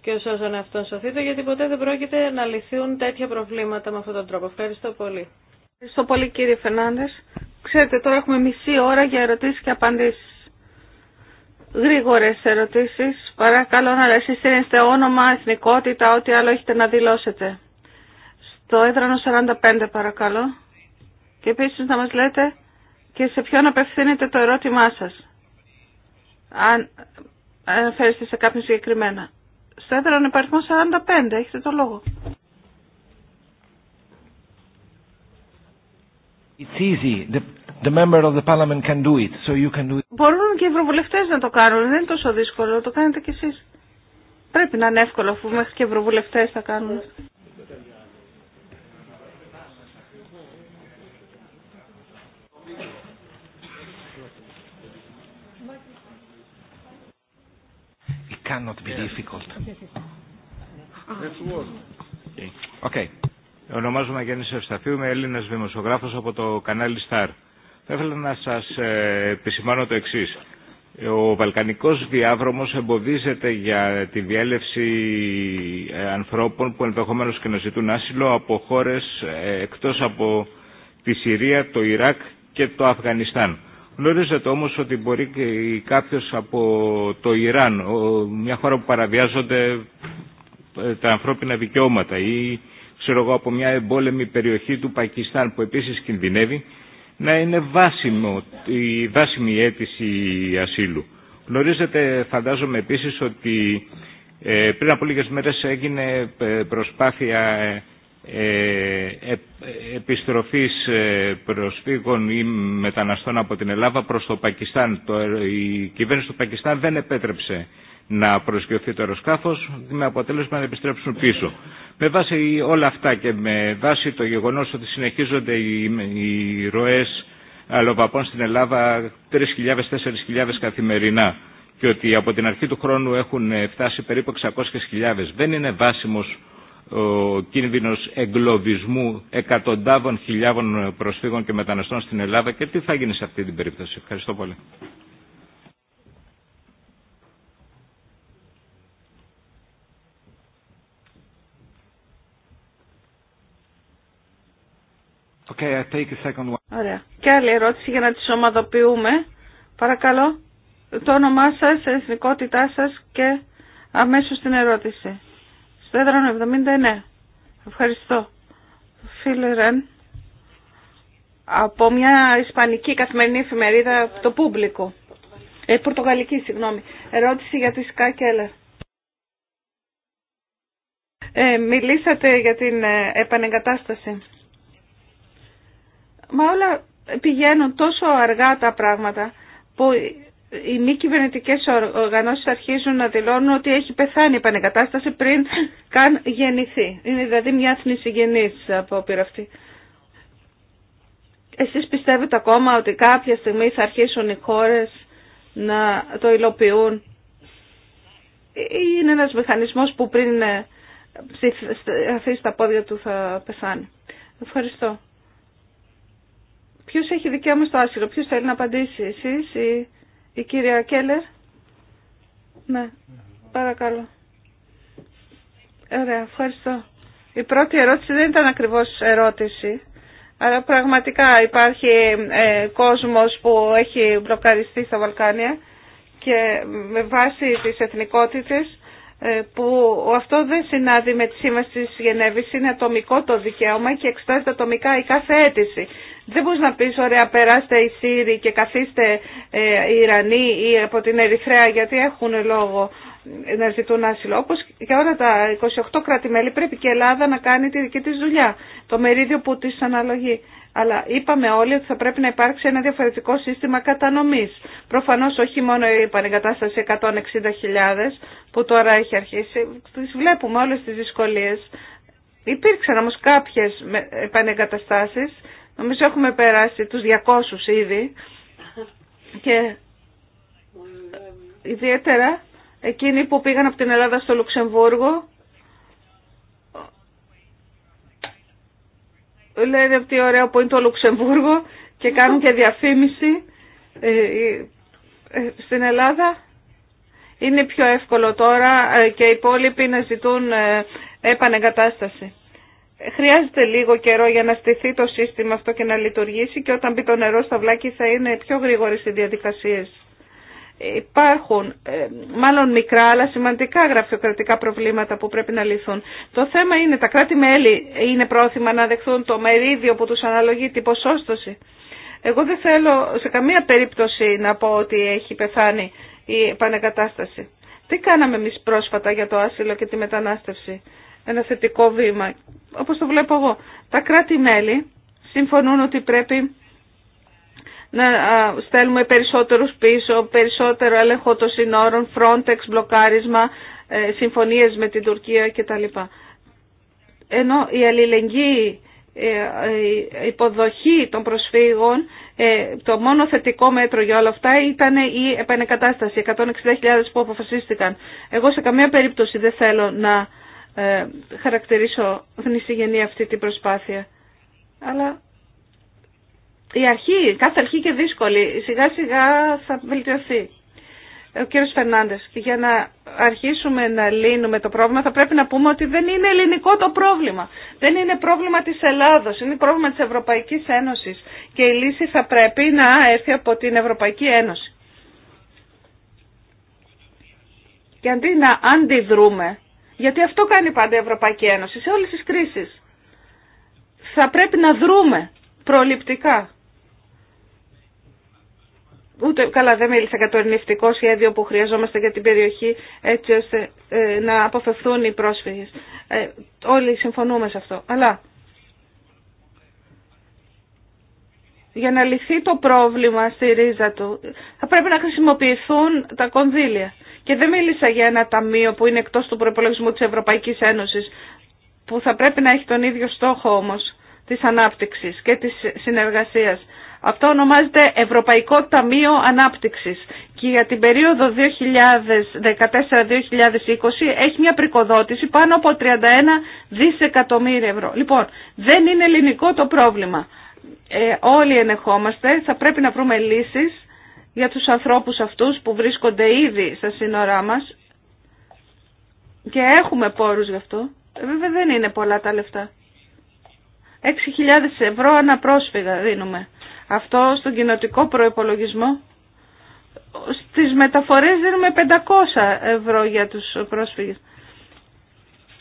και ως όσον εαυτό σωθείτε, γιατί ποτέ δεν πρόκειται να λυθούν τέτοια προβλήματα με αυτόν τον τρόπο. Ευχαριστώ πολύ. Ευχαριστώ πολύ κύριε Φερνάνδες. Ξέρετε, τώρα έχουμε μισή ώρα για ερωτήσεις και απαντήσεις γρήγορες ερωτήσεις. Παρακαλώ να συστήνεστε όνομα, εθνικότητα, ό,τι άλλο έχετε να δηλώσετε. Στο έδρανο 45 παρακαλώ. Και επίσης να μας λέτε και σε ποιον απευθύνετε το ερώτημά σας. Αν αναφέρεστε σε κάποιον συγκεκριμένα. Στο έδρανο υπαριθμό 45, έχετε το λόγο. It's easy. The... The member of the parliament can do it, so you can do it. Μπορούν και οι ευρωβουλευτές να το κάνουν, δεν είναι τόσο δύσκολο, το κάνετε κι εσείς. Πρέπει να είναι εύκολο αφού μέχρι και οι ευρωβουλευτές θα κάνουν. It cannot be difficult. Okay. okay. Ονομάζομαι Γιάννης Ευσταθίου, είμαι Έλληνας δημοσιογράφος από το κανάλι Star. Θα ήθελα να σας ε, επισημάνω το εξής. Ο Βαλκανικός διάβρομος εμποδίζεται για τη διέλευση ε, ανθρώπων που ενδεχομένως και να ζητούν άσυλο από χώρες ε, εκτός από τη Συρία, το Ιράκ και το Αφγανιστάν. Γνωρίζετε όμως ότι μπορεί κάποιος από το Ιράν, μια χώρα που παραβιάζονται τα ανθρώπινα δικαιώματα ή ξέρω εγώ από μια εμπόλεμη περιοχή του Πακιστάν που επίσης κινδυνεύει να είναι βάσιμο, η βάσιμη αίτηση ασύλου. Γνωρίζετε, φαντάζομαι επίσης, ότι ε, πριν από λίγες μέρες έγινε ε, προσπάθεια ε, επιστροφής προσφύγων ή μεταναστών από την Ελλάδα προς το Πακιστάν. Η κυβέρνηση του Πακιστάν δεν επέτρεψε να προσγειωθεί το αεροσκάφο, με αποτέλεσμα να επιστρέψουν πίσω. Με βάση όλα αυτά και με βάση το γεγονό ότι συνεχίζονται οι ροέ αλλοπαπών στην Ελλάδα 3.000-4.000 καθημερινά και ότι από την αρχή του χρόνου έχουν φτάσει περίπου 600.000, δεν είναι βάσιμο ο κίνδυνος εγκλωβισμού εκατοντάδων χιλιάδων προσφύγων και μεταναστών στην Ελλάδα και τι θα γίνει σε αυτή την περίπτωση. Ευχαριστώ πολύ. Ωραία. Και άλλη ερώτηση για να τις ομαδοποιούμε. Παρακαλώ, το όνομά σας, εθνικότητά σας και αμέσως την ερώτηση. Στο έδρανο 79. Ευχαριστώ. Φίλε Ρεν, από μια ισπανική καθημερινή εφημερίδα, το Πούμπλικο. Ε, πορτογαλική, συγγνώμη. Ερώτηση για τη Σκά Ε, μιλήσατε για την ε, επανεγκατάσταση Μα όλα πηγαίνουν τόσο αργά τα πράγματα που οι μη κυβερνητικέ οργανώσεις αρχίζουν να δηλώνουν ότι έχει πεθάνει η πανεκατάσταση πριν καν γεννηθεί. Είναι δηλαδή μια από από αυτή. Εσείς πιστεύετε ακόμα ότι κάποια στιγμή θα αρχίσουν οι χώρες να το υλοποιούν. Είναι ένας μηχανισμός που πριν ε, αφήσει τα πόδια του θα πεθάνει. Ευχαριστώ. Ποιος έχει δικαίωμα στο άσυλο, ποιος θέλει να απαντήσει, εσείς ή η κυρία Κέλλερ. Ναι, παρακαλώ. Ωραία, ευχαριστώ. Η πρώτη ερώτηση δεν ήταν ακριβώς ερώτηση, αλλά πραγματικά υπάρχει ε, κόσμος που έχει μπλοκαριστεί στα Βαλκάνια και με βάση τις εθνικότητες ε, που αυτό δεν συνάδει με τη σύμβαση της Γενέβης, είναι ατομικό το δικαίωμα και εξετάζεται ατομικά η κάθε αίτηση. Δεν μπορεί να πει, ωραία, περάστε οι Σύριοι και καθίστε ε, οι Ιρανοί ή από την Ερυθρέα γιατί έχουν λόγο να ζητούν άσυλο. Όπω και όλα τα 28 κράτη-μέλη πρέπει και η Ελλάδα να κάνει τη δική τη δουλειά. Το μερίδιο που τη αναλογεί. Αλλά είπαμε όλοι ότι θα πρέπει να υπάρξει ένα διαφορετικό σύστημα κατανομή. Προφανώ όχι μόνο η επανεγκατάσταση 160.000 που τώρα έχει αρχίσει. Τι βλέπουμε όλε τι δυσκολίε. Υπήρξαν όμω κάποιε επανεγκαταστάσει Νομίζω έχουμε περάσει τους 200 ήδη και ιδιαίτερα εκείνοι που πήγαν από την Ελλάδα στο Λουξεμβούργο λένε ότι ωραίο που είναι το Λουξεμβούργο και κάνουν και διαφήμιση ε, ε, στην Ελλάδα. Είναι πιο εύκολο τώρα ε, και οι υπόλοιποι να ζητούν επανεγκατάσταση χρειάζεται λίγο καιρό για να στηθεί το σύστημα αυτό και να λειτουργήσει και όταν μπει το νερό στα βλάκια θα είναι πιο γρήγορε οι διαδικασίες. Υπάρχουν ε, μάλλον μικρά αλλά σημαντικά γραφειοκρατικά προβλήματα που πρέπει να λυθούν. Το θέμα είναι τα κράτη-μέλη είναι πρόθυμα να δεχθούν το μερίδιο που τους αναλογεί την ποσόστοση. Εγώ δεν θέλω σε καμία περίπτωση να πω ότι έχει πεθάνει η επανεκατάσταση. Τι κάναμε εμεί πρόσφατα για το άσυλο και τη μετανάστευση ένα θετικό βήμα. Όπως το βλέπω εγώ, τα κράτη-μέλη συμφωνούν ότι πρέπει να στέλνουμε περισσότερους πίσω, περισσότερο έλεγχο των συνόρων, Frontex, μπλοκάρισμα, ε, συμφωνίες με την Τουρκία κτλ. Ενώ η αλληλεγγύη, ε, η υποδοχή των προσφύγων, ε, το μόνο θετικό μέτρο για όλα αυτά ήταν η επανεκατάσταση, 160.000 που αποφασίστηκαν. Εγώ σε καμία περίπτωση δεν θέλω να ε, χαρακτηρίσω γνησιγενή αυτή την προσπάθεια. Αλλά η αρχή, κάθε αρχή και δύσκολη, σιγά σιγά θα βελτιωθεί. Ο κύριος Φερνάντες, για να αρχίσουμε να λύνουμε το πρόβλημα θα πρέπει να πούμε ότι δεν είναι ελληνικό το πρόβλημα. Δεν είναι πρόβλημα της Ελλάδος, είναι πρόβλημα της Ευρωπαϊκής Ένωσης και η λύση θα πρέπει να έρθει από την Ευρωπαϊκή Ένωση. Και αντί να αντιδρούμε γιατί αυτό κάνει πάντα η Ευρωπαϊκή Ένωση σε όλες τις κρίσεις. Θα πρέπει να δρούμε προληπτικά. Ούτε καλά δεν μίλησα για το ερνηστικό σχέδιο που χρειαζόμαστε για την περιοχή έτσι ώστε ε, να αποφευθούν οι πρόσφυγες. Ε, όλοι συμφωνούμε σε αυτό. Αλλά για να λυθεί το πρόβλημα στη ρίζα του θα πρέπει να χρησιμοποιηθούν τα κονδύλια. Και δεν μίλησα για ένα ταμείο που είναι εκτός του προπολογισμού της Ευρωπαϊκής Ένωσης, που θα πρέπει να έχει τον ίδιο στόχο όμως της ανάπτυξης και της συνεργασίας. Αυτό ονομάζεται Ευρωπαϊκό Ταμείο Ανάπτυξης και για την περίοδο 2014-2020 έχει μια πρικοδότηση πάνω από 31 δισεκατομμύρια ευρώ. Λοιπόν, δεν είναι ελληνικό το πρόβλημα. Ε, όλοι ενεχόμαστε, θα πρέπει να βρούμε λύσεις για τους ανθρώπους αυτούς που βρίσκονται ήδη στα σύνορά μας και έχουμε πόρους γι' αυτό. Ε, βέβαια δεν είναι πολλά τα λεφτά. 6.000 ευρώ ανά πρόσφυγα δίνουμε. Αυτό στον κοινοτικό προϋπολογισμό. Στις μεταφορές δίνουμε 500 ευρώ για τους πρόσφυγες.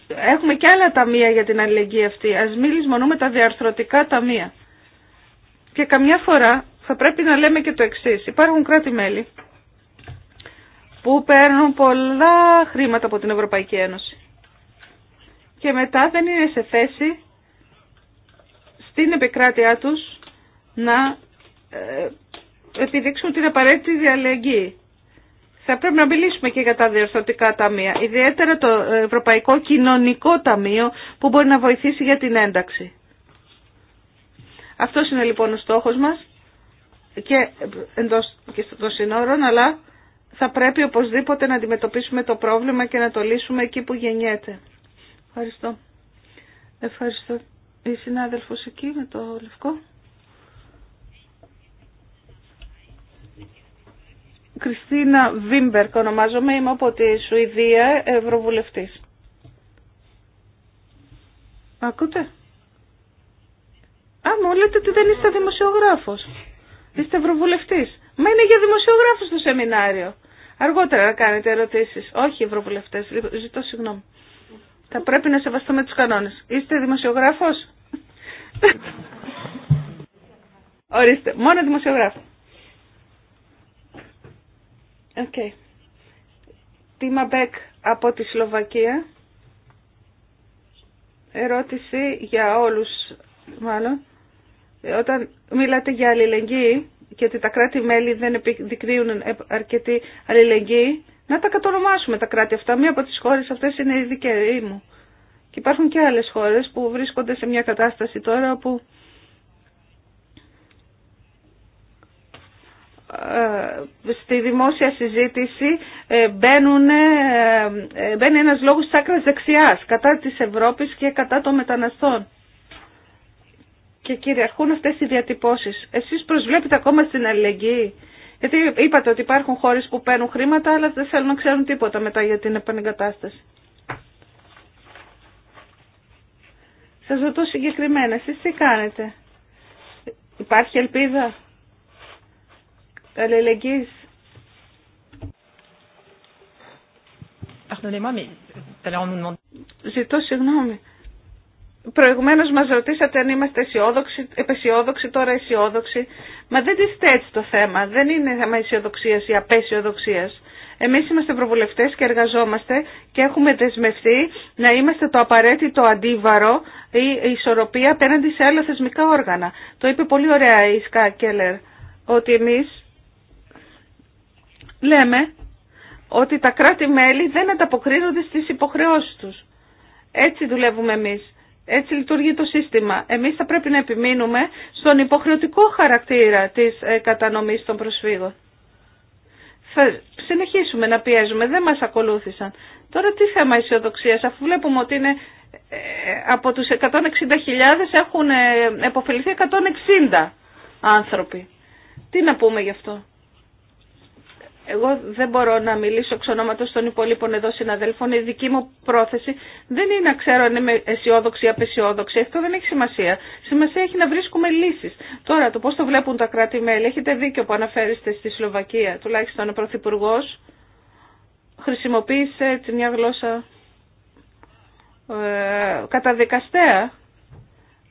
Έχουμε και άλλα ταμεία για την αλληλεγγύη αυτή. Ας μόνο με τα διαρθρωτικά ταμεία. Και καμιά φορά θα πρέπει να λέμε και το εξή. Υπάρχουν κράτη-μέλη που παίρνουν πολλά χρήματα από την Ευρωπαϊκή Ένωση και μετά δεν είναι σε θέση στην επικράτειά τους να ε, επιδείξουν την απαραίτητη διαλεγγύη. Θα πρέπει να μιλήσουμε και για τα διορθωτικά ταμεία, ιδιαίτερα το Ευρωπαϊκό Κοινωνικό Ταμείο που μπορεί να βοηθήσει για την ένταξη. Αυτός είναι λοιπόν ο στόχος μας και εντός και των συνόρων, αλλά θα πρέπει οπωσδήποτε να αντιμετωπίσουμε το πρόβλημα και να το λύσουμε εκεί που γεννιέται. Ευχαριστώ. Ευχαριστώ. Η συνάδελφος εκεί με το λευκό. Κριστίνα Βίμπερκ ονομάζομαι, είμαι από τη Σουηδία, Ευρωβουλευτής. Ακούτε? Α, μου λέτε ότι δεν είστε δημοσιογράφος. Είστε ευρωβουλευτή. Μα είναι για δημοσιογράφου το σεμινάριο. Αργότερα να κάνετε ερωτήσεις. Όχι ευρωβουλευτέ. Ζητώ συγγνώμη. Θα πρέπει να σεβαστούμε τους κανόνες. Είστε δημοσιογράφος. Ορίστε. Μόνο δημοσιογράφο. Οκ. Τίμα Μπέκ από τη Σλοβακία. Ερώτηση για όλους μάλλον. Όταν μιλάτε για αλληλεγγύη και ότι τα κράτη-μέλη δεν επιδεικνύουν αρκετή αλληλεγγύη, να τα κατονομάσουμε τα κράτη αυτά. Μία από τι χώρε αυτές είναι η δικαιοί μου. Και υπάρχουν και άλλες χώρες που βρίσκονται σε μια κατάσταση τώρα που ε, στη δημόσια συζήτηση ε, μπαίνουν, ε, μπαίνει ένας λόγος της άκρας δεξιάς κατά της Ευρώπης και κατά των μεταναστών και κυριαρχούν αυτές οι διατυπώσεις. Εσείς προσβλέπετε ακόμα στην αλληλεγγύη. Γιατί είπατε ότι υπάρχουν χώρες που παίρνουν χρήματα, αλλά δεν θέλουν να ξέρουν τίποτα μετά για την επανεγκατάσταση. Σας ρωτώ συγκεκριμένα, εσείς τι κάνετε. Υπάρχει ελπίδα αλληλεγγύης. Ζητώ συγγνώμη προηγουμένω μα ρωτήσατε αν είμαστε αισιόδοξοι, επαισιόδοξοι, τώρα αισιόδοξοι. Μα δεν τίθεται έτσι το θέμα. Δεν είναι θέμα αισιοδοξία ή απεσιοδοξία. Εμείς είμαστε προβουλευτές και εργαζόμαστε και έχουμε δεσμευτεί να είμαστε το απαραίτητο αντίβαρο ή ισορροπία απέναντι σε άλλα θεσμικά όργανα. Το είπε πολύ ωραία η απεσιοδοξια εμει ειμαστε προβουλευτε και εργαζομαστε Κέλλερ ότι εμείς λέμε κελλερ οτι εμει λεμε οτι τα κράτη-μέλη δεν ανταποκρίνονται στις υποχρεώσεις τους. Έτσι δουλεύουμε εμείς. Έτσι λειτουργεί το σύστημα. Εμείς θα πρέπει να επιμείνουμε στον υποχρεωτικό χαρακτήρα της ε, κατανομής των προσφύγων. Θα συνεχίσουμε να πιέζουμε. Δεν μας ακολούθησαν. Τώρα τι θέμα αισιοδοξία, αφού βλέπουμε ότι είναι ε, από τους 160.000 έχουν ε, επωφεληθεί 160 άνθρωποι. Τι να πούμε γι' αυτό. Εγώ δεν μπορώ να μιλήσω εξ ονόματο των υπολείπων εδώ συναδέλφων. Η δική μου πρόθεση δεν είναι να ξέρω αν είμαι αισιόδοξη ή απεσιόδοξη. Αυτό δεν έχει σημασία. Σημασία έχει να βρίσκουμε λύσει. Τώρα το πώ το βλέπουν τα κράτη-μέλη. Έχετε δίκιο που αναφέρεστε στη Σλοβακία. Τουλάχιστον ο Πρωθυπουργό χρησιμοποίησε έτσι μια γλώσσα ε, καταδικαστέα.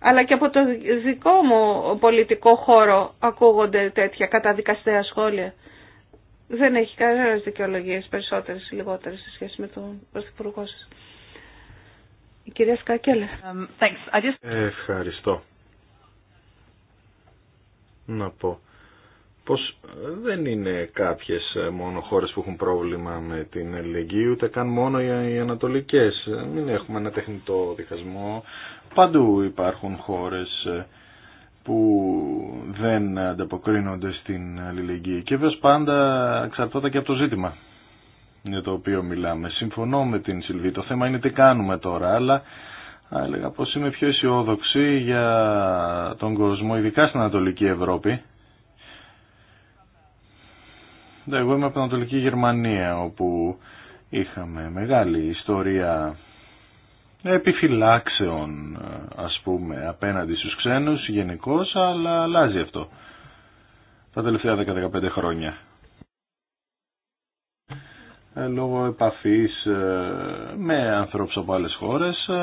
Αλλά και από το δικό μου πολιτικό χώρο ακούγονται τέτοια καταδικαστέα σχόλια. Δεν έχει κανένα δικαιολογίε περισσότερε ή λιγότερε σε σχέση με τον Πρωθυπουργό σα. Η κυρία Σκάκελε. Um, Ευχαριστώ. Να πω πως δεν είναι κάποιες μόνο χώρες που έχουν πρόβλημα με την ελληνική, ούτε καν μόνο οι ανατολικές. Μην έχουμε ένα τεχνητό διχασμό. Παντού υπάρχουν χώρες που δεν ανταποκρίνονται στην αλληλεγγύη. Και βέβαια πάντα εξαρτάται και από το ζήτημα για το οποίο μιλάμε. Συμφωνώ με την Σιλβή, το θέμα είναι τι κάνουμε τώρα, αλλά έλεγα πως είμαι πιο αισιόδοξη για τον κόσμο, ειδικά στην Ανατολική Ευρώπη. Εγώ είμαι από την Ανατολική Γερμανία, όπου είχαμε μεγάλη ιστορία επιφυλάξεων ας πούμε απέναντι στους ξένους γενικώ, αλλά αλλάζει αυτό τα τελευταία 10-15 χρόνια ε, λόγω επαφής ε, με ανθρώπους από άλλες χώρες ε,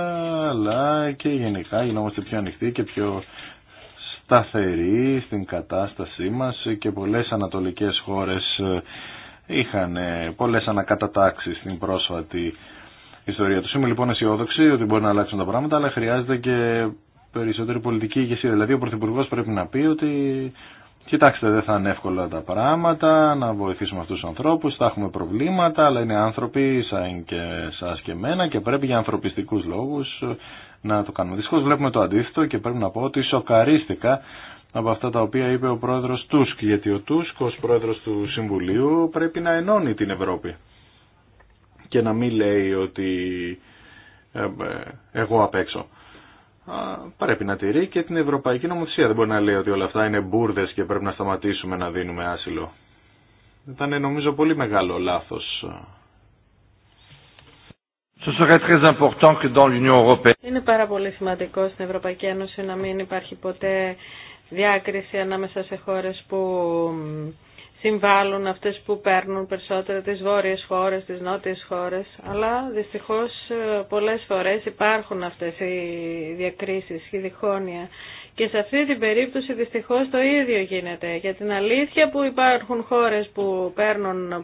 αλλά και γενικά γινόμαστε πιο ανοιχτοί και πιο σταθεροί στην κατάστασή μας και πολλές ανατολικές χώρες είχαν πολλές ανακατατάξεις στην πρόσφατη ιστορία του. Είμαι λοιπόν αισιόδοξη ότι μπορεί να αλλάξουν τα πράγματα, αλλά χρειάζεται και περισσότερη πολιτική ηγεσία. Δηλαδή ο Πρωθυπουργό πρέπει να πει ότι κοιτάξτε δεν θα είναι εύκολα τα πράγματα, να βοηθήσουμε αυτού του ανθρώπου, θα έχουμε προβλήματα, αλλά είναι άνθρωποι σαν και εσά και εμένα και πρέπει για ανθρωπιστικού λόγου να το κάνουμε. Δυστυχώ βλέπουμε το αντίθετο και πρέπει να πω ότι σοκαρίστηκα από αυτά τα οποία είπε ο πρόεδρος Τούσκ, γιατί ο Τούσκ ως πρόεδρος του Συμβουλίου πρέπει να ενώνει την Ευρώπη και να μην λέει ότι ε, ε, εγώ απ' έξω. Πρέπει να τηρεί και την Ευρωπαϊκή Νομοθεσία. Δεν μπορεί να λέει ότι όλα αυτά είναι μπουρδες και πρέπει να σταματήσουμε να δίνουμε άσυλο. Ήταν νομίζω πολύ μεγάλο λάθος. Είναι πάρα πολύ σημαντικό στην Ευρωπαϊκή Ένωση να μην υπάρχει ποτέ διάκριση ανάμεσα σε χώρες που συμβάλλουν αυτές που παίρνουν περισσότερα τις βόρειες χώρες, τις νότιες χώρες, αλλά δυστυχώς ε, πολλές φορές υπάρχουν αυτές οι διακρίσεις, η διχόνοια και σε αυτή την περίπτωση δυστυχώς το ίδιο γίνεται. Για την αλήθεια που υπάρχουν χώρες που παίρνουν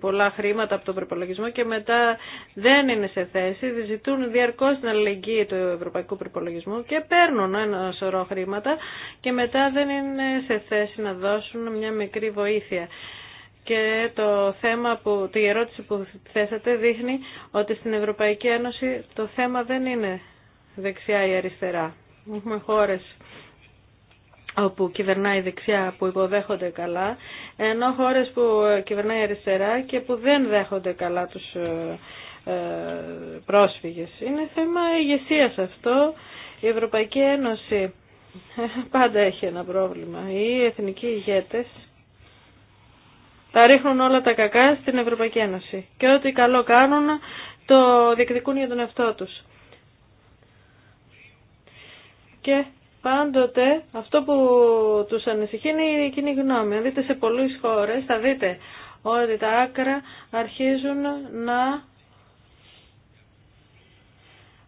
πολλά χρήματα από τον προπολογισμό και μετά δεν είναι σε θέση, ζητούν διαρκώς την αλληλεγγύη του ευρωπαϊκού προπολογισμού και παίρνουν ένα σωρό χρήματα και μετά δεν είναι σε θέση να δώσουν μια μικρή βοήθεια και το θέμα που, η ερώτηση που θέσατε δείχνει ότι στην Ευρωπαϊκή Ένωση το θέμα δεν είναι δεξιά ή αριστερά. Έχουμε χώρες όπου κυβερνάει δεξιά που υποδέχονται καλά, ενώ χώρες που κυβερνάει αριστερά και που δεν δέχονται καλά τους ε, ε, πρόσφυγες. Είναι θέμα ηγεσία αυτό. Η Ευρωπαϊκή Ένωση πάντα έχει ένα πρόβλημα. Οι εθνικοί ηγέτες τα ρίχνουν όλα τα κακά στην Ευρωπαϊκή Ένωση και ό,τι καλό κάνουν το διεκδικούν για τον εαυτό τους και πάντοτε αυτό που τους ανησυχεί είναι η κοινή γνώμη. Αν δείτε σε πολλές χώρες θα δείτε ότι τα άκρα αρχίζουν να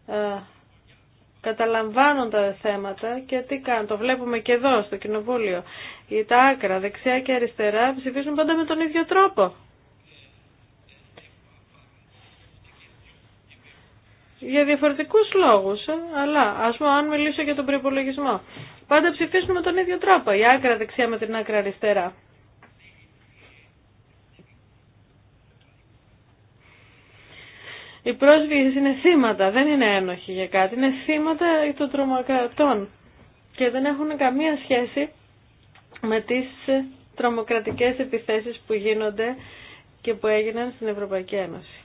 ε, καταλαμβάνουν τα θέματα και τι κάνουν. Το βλέπουμε και εδώ στο Κοινοβούλιο. Τα άκρα, δεξιά και αριστερά, ψηφίζουν πάντα με τον ίδιο τρόπο. για διαφορετικούς λόγους, ε, αλλά ας πούμε αν μιλήσω για τον προπολογισμό. Πάντα ψηφίσουμε με τον ίδιο τρόπο, η άκρα δεξιά με την άκρα αριστερά. Οι πρόσφυγες είναι θύματα, δεν είναι ένοχοι για κάτι, είναι θύματα των τρομοκρατών και δεν έχουν καμία σχέση με τις ε, τρομοκρατικές επιθέσεις που γίνονται και που έγιναν στην Ευρωπαϊκή Ένωση.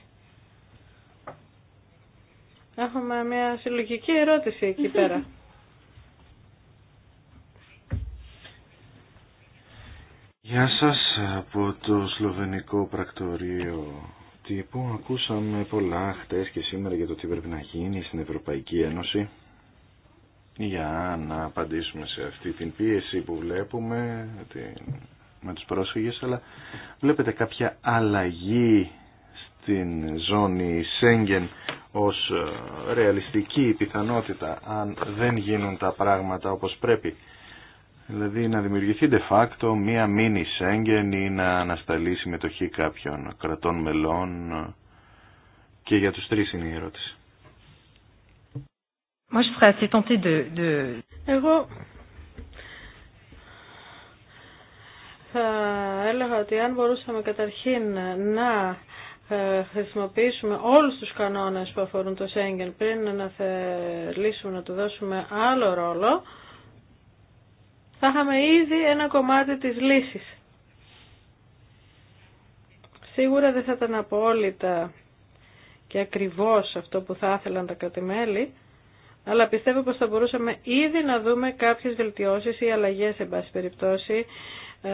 Έχουμε μια συλλογική ερώτηση εκεί πέρα. Γεια σας από το Σλοβενικό Πρακτορείο Τύπου. Ακούσαμε πολλά χτες και σήμερα για το τι πρέπει να γίνει στην Ευρωπαϊκή Ένωση για να απαντήσουμε σε αυτή την πίεση που βλέπουμε με τους πρόσφυγες, αλλά βλέπετε κάποια αλλαγή στην ζώνη Σέγγεν ως ε, ρεαλιστική πιθανότητα αν δεν γίνουν τα πράγματα όπως πρέπει. Δηλαδή να δημιουργηθεί de facto μία μίνι Σέγγεν ή να ανασταλεί συμμετοχή κάποιων κρατών μελών και για τους τρεις είναι η ερώτηση. Εγώ θα έλεγα ότι αν μπορούσαμε καταρχήν να ε, χρησιμοποιήσουμε όλους τους κανόνες που αφορούν το Σέγγεν πριν να θελήσουμε να του δώσουμε άλλο ρόλο, θα είχαμε ήδη ένα κομμάτι της λύσης. Σίγουρα δεν θα ήταν απόλυτα και ακριβώς αυτό που θα ήθελαν τα κρατημέλη, αλλά πιστεύω πως θα μπορούσαμε ήδη να δούμε κάποιες βελτιώσεις ή αλλαγές, εν περιπτώσει, ε,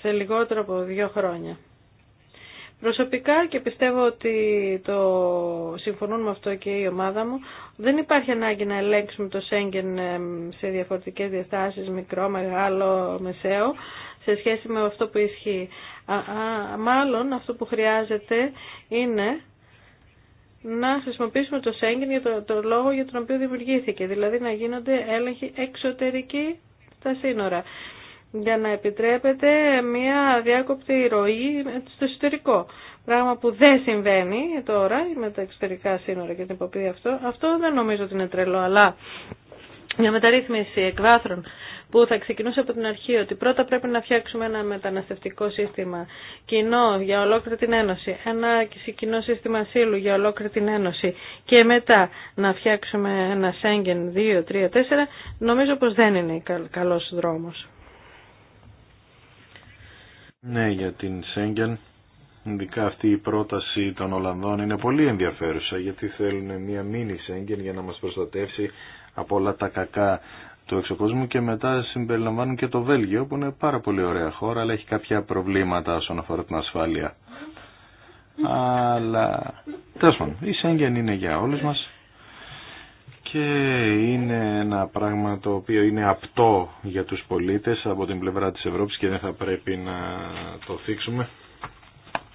σε λιγότερο από δύο χρόνια. Προσωπικά και πιστεύω ότι το συμφωνούν με αυτό και η ομάδα μου, δεν υπάρχει ανάγκη να ελέγξουμε το Σέγγεν σε διαφορετικές διαστάσεις, μικρό, μεγάλο, μεσαίο, σε σχέση με αυτό που ισχύει. μάλλον αυτό που χρειάζεται είναι να χρησιμοποιήσουμε το Σέγγεν για το, το λόγο για τον οποίο δημιουργήθηκε, δηλαδή να γίνονται έλεγχοι εξωτερικοί στα σύνορα για να επιτρέπεται μια διάκοπτη ροή στο εσωτερικό. Πράγμα που δεν συμβαίνει τώρα με τα εξωτερικά σύνορα και την υποπτήρια αυτό. Αυτό δεν νομίζω ότι είναι τρελό, αλλά μια μεταρρύθμιση εκβάθρων που θα ξεκινούσε από την αρχή ότι πρώτα πρέπει να φτιάξουμε ένα μεταναστευτικό σύστημα κοινό για ολόκληρη την Ένωση, ένα κοινό σύστημα ασύλου για ολόκληρη την Ένωση και μετά να φτιάξουμε ένα Σέγγεν 2, 3, 4, νομίζω πως δεν είναι καλός δρόμος. Ναι, για την Σέγγεν, ειδικά αυτή η πρόταση των Ολλανδών είναι πολύ ενδιαφέρουσα γιατί θέλουν μια μίνι Σέγγεν για να μας προστατεύσει από όλα τα κακά του εξωκόσμου και μετά συμπεριλαμβάνουν και το Βέλγιο που είναι πάρα πολύ ωραία χώρα αλλά έχει κάποια προβλήματα όσον αφορά την ασφάλεια. Αλλά τέλος πάντων, η Σέγγεν είναι για όλους μας και είναι ένα πράγμα το οποίο είναι απτό για τους πολίτες από την πλευρά της Ευρώπης και δεν θα πρέπει να το θίξουμε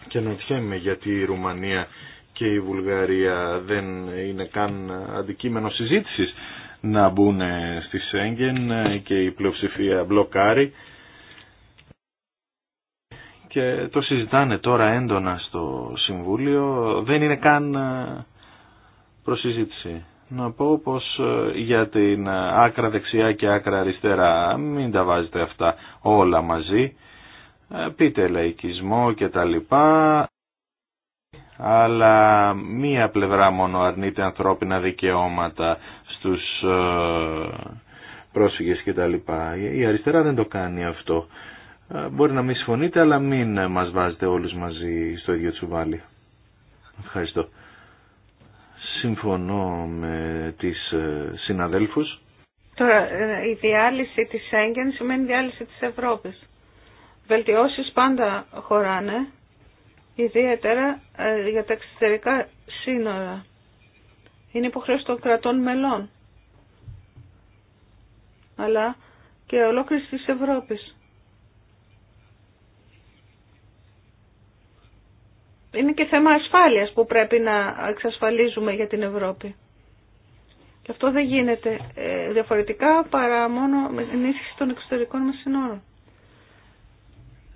και τυχαίνουμε γιατί η Ρουμανία και η Βουλγαρία δεν είναι καν αντικείμενο συζήτησης να μπουν στη Σέγγεν και η πλειοψηφία μπλοκάρει και το συζητάνε τώρα έντονα στο Συμβούλιο δεν είναι καν προσυζήτηση να πω πως ε, για την ε, άκρα δεξιά και άκρα αριστερά μην τα βάζετε αυτά όλα μαζί. Ε, πείτε λαϊκισμό και τα λοιπά, αλλά μία πλευρά μόνο αρνείται ανθρώπινα δικαιώματα στους πρόσφυγες και τα λοιπά. Η αριστερά δεν το κάνει αυτό. Μπορεί να μη συμφωνείτε, αλλά μην μας βάζετε όλους μαζί στο ίδιο τσουβάλι. Ευχαριστώ. Συμφωνώ με τις ε, συναδέλφους. Τώρα, ε, η διάλυση της Σέγγεν σημαίνει διάλυση της Ευρώπης. Βελτιώσεις πάντα χωράνε, ιδιαίτερα ε, για τα εξωτερικά σύνορα. Είναι υποχρέωση των κρατών μελών, αλλά και ολόκληρης της Ευρώπης. είναι και θέμα ασφάλειας που πρέπει να εξασφαλίζουμε για την Ευρώπη. Και αυτό δεν γίνεται ε, διαφορετικά παρά μόνο με ενίσχυση των εξωτερικών μας συνόρων.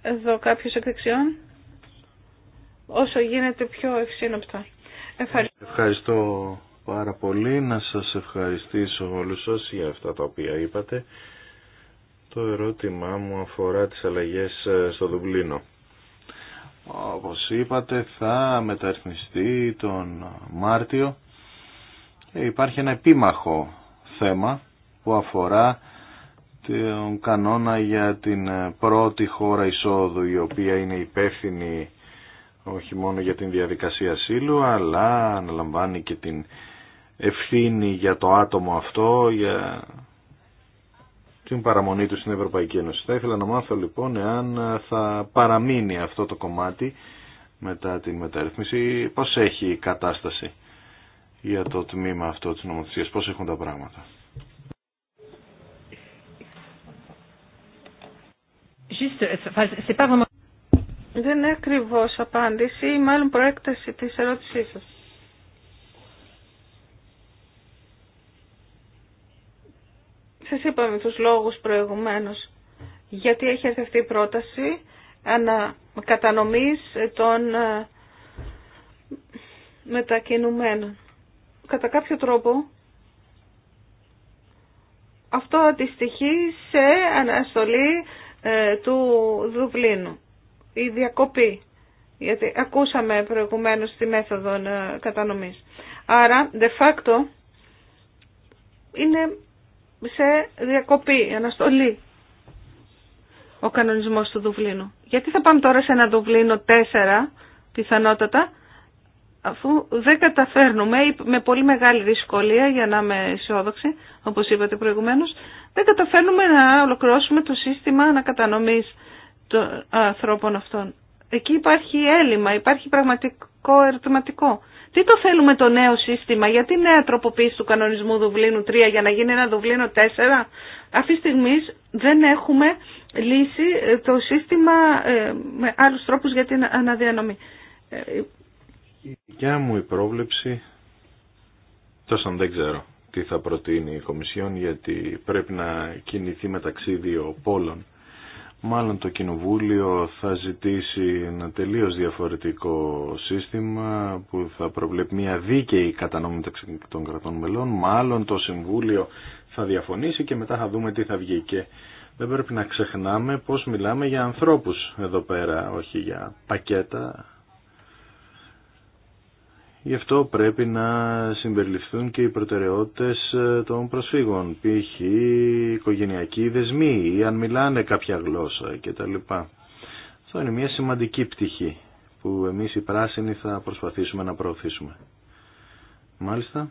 Εδώ κάποιος εκ δεξιών. Όσο γίνεται πιο ευσύνοπτα. Ευχαριστώ. πάρα πολύ. Να σας ευχαριστήσω όλους σας για αυτά τα οποία είπατε. Το ερώτημά μου αφορά τις αλλαγές ε, στο Δουμπλίνο όπως είπατε θα μεταρρυθμιστεί τον Μάρτιο υπάρχει ένα επίμαχο θέμα που αφορά τον κανόνα για την πρώτη χώρα εισόδου η οποία είναι υπεύθυνη όχι μόνο για την διαδικασία ασύλου αλλά αναλαμβάνει και την ευθύνη για το άτομο αυτό για την παραμονή του στην Ευρωπαϊκή Ένωση. Θα ήθελα να μάθω λοιπόν εάν ε, θα παραμείνει αυτό το κομμάτι μετά την μεταρρύθμιση, πώς έχει η κατάσταση για το τμήμα αυτό της νομοθεσίας, πώς έχουν τα πράγματα. Ε, Δεν είναι ακριβώς απάντηση, μάλλον προέκταση της ερώτησής σας. Σας είπαμε τους λόγους προηγουμένως. Γιατί έχει έρθει αυτή η πρόταση κατανομής των ε, μετακινουμένων. Κατά κάποιο τρόπο αυτό αντιστοιχεί σε αναστολή ε, του Δουβλίνου. Η διακοπή. Γιατί ακούσαμε προηγουμένως τη μέθοδο ε, κατανομής. Άρα, de facto, είναι σε διακοπή, αναστολή ο κανονισμός του Δουβλίνου. Γιατί θα πάμε τώρα σε ένα Δουβλίνο 4 πιθανότατα αφού δεν καταφέρνουμε με πολύ μεγάλη δυσκολία για να είμαι αισιόδοξη όπως είπατε προηγουμένως δεν καταφέρνουμε να ολοκληρώσουμε το σύστημα ανακατανομής των ανθρώπων αυτών. Εκεί υπάρχει έλλειμμα, υπάρχει πραγματικό ερωτηματικό. Τι το θέλουμε το νέο σύστημα, γιατί νέα τροποποίηση του κανονισμού Δουβλίνου 3 για να γίνει ένα Δουβλίνο 4. Αυτή τη στιγμή δεν έχουμε λύσει ε, το σύστημα ε, με άλλους τρόπους για την αναδιανομή. Ε, η δικιά μου η πρόβλεψη, τόσο δεν ξέρω τι θα προτείνει η Κομισιόν, γιατί πρέπει να κινηθεί μεταξύ δύο πόλων μάλλον το Κοινοβούλιο θα ζητήσει ένα τελείως διαφορετικό σύστημα που θα προβλέπει μια δίκαιη κατανομή των κρατών μελών. Μάλλον το Συμβούλιο θα διαφωνήσει και μετά θα δούμε τι θα βγει. Και δεν πρέπει να ξεχνάμε πώς μιλάμε για ανθρώπους εδώ πέρα, όχι για πακέτα Γι' αυτό πρέπει να συμπεριληφθούν και οι προτεραιότητες ε, των προσφύγων, π.χ. οικογενειακοί δεσμοί ή αν μιλάνε κάποια γλώσσα κτλ. Αυτό είναι μια σημαντική πτυχή που εμείς οι πράσινοι θα προσπαθήσουμε να προωθήσουμε. Μάλιστα,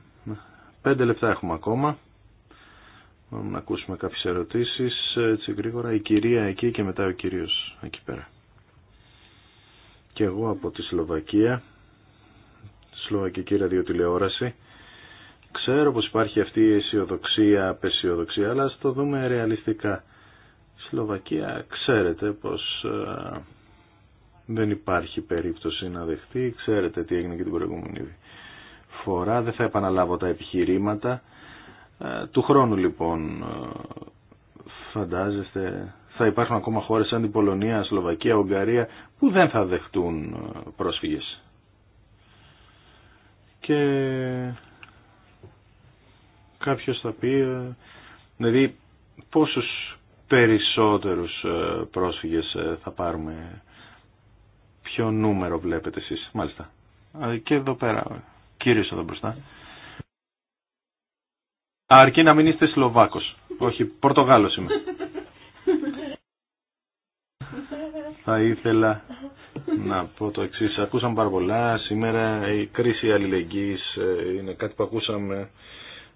πέντε λεπτά έχουμε ακόμα. Μπορούμε να ακούσουμε κάποιες ερωτήσεις ε, έτσι γρήγορα. Η κυρία εκεί και μετά ο κύριος εκεί πέρα. Και εγώ από τη Σλοβακία Σλοβακική ραδιοτηλεόραση. Ξέρω πως υπάρχει αυτή η αισιοδοξία, απεσιοδοξία, αλλά ας το δούμε ρεαλιστικά. Σλοβακία ξέρετε πως ε, δεν υπάρχει περίπτωση να δεχτεί. Ξέρετε τι έγινε και την προηγούμενη φορά. Δεν θα επαναλάβω τα επιχειρήματα. Ε, του χρόνου λοιπόν ε, φαντάζεστε θα υπάρχουν ακόμα χώρες σαν την Πολωνία, Σλοβακία, Ουγγαρία που δεν θα δεχτούν πρόσφυγες και κάποιος θα πει, ε, δηλαδή πόσους περισσότερους ε, πρόσφυγες ε, θα πάρουμε, ποιο νούμερο βλέπετε εσείς, μάλιστα. Και εδώ πέρα, κύριος εδώ μπροστά. Αρκεί να μην είστε Σλοβάκος, όχι Πορτογάλος είμαι θα ήθελα να πω το εξή. Ακούσαμε πάρα πολλά. Σήμερα η κρίση αλληλεγγύης ε, είναι κάτι που ακούσαμε.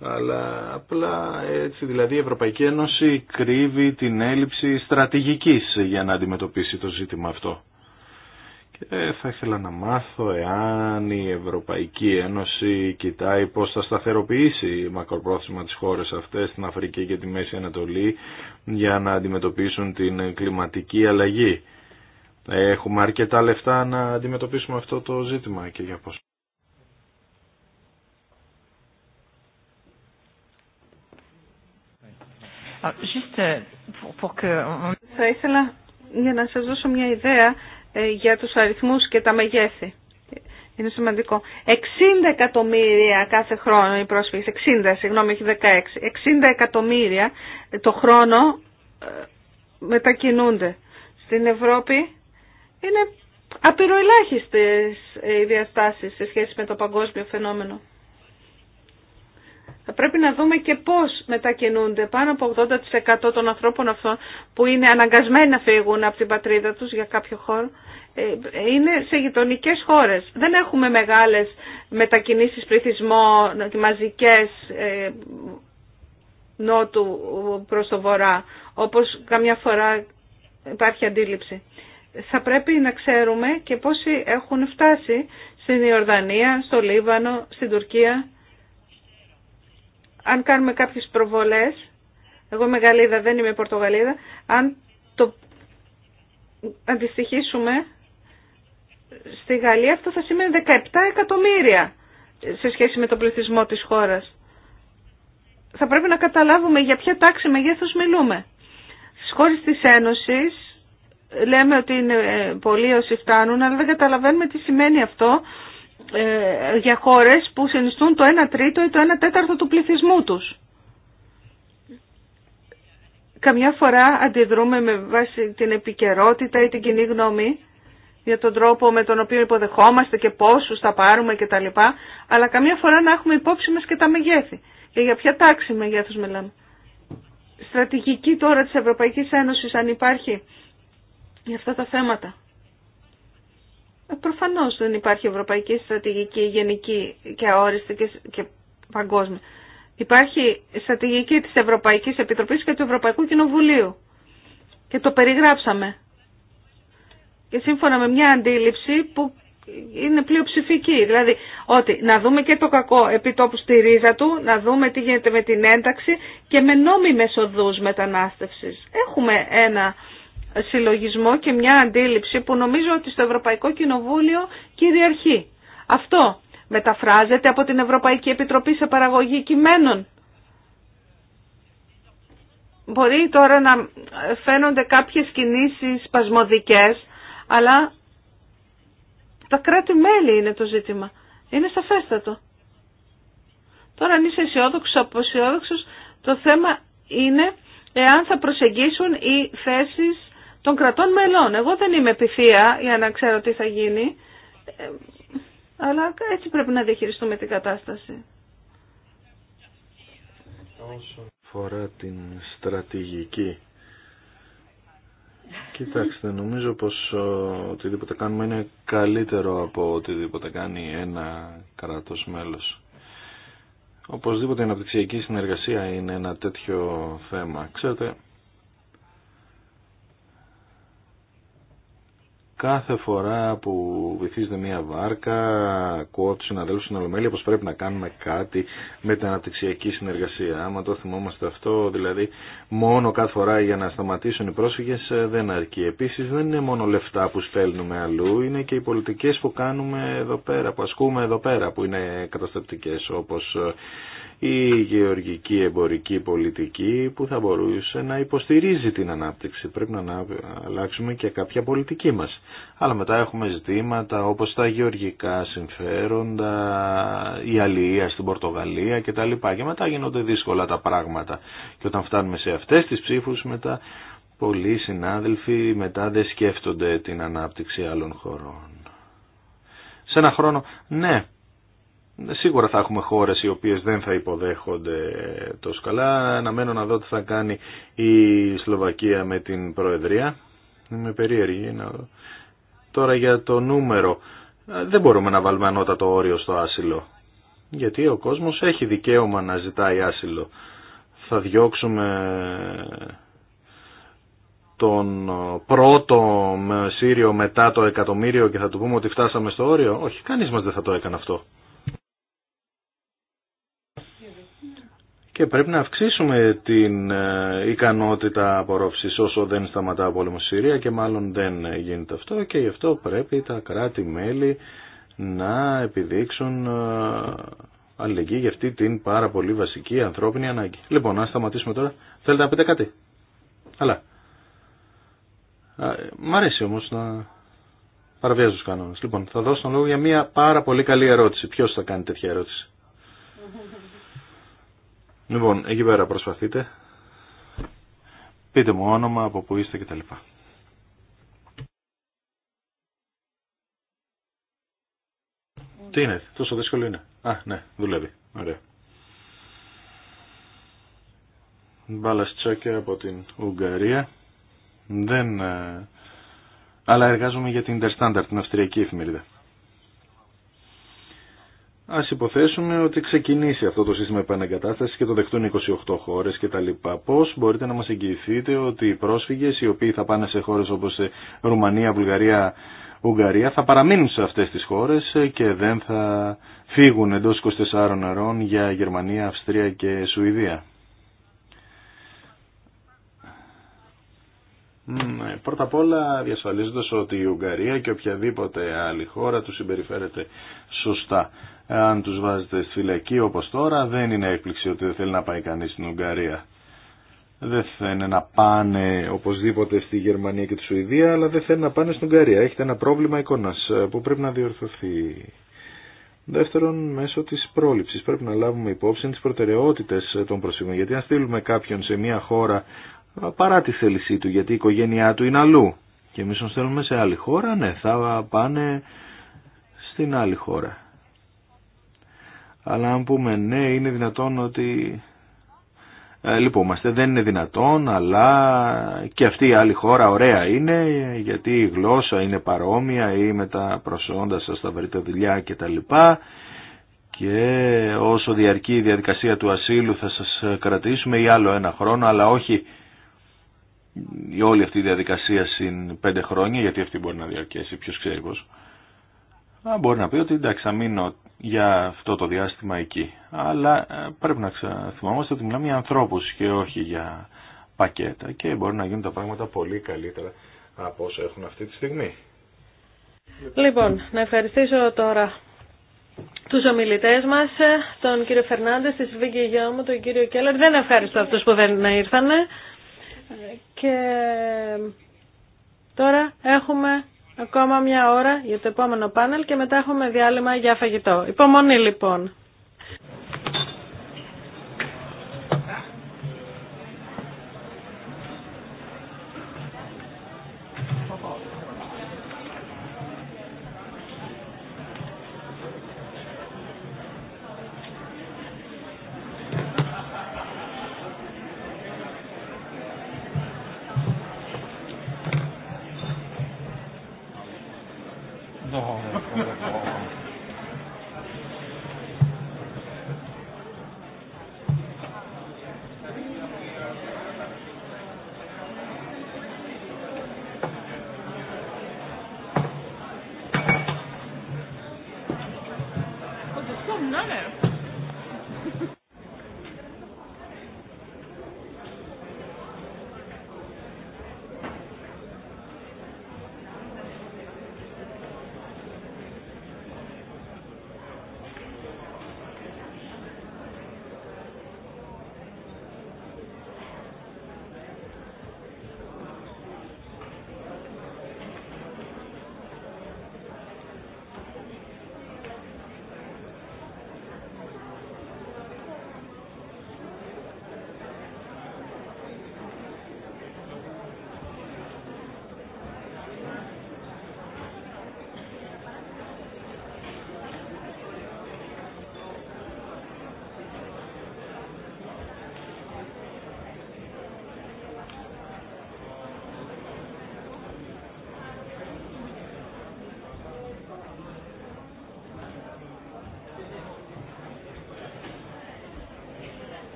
Αλλά απλά έτσι δηλαδή η Ευρωπαϊκή Ένωση κρύβει την έλλειψη στρατηγικής για να αντιμετωπίσει το ζήτημα αυτό. Ε, θα ήθελα να μάθω εάν η Ευρωπαϊκή Ένωση κοιτάει πώς θα σταθεροποιήσει μακροπρόθεσμα τις χώρες αυτές στην Αφρική και τη Μέση Ανατολή για να αντιμετωπίσουν την κλιματική αλλαγή. Έχουμε αρκετά λεφτά να αντιμετωπίσουμε αυτό το ζήτημα και για πώς. Θα ήθελα για να σας δώσω μια ιδέα ε, για τους αριθμούς και τα μεγέθη. Είναι σημαντικό. 60 εκατομμύρια κάθε χρόνο η πρόσφυγες, 60, συγγνώμη, έχει 16, 60 εκατομμύρια το χρόνο ε, μετακινούνται. Στην Ευρώπη είναι απειροελάχιστες ε, οι διαστάσεις σε σχέση με το παγκόσμιο φαινόμενο. Θα πρέπει να δούμε και πώς μετακινούνται πάνω από 80% των ανθρώπων αυτών που είναι αναγκασμένοι να φύγουν από την πατρίδα τους για κάποιο χώρο. Ε, είναι σε γειτονικέ χώρες. Δεν έχουμε μεγάλες μετακινήσεις πληθυσμών, μαζικές ε, νότου προς το βορρά, όπως καμιά φορά υπάρχει αντίληψη. Θα πρέπει να ξέρουμε και πόσοι έχουν φτάσει στην Ιορδανία, στο Λίβανο, στην Τουρκία αν κάνουμε κάποιες προβολές, εγώ είμαι Γαλλίδα, δεν είμαι Πορτογαλίδα, αν το αντιστοιχίσουμε στη Γαλλία, αυτό θα σημαίνει 17 εκατομμύρια σε σχέση με τον πληθυσμό της χώρας. Θα πρέπει να καταλάβουμε για ποια τάξη μεγέθους μιλούμε. Στις χώρες της Ένωσης λέμε ότι είναι ε, πολλοί όσοι φτάνουν, αλλά δεν καταλαβαίνουμε τι σημαίνει αυτό ε, για χώρες που συνιστούν το 1 τρίτο ή το 1 τέταρτο του πληθυσμού τους. Καμιά φορά αντιδρούμε με βάση την επικαιρότητα ή την κοινή γνώμη για τον τρόπο με τον οποίο υποδεχόμαστε και πόσους θα πάρουμε κτλ. Αλλά καμιά φορά να έχουμε υπόψη μας και τα μεγέθη. Και για ποια τάξη μεγέθους μιλάμε. Στρατηγική τώρα της Ευρωπαϊκής Ένωσης αν υπάρχει για αυτά τα θέματα. Ε, Προφανώ δεν υπάρχει ευρωπαϊκή στρατηγική γενική και αόριστη και παγκόσμια. Υπάρχει στρατηγική τη Ευρωπαϊκής Επιτροπή και του Ευρωπαϊκού Κοινοβουλίου. Και το περιγράψαμε. Και σύμφωνα με μια αντίληψη που είναι πλειοψηφική. Δηλαδή ότι να δούμε και το κακό επί τόπου στη ρίζα του, να δούμε τι γίνεται με την ένταξη και με νόμιμες οδούς μετανάστευσης. Έχουμε ένα συλλογισμό και μια αντίληψη που νομίζω ότι στο Ευρωπαϊκό Κοινοβούλιο κυριαρχεί. Αυτό μεταφράζεται από την Ευρωπαϊκή Επιτροπή σε παραγωγή κειμένων. Μπορεί τώρα να φαίνονται κάποιες κινήσεις σπασμωδικές, αλλά τα κράτη-μέλη είναι το ζήτημα. Είναι σαφέστατο. Τώρα αν είσαι αισιόδοξο, αποσιόδοξο, το θέμα είναι εάν θα προσεγγίσουν οι θέσεις των κρατών μελών. Εγώ δεν είμαι πυθία για να ξέρω τι θα γίνει, ε, αλλά έτσι πρέπει να διαχειριστούμε την κατάσταση. Όσον αφορά την στρατηγική, κοιτάξτε, νομίζω πως ε, οτιδήποτε κάνουμε είναι καλύτερο από οτιδήποτε κάνει ένα κράτος μέλος. Οπωσδήποτε η αναπτυξιακή συνεργασία είναι ένα τέτοιο θέμα. Ξέρετε, κάθε φορά που βυθίζεται μια βάρκα, ακούω του συναδέλφου στην Ολομέλεια πω πρέπει να κάνουμε κάτι με την αναπτυξιακή συνεργασία. Άμα το θυμόμαστε αυτό, δηλαδή μόνο κάθε φορά για να σταματήσουν οι πρόσφυγε ε, δεν αρκεί. Επίση δεν είναι μόνο λεφτά που στέλνουμε αλλού, είναι και οι πολιτικέ που κάνουμε εδώ πέρα, που ασκούμε εδώ πέρα, που είναι καταστατικέ, όπω ε, η γεωργική εμπορική πολιτική που θα μπορούσε να υποστηρίζει την ανάπτυξη. Πρέπει να αλλάξουμε και κάποια πολιτική μας. Αλλά μετά έχουμε ζητήματα όπως τα γεωργικά συμφέροντα, η αλληλεία στην Πορτογαλία κτλ. Και μετά γίνονται δύσκολα τα πράγματα. Και όταν φτάνουμε σε αυτές τις ψήφους μετά πολλοί συνάδελφοι μετά δεν σκέφτονται την ανάπτυξη άλλων χωρών. Σε ένα χρόνο, ναι, Σίγουρα θα έχουμε χώρες οι οποίες δεν θα υποδέχονται τόσο καλά. Αναμένω να δω τι θα κάνει η Σλοβακία με την Προεδρία. Είμαι περίεργη να δω. Τώρα για το νούμερο. Δεν μπορούμε να βάλουμε ανώτατο όριο στο άσυλο. Γιατί ο κόσμος έχει δικαίωμα να ζητάει άσυλο. Θα διώξουμε τον πρώτο Σύριο μετά το εκατομμύριο και θα του πούμε ότι φτάσαμε στο όριο. Όχι, κανείς μας δεν θα το έκανε αυτό. Και πρέπει να αυξήσουμε την ε, ικανότητα απορρόφησης όσο δεν σταματά ο πόλεμος Συρία και μάλλον δεν γίνεται αυτό και γι' αυτό πρέπει τα κράτη-μέλη να επιδείξουν ε, αλληλεγγύη για αυτή την πάρα πολύ βασική ανθρώπινη ανάγκη. Λοιπόν, να σταματήσουμε τώρα. Θέλετε να πείτε κάτι. Αλλά. Μ' αρέσει όμως να παραβιάζω τους κανόνες. Λοιπόν, θα δώσω τον λόγο για μια πάρα πολύ καλή ερώτηση. Ποιος θα κάνει τέτοια ερώτηση. Λοιπόν, εκεί πέρα προσπαθείτε. Πείτε μου όνομα, από που είστε κτλ. Τι είναι, τόσο δύσκολο είναι. Α, ναι, δουλεύει. Ωραία. Μπάλα από την Ουγγαρία. Δεν... Ε, αλλά εργάζομαι για την Interstandard, την αυστριακή εφημερίδα. Ας υποθέσουμε ότι ξεκινήσει αυτό το σύστημα επαναγκατάστασης και το δεχτούν 28 χώρες και τα λοιπά. Πώς μπορείτε να μας εγγυηθείτε ότι οι πρόσφυγες οι οποίοι θα πάνε σε χώρες όπως Ρουμανία, Βουλγαρία, Ουγγαρία θα παραμείνουν σε αυτές τις χώρες και δεν θα φύγουν εντός 24 ωρών για Γερμανία, Αυστρία και Σουηδία. Ναι, πρώτα απ' όλα διασφαλίζοντας ότι η Ουγγαρία και οποιαδήποτε άλλη χώρα του συμπεριφέρεται σωστά αν τους βάζετε στη φυλακή όπως τώρα δεν είναι έκπληξη ότι δεν θέλει να πάει κανείς στην Ουγγαρία. Δεν θέλουν να πάνε οπωσδήποτε στη Γερμανία και τη Σουηδία, αλλά δεν θέλουν να πάνε στην Ουγγαρία. Έχετε ένα πρόβλημα εικόνας ε, που πρέπει να διορθωθεί. Δεύτερον, μέσω τη πρόληψη. Πρέπει να λάβουμε υπόψη τι προτεραιότητε των προσφύγων. Γιατί αν στείλουμε κάποιον σε μια χώρα ε, παρά τη θέλησή του, γιατί η οικογένειά του είναι αλλού, και εμεί τον στέλνουμε σε άλλη χώρα, ναι, θα πάνε στην άλλη χώρα. Αλλά αν πούμε ναι είναι δυνατόν ότι ε, λυπούμαστε. Δεν είναι δυνατόν αλλά και αυτή η άλλη χώρα ωραία είναι γιατί η γλώσσα είναι παρόμοια ή με τα προσόντα σας τα βρείτε δουλειά κτλ. Και όσο διαρκεί η διαδικασία του ασύλου θα σας κρατήσουμε ή άλλο ένα χρόνο αλλά όχι η όλη αυτή η διαδικασία συν πέντε χρόνια γιατί αυτή μπορεί να διαρκέσει ποιος ξέρει πώς μπορεί να πει ότι εντάξει θα μείνω για αυτό το διάστημα εκεί. Αλλά ε, πρέπει να θυμόμαστε ότι μιλάμε για ανθρώπου και όχι για πακέτα και μπορεί να γίνουν τα πράγματα πολύ καλύτερα από όσο έχουν αυτή τη στιγμή. Λοιπόν, να ευχαριστήσω τώρα τους ομιλητέ μας, ε, τον κύριο Φερνάντε τη Σβίγκη Γιώμου, τον κύριο Κέλλερ. Δεν ευχαριστώ αυτού που δεν ήρθαν. Ε, και τώρα έχουμε Ακόμα μια ώρα για το επόμενο πάνελ και μετά έχουμε διάλειμμα για φαγητό. Υπομονή λοιπόν.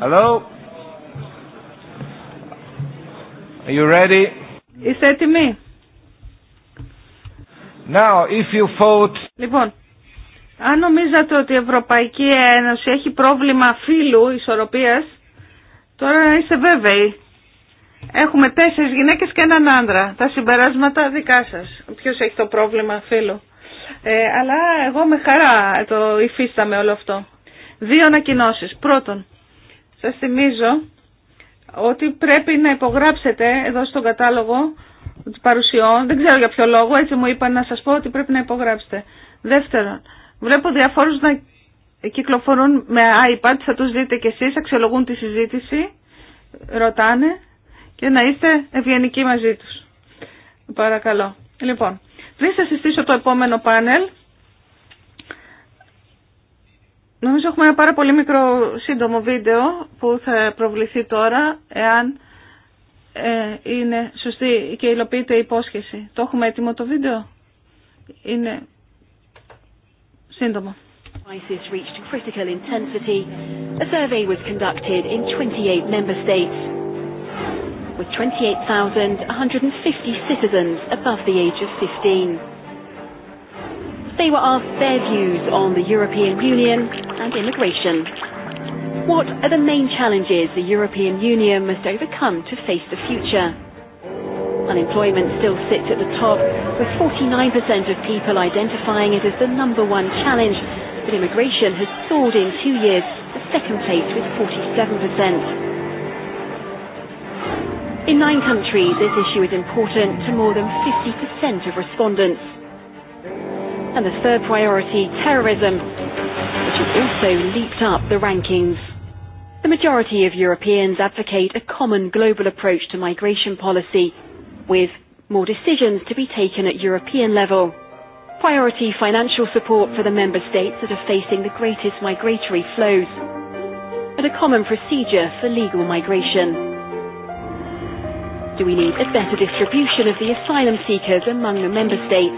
Hello. Are you ready? Είστε έτοιμοι. Now, if Λοιπόν, αν νομίζατε ότι η Ευρωπαϊκή Ένωση έχει πρόβλημα φύλου, ισορροπίας, τώρα είστε βέβαιοι. Έχουμε τέσσερις γυναίκες και έναν άντρα. Τα συμπεράσματα δικά σας. Ποιος έχει το πρόβλημα φύλου. Ε, αλλά εγώ με χαρά το υφίσταμαι όλο αυτό. Δύο ανακοινώσεις. Πρώτον, σας θυμίζω ότι πρέπει να υπογράψετε εδώ στον κατάλογο παρουσιών. Δεν ξέρω για ποιο λόγο, έτσι μου είπαν να σας πω ότι πρέπει να υπογράψετε. Δεύτερον, βλέπω διαφόρους να κυκλοφορούν με iPad, θα τους δείτε κι εσείς, αξιολογούν τη συζήτηση, ρωτάνε και να είστε ευγενικοί μαζί τους. Παρακαλώ. Λοιπόν, πριν σας συστήσω το επόμενο πάνελ, Νομίζω έχουμε ένα πάρα πολύ μικρό σύντομο βίντεο που θα προβληθεί τώρα εάν ε, είναι σωστή και υλοποιείται η υπόσχεση. Το έχουμε έτοιμο το βίντεο. Είναι σύντομο. Crisis reached critical intensity. A survey was conducted in 28 member states with 28,150 citizens above the age of 15. They were asked their views on the European Union and immigration. What are the main challenges the European Union must overcome to face the future? Unemployment still sits at the top, with 49% of people identifying it as the number one challenge, but immigration has soared in two years to second place with 47%. In nine countries, this issue is important to more than 50% of respondents. And the third priority, terrorism, which has also leaped up the rankings. The majority of Europeans advocate a common global approach to migration policy, with more decisions to be taken at European level. Priority financial support for the member states that are facing the greatest migratory flows. And a common procedure for legal migration. Do we need a better distribution of the asylum seekers among the member states?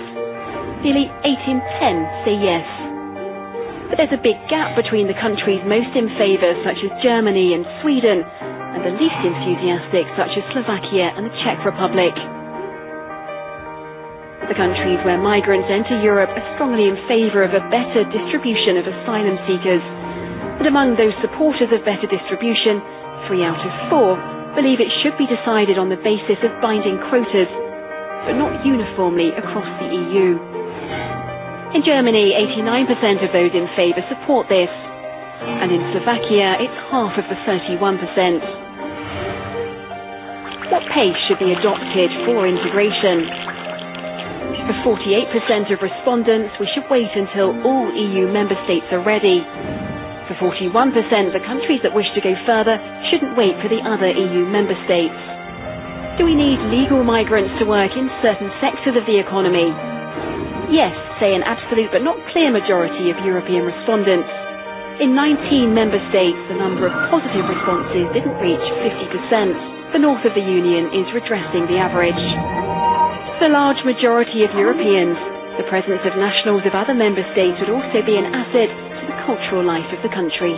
nearly in 10 say yes. But there's a big gap between the countries most in favour, such as Germany and Sweden, and the least enthusiastic, such as Slovakia and the Czech Republic. The countries where migrants enter Europe are strongly in favour of a better distribution of asylum seekers. And among those supporters of better distribution, three out of four believe it should be decided on the basis of binding quotas, but not uniformly across the EU. In Germany, 89% of those in favour support this, and in Slovakia, it's half of the 31%. What pace should be adopted for integration? For 48% of respondents, we should wait until all EU member states are ready. For 41%, the countries that wish to go further shouldn't wait for the other EU member states. Do we need legal migrants to work in certain sectors of the economy? yes, say an absolute but not clear majority of European respondents. In 19 member states, the number of positive responses didn't reach 50%. The north of the Union is redressing the average. For the large majority of Europeans, the presence of nationals of other member states would also be an asset to the cultural life of the country.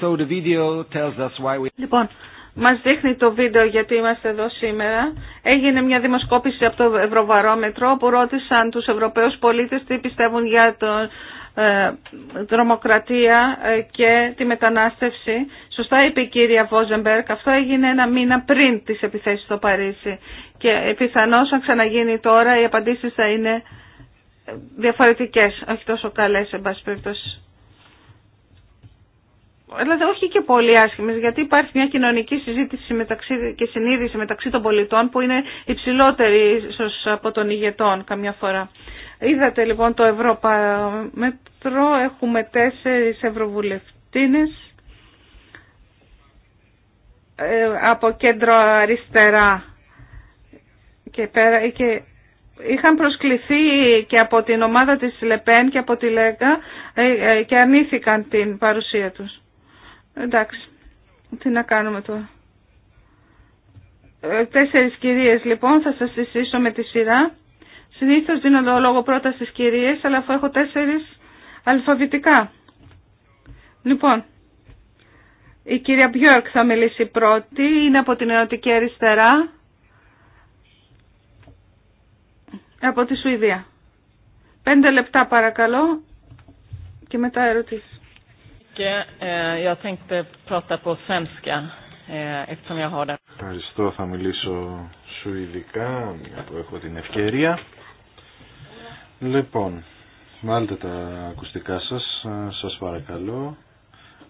So the video tells us why we... Λοιπόν, μας δείχνει το βίντεο γιατί είμαστε εδώ σήμερα. Έγινε μια δημοσκόπηση από το Ευρωβαρόμετρο που ρώτησαν τους Ευρωπαίους πολίτες τι πιστεύουν για τον δρομοκρατία ε, ε, και τη μετανάστευση. Σωστά είπε η κυρία Βόζεμπερκ, αυτό έγινε ένα μήνα πριν τις επιθέσεις στο Παρίσι και πιθανώς αν ξαναγίνει τώρα οι απαντήσεις θα είναι διαφορετικές, όχι τόσο καλές εν πάση περιπτώσει δηλαδή όχι και πολύ άσχημες, γιατί υπάρχει μια κοινωνική συζήτηση μεταξύ, και συνείδηση μεταξύ των πολιτών που είναι υψηλότερη ίσως από των ηγετών καμιά φορά. Είδατε λοιπόν το Ευρώπα-Μέτρο, έχουμε τέσσερις ευρωβουλευτίνες ε, από κέντρο αριστερά και, πέρα, ε, και είχαν προσκληθεί και από την ομάδα της Λεπέν και από τη Λέγκα ε, και αρνήθηκαν την παρουσία τους. Εντάξει, τι να κάνουμε τώρα. Ε, τέσσερις κυρίες λοιπόν, θα σας συστήσω με τη σειρά. Συνήθως δίνω το λόγο πρώτα στις κυρίες, αλλά αφού έχω τέσσερις αλφαβητικά. Λοιπόν, η κυρία Μπιόρκ θα μιλήσει πρώτη, είναι από την Ενωτική Αριστερά, από τη Σουηδία. Πέντε λεπτά παρακαλώ και μετά ερωτήσεις. Ευχαριστώ, θα μιλήσω σου ειδικά, που έχω την ευκαιρία. Λοιπόν, βάλτε τα ακουστικά σας, ε, σας παρακαλώ.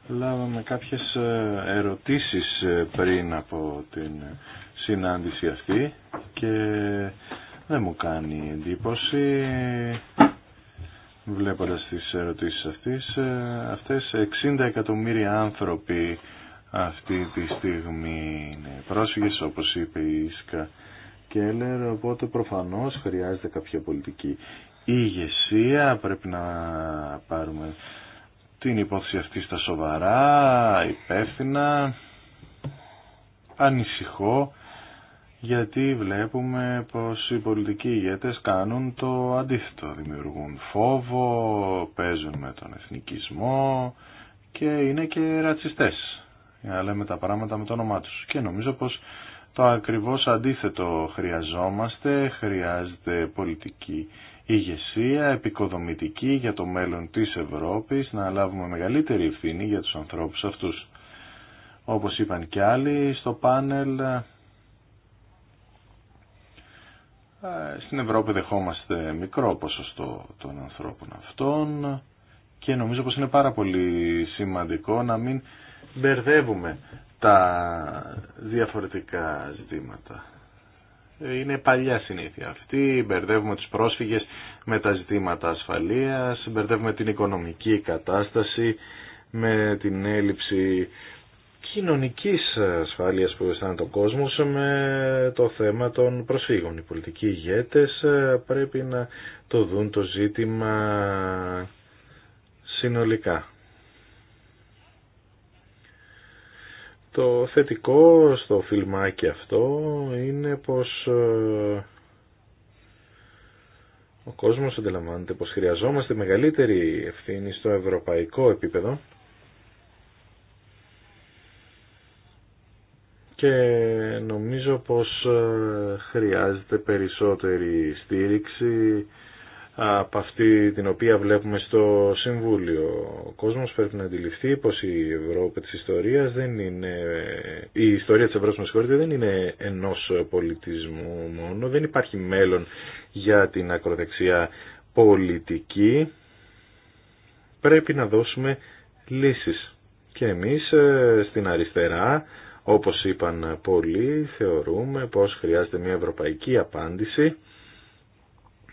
Λάβαμε κάποιες ε, ερωτήσεις ε, πριν από την συνάντηση αυτή και δεν μου κάνει εντύπωση βλέποντας τις ερωτήσεις αυτής, ε, αυτές 60 εκατομμύρια άνθρωποι αυτή τη στιγμή είναι πρόσφυγες όπως είπε η Ίσκα Κέλλερ, οπότε προφανώς χρειάζεται κάποια πολιτική ηγεσία, πρέπει να πάρουμε την υπόθεση αυτή στα σοβαρά, υπεύθυνα, ανησυχώ γιατί βλέπουμε πως οι πολιτικοί ηγέτες κάνουν το αντίθετο. Δημιουργούν φόβο, παίζουν με τον εθνικισμό και είναι και ρατσιστές. Για να λέμε τα πράγματα με το όνομά τους. Και νομίζω πως το ακριβώς αντίθετο χρειαζόμαστε. Χρειάζεται πολιτική ηγεσία, επικοδομητική για το μέλλον της Ευρώπης, να λάβουμε μεγαλύτερη ευθύνη για τους ανθρώπους αυτούς. Όπως είπαν και άλλοι στο πάνελ, στην Ευρώπη δεχόμαστε μικρό ποσοστό των ανθρώπων αυτών και νομίζω πως είναι πάρα πολύ σημαντικό να μην μπερδεύουμε τα διαφορετικά ζητήματα. Είναι παλιά συνήθεια αυτή, μπερδεύουμε τις πρόσφυγες με τα ζητήματα ασφαλείας, μπερδεύουμε την οικονομική κατάσταση με την έλλειψη Κοινωνική ασφάλεια που αισθάνεται τον κόσμο με το θέμα των προσφύγων. Οι πολιτικοί ηγέτε πρέπει να το δουν το ζήτημα συνολικά. Το θετικό στο φιλμάκι αυτό είναι πως ε, ο κόσμος αντιλαμβάνεται πως χρειαζόμαστε μεγαλύτερη ευθύνη στο ευρωπαϊκό επίπεδο και νομίζω πως ε, χρειάζεται περισσότερη στήριξη από αυτή την οποία βλέπουμε στο Συμβούλιο. Ο κόσμος πρέπει να αντιληφθεί πως η Ευρώπη της ιστορίας δεν είναι... Η ιστορία της Ευρώπης, δεν είναι ενός πολιτισμού μόνο. Δεν υπάρχει μέλλον για την ακροδεξιά πολιτική. Πρέπει να δώσουμε λύσεις. Και εμείς ε, στην αριστερά όπως είπαν πολλοί, θεωρούμε πως χρειάζεται μια ευρωπαϊκή απάντηση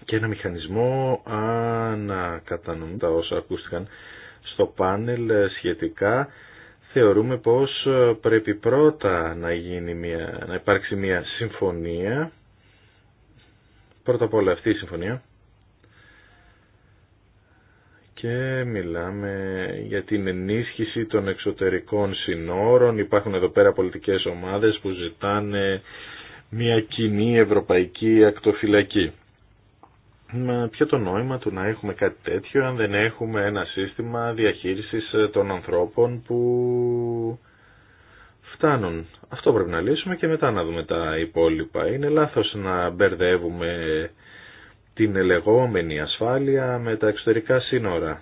και ένα μηχανισμό ανακατανομή τα όσα ακούστηκαν στο πάνελ σχετικά θεωρούμε πως πρέπει πρώτα να, γίνει μια, να υπάρξει μια συμφωνία πρώτα απ' όλα αυτή η συμφωνία και μιλάμε για την ενίσχυση των εξωτερικών συνόρων. Υπάρχουν εδώ πέρα πολιτικές ομάδες που ζητάνε μια κοινή ευρωπαϊκή ακτοφυλακή. Μα ποιο το νόημα του να έχουμε κάτι τέτοιο αν δεν έχουμε ένα σύστημα διαχείρισης των ανθρώπων που φτάνουν. Αυτό πρέπει να λύσουμε και μετά να δούμε τα υπόλοιπα. Είναι λάθος να μπερδεύουμε την ελεγόμενη ασφάλεια με τα εξωτερικά σύνορα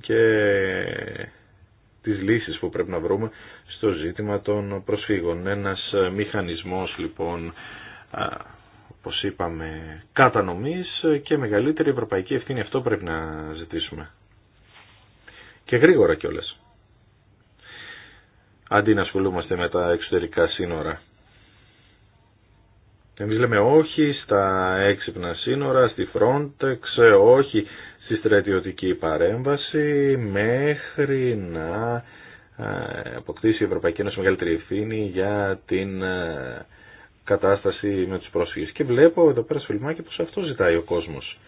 και τις λύσεις που πρέπει να βρούμε στο ζήτημα των προσφύγων. Ένας μηχανισμός λοιπόν, όπως είπαμε, κατανομής και μεγαλύτερη ευρωπαϊκή ευθύνη. Αυτό πρέπει να ζητήσουμε. Και γρήγορα κιόλας. Αντί να ασχολούμαστε με τα εξωτερικά σύνορα. Εμείς λέμε όχι στα έξυπνα σύνορα, στη Frontex, όχι στη στρατιωτική παρέμβαση μέχρι να ε, αποκτήσει η Ευρωπαϊκή Ένωση μεγαλύτερη ευθύνη για την ε, κατάσταση με τους πρόσφυγες. Και βλέπω εδώ πέρα φιλμάκι πως αυτό ζητάει ο κόσμος.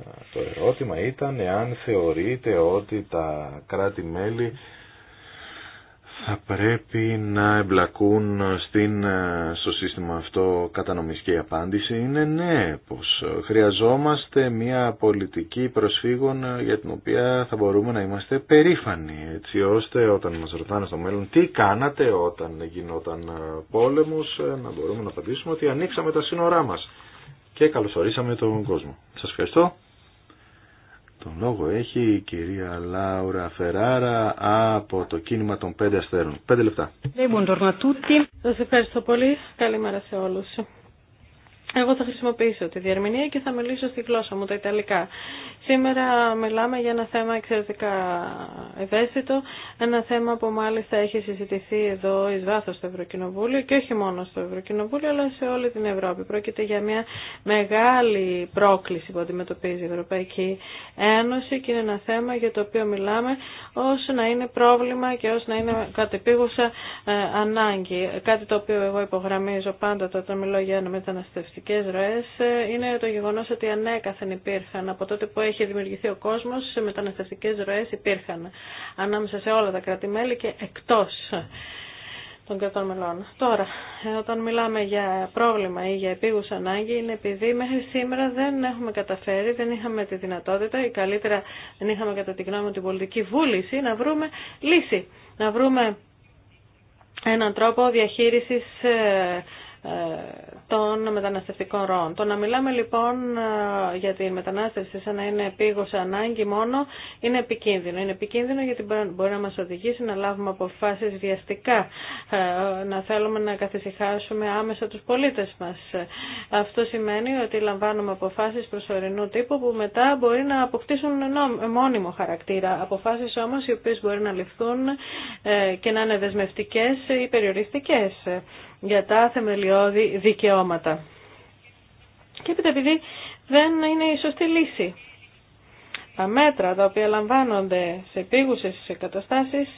Ε, το ερώτημα ήταν εάν θεωρείτε ότι τα κράτη-μέλη θα πρέπει να εμπλακούν στην, ε, στο σύστημα αυτό κατανομής και η απάντηση είναι ναι, πως χρειαζόμαστε μια πολιτική προσφύγων ε, για την οποία θα μπορούμε να είμαστε περήφανοι, έτσι ώστε όταν μας ρωτάνε στο μέλλον τι κάνατε όταν γινόταν ε, πόλεμος, να μπορούμε να απαντήσουμε ότι ανοίξαμε τα σύνορά μας και καλωσορίσαμε τον κόσμο. Σας ευχαριστώ. Τον λόγο έχει η κυρία Λάουρα Φεράρα από το κίνημα των πέντε αστέρων. Πέντε λεπτά. Σα ευχαριστώ πολύ. Καλημέρα σε όλου. Εγώ θα χρησιμοποιήσω τη διερμηνία και θα μιλήσω στη γλώσσα μου, τα Ιταλικά. Σήμερα μιλάμε για ένα θέμα εξαιρετικά ευαίσθητο, ένα θέμα που μάλιστα έχει συζητηθεί εδώ εις βάθος στο Ευρωκοινοβούλιο και όχι μόνο στο Ευρωκοινοβούλιο αλλά σε όλη την Ευρώπη. Πρόκειται για μια μεγάλη πρόκληση που αντιμετωπίζει η Ευρωπαϊκή Ένωση και είναι ένα θέμα για το οποίο μιλάμε ως να είναι πρόβλημα και ως να είναι κατεπίγουσα ε, ανάγκη. Κάτι το οποίο εγώ υπογραμμίζω πάντα όταν μιλώ για μεταναστευτικές ροές ε, είναι το γεγονός ότι ανέκαθεν υπήρχαν από τότε που έχει είχε δημιουργηθεί ο κόσμος, σε μεταναστευτικέ ροές υπήρχαν ανάμεσα σε όλα τα κράτη-μέλη και εκτός των κρατών μελών. Τώρα, όταν μιλάμε για πρόβλημα ή για επίγουσα ανάγκη, είναι επειδή μέχρι σήμερα δεν έχουμε καταφέρει, δεν είχαμε τη δυνατότητα ή καλύτερα δεν είχαμε κατά τη γνώμη την πολιτική βούληση να βρούμε λύση, να βρούμε έναν τρόπο διαχείρισης ε, ε, των μεταναστευτικών ροών. Το να μιλάμε λοιπόν ε, για την μετανάστευση σαν να είναι επίγουσα ανάγκη μόνο είναι επικίνδυνο. Είναι επικίνδυνο γιατί μπορεί να μας οδηγήσει να λάβουμε αποφάσει βιαστικά, ε, να θέλουμε να καθησυχάσουμε άμεσα τους πολίτες μας. Αυτό σημαίνει ότι λαμβάνουμε αποφάσεις προσωρινού τύπου που μετά μπορεί να αποκτήσουν μόνιμο χαρακτήρα. Αποφάσεις όμως οι οποίες μπορεί να ληφθούν ε, και να είναι δεσμευτικέ ή περιοριστικές για τα θεμελιώδη δικαιώματα. Και έπειτα επειδή δεν είναι η σωστή λύση. Τα μέτρα τα οποία λαμβάνονται σε επίγουσες καταστάσεις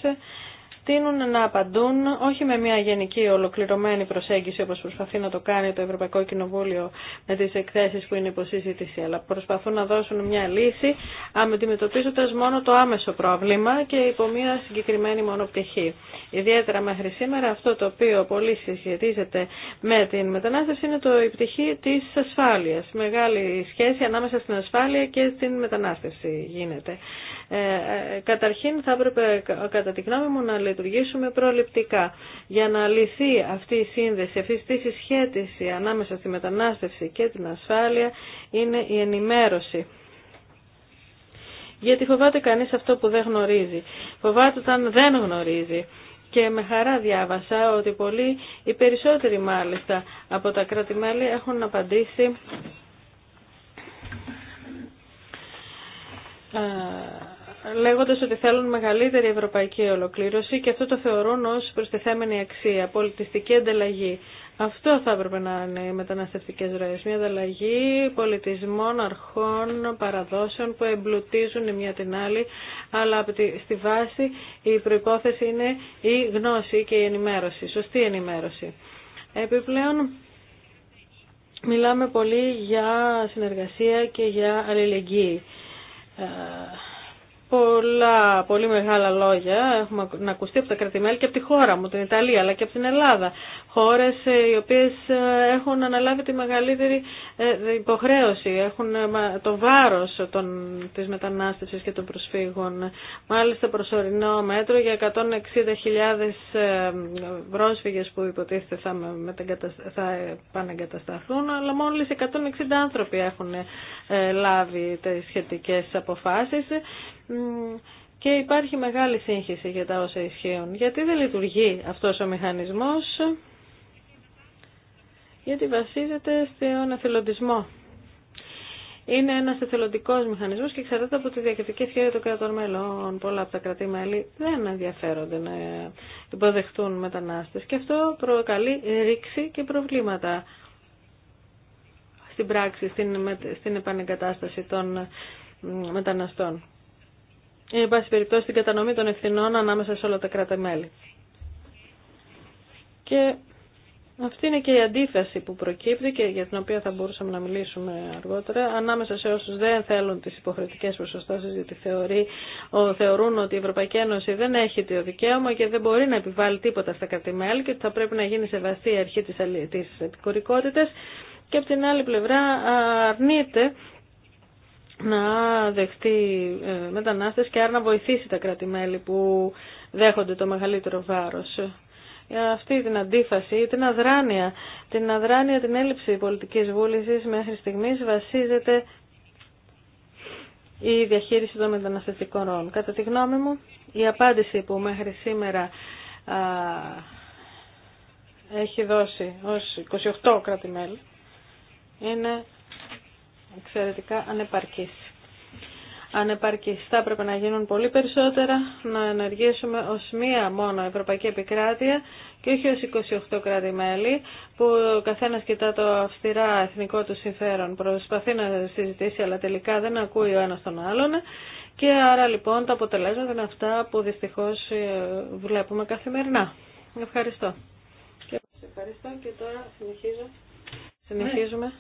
τείνουν να απαντούν όχι με μια γενική ολοκληρωμένη προσέγγιση όπως προσπαθεί να το κάνει το Ευρωπαϊκό Κοινοβούλιο με τις εκθέσεις που είναι υποσύζητηση, αλλά προσπαθούν να δώσουν μια λύση αντιμετωπίζοντα μόνο το άμεσο πρόβλημα και υπό μια συγκεκριμένη μόνο πτυχή. Ιδιαίτερα μέχρι σήμερα αυτό το οποίο πολύ συσχετίζεται με την μετανάστευση είναι το η της ασφάλειας. Μεγάλη σχέση ανάμεσα στην ασφάλεια και στην μετανάστευση γίνεται. Ε, ε καταρχήν θα έπρεπε κατά τη γνώμη μου να λειτουργήσουμε προληπτικά για να λυθεί αυτή η σύνδεση, αυτή η συσχέτιση ανάμεσα στη μετανάστευση και την ασφάλεια είναι η ενημέρωση. Γιατί φοβάται κανείς αυτό που δεν γνωρίζει. Φοβάται όταν δεν γνωρίζει και με χαρά διάβασα ότι πολλοί, οι περισσότεροι μάλιστα από τα κράτη-μέλη έχουν απαντήσει λέγοντας ότι θέλουν μεγαλύτερη ευρωπαϊκή ολοκλήρωση και αυτό το θεωρούν ως προστιθέμενη αξία, πολιτιστική ανταλλαγή. Αυτό θα έπρεπε να είναι οι μεταναστευτικές ροές. Μια ανταλλαγή πολιτισμών, αρχών, παραδόσεων που εμπλουτίζουν η μία την άλλη, αλλά στη βάση η προϋπόθεση είναι η γνώση και η ενημέρωση, σωστή ενημέρωση. Επιπλέον, μιλάμε πολύ για συνεργασία και για αλληλεγγύη. Ε, πολλά, πολύ μεγάλα λόγια έχουμε να ακουστεί από τα κρατημέλη και από τη χώρα μου, την Ιταλία, αλλά και από την Ελλάδα. Χώρες ε, οι οποίες ε, έχουν αναλάβει τη μεγαλύτερη ε, υποχρέωση, έχουν το βάρος των, της μετανάστευσης και των προσφύγων. Μάλιστα προσωρινό μέτρο για 160.000 πρόσφυγες που υποτίθεται θα, θα επαναγκατασταθούν, αλλά μόλις 160 άνθρωποι έχουν λάβει τις σχετικές αποφάσεις και υπάρχει μεγάλη σύγχυση για τα όσα ισχύουν. Γιατί δεν λειτουργεί αυτός ο μηχανισμός, γιατί βασίζεται στον εθελοντισμό. Είναι ένα εθελοντικό μηχανισμό και εξαρτάται από τη διακριτική σχέδια των κρατών μελών. Πολλά από τα κρατή-μέλη δεν ενδιαφέρονται να υποδεχτούν μετανάστε και αυτό προκαλεί ρήξη και προβλήματα στην πράξη, στην, στην επανεγκατάσταση των μεταναστών ή, εν πάση περιπτώσει, την κατανομή των ευθυνών ανάμεσα σε όλα τα κράτη-μέλη. Και αυτή είναι και η αντίφαση που προκύπτει και για την οποία θα μπορούσαμε να μιλήσουμε αργότερα ανάμεσα σε όσου δεν θέλουν τι υποχρεωτικέ προσωστώσει γιατί θεωρεί, ο, θεωρούν ότι η Ευρωπαϊκή Ένωση δεν έχει το δικαίωμα και δεν μπορεί να επιβάλλει τίποτα στα κράτη-μέλη και ότι θα πρέπει να γίνει σεβαστή η αρχή τη επικουρικότητα και από την άλλη πλευρά αρνείται να δεχτεί ε, μετανάστες και άρα να βοηθήσει τα κράτη-μέλη που δέχονται το μεγαλύτερο βάρος. Ε, αυτή την αντίφαση, την αδράνεια, την αδράνεια, την έλλειψη πολιτικής βούλησης μέχρι στιγμής βασίζεται η διαχείριση των μεταναστευτικών ρόλων. Κατά τη γνώμη μου, η απάντηση που μέχρι σήμερα έχει δώσει ως 28 κράτη-μέλη είναι εξαιρετικά ανεπαρκής. Ανεπαρκής. Θα έπρεπε να γίνουν πολύ περισσότερα, να ενεργήσουμε ως μία μόνο Ευρωπαϊκή Επικράτεια και όχι ως 28 κράτη-μέλη, που ο καθένας κοιτά το αυστηρά εθνικό του συμφέρον, προσπαθεί να συζητήσει, αλλά τελικά δεν ακούει ο ένας τον άλλον. Και άρα λοιπόν τα αποτελέσματα είναι αυτά που δυστυχώς ε, βλέπουμε καθημερινά. Ευχαριστώ. ευχαριστώ και τώρα συνεχίζω. Ναι. Συνεχίζουμε.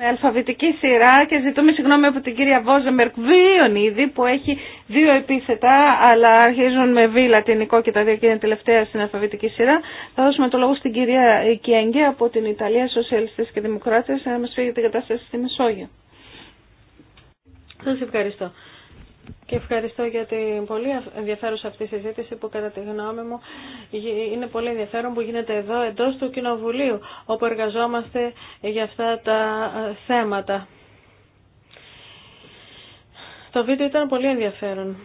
με αλφαβητική σειρά και ζητούμε συγγνώμη από την κυρία Βόζεμερκ Βιονίδη που έχει δύο επίθετα αλλά αρχίζουν με βίλα λατινικό και τα δύο και είναι τελευταία στην αλφαβητική σειρά. Θα δώσουμε το λόγο στην κυρία Κιέγγε από την Ιταλία Σοσιαλιστές και Δημοκράτες να μας φύγει την κατάσταση στη Μεσόγειο. Σας ευχαριστώ. Και ευχαριστώ για την πολύ ενδιαφέρουσα αυτή συζήτηση που κατά τη γνώμη μου είναι πολύ ενδιαφέρον που γίνεται εδώ εντός του Κοινοβουλίου όπου εργαζόμαστε για αυτά τα ε, θέματα. Το βίντεο ήταν πολύ ενδιαφέρον.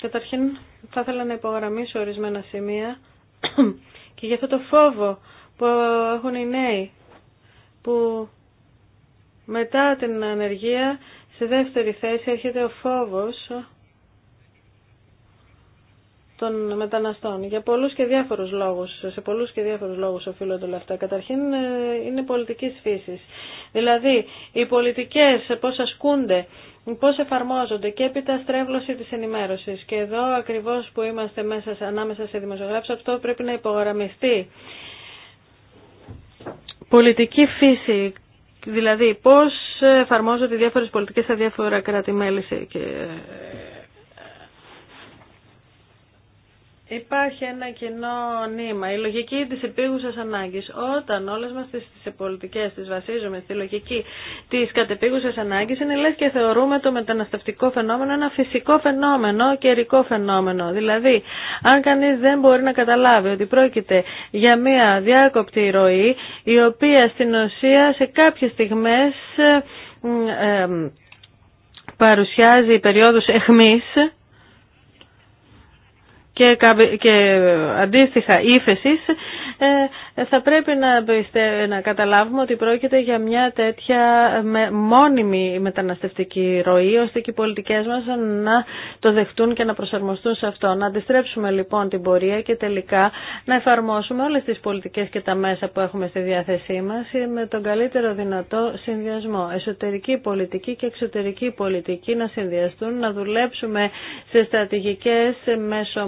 Καταρχήν θα ήθελα να υπογραμμίσω ορισμένα σημεία και για αυτό το φόβο που έχουν οι νέοι που μετά την ανεργία σε δεύτερη θέση έρχεται ο φόβος των μεταναστών. Για πολλούς και διάφορους λόγους, σε πολλούς και διάφορους λόγους οφείλονται όλα αυτά. Καταρχήν ε, είναι πολιτικής φύσης. Δηλαδή, οι πολιτικές πώς ασκούνται, πώς εφαρμόζονται και έπειτα στρέβλωση της ενημέρωσης. Και εδώ ακριβώς που είμαστε μέσα, ανάμεσα σε δημοσιογράφου, αυτό πρέπει να υπογραμμιστεί. Πολιτική φύση Δηλαδή, πώς εφαρμόζονται οι διάφορες πολιτικές στα διάφορα κράτη-μέλη και Υπάρχει ένα κοινό νήμα, η λογική της επίγουσας ανάγκης. Όταν όλες μας τις, τις πολιτικές τις βασίζουμε στη λογική της κατεπίγουσας ανάγκης, είναι λες και θεωρούμε το μεταναστευτικό φαινόμενο ένα φυσικό φαινόμενο, καιρικό φαινόμενο. Δηλαδή, αν κανείς δεν μπορεί να καταλάβει ότι πρόκειται για μια διάκοπτη ροή, η οποία στην ουσία σε κάποιες στιγμές ε, ε, παρουσιάζει περίοδους εχμής, και, και αντίστοιχα ύφεση ε, θα πρέπει να, να καταλάβουμε ότι πρόκειται για μια τέτοια μόνιμη μεταναστευτική ροή, ώστε και οι πολιτικές μας να το δεχτούν και να προσαρμοστούν σε αυτό. Να αντιστρέψουμε λοιπόν την πορεία και τελικά να εφαρμόσουμε όλες τις πολιτικές και τα μέσα που έχουμε στη διάθεσή μας με τον καλύτερο δυνατό συνδυασμό. Εσωτερική πολιτική και εξωτερική πολιτική να συνδυαστούν, να δουλέψουμε σε στρατηγικές μέσω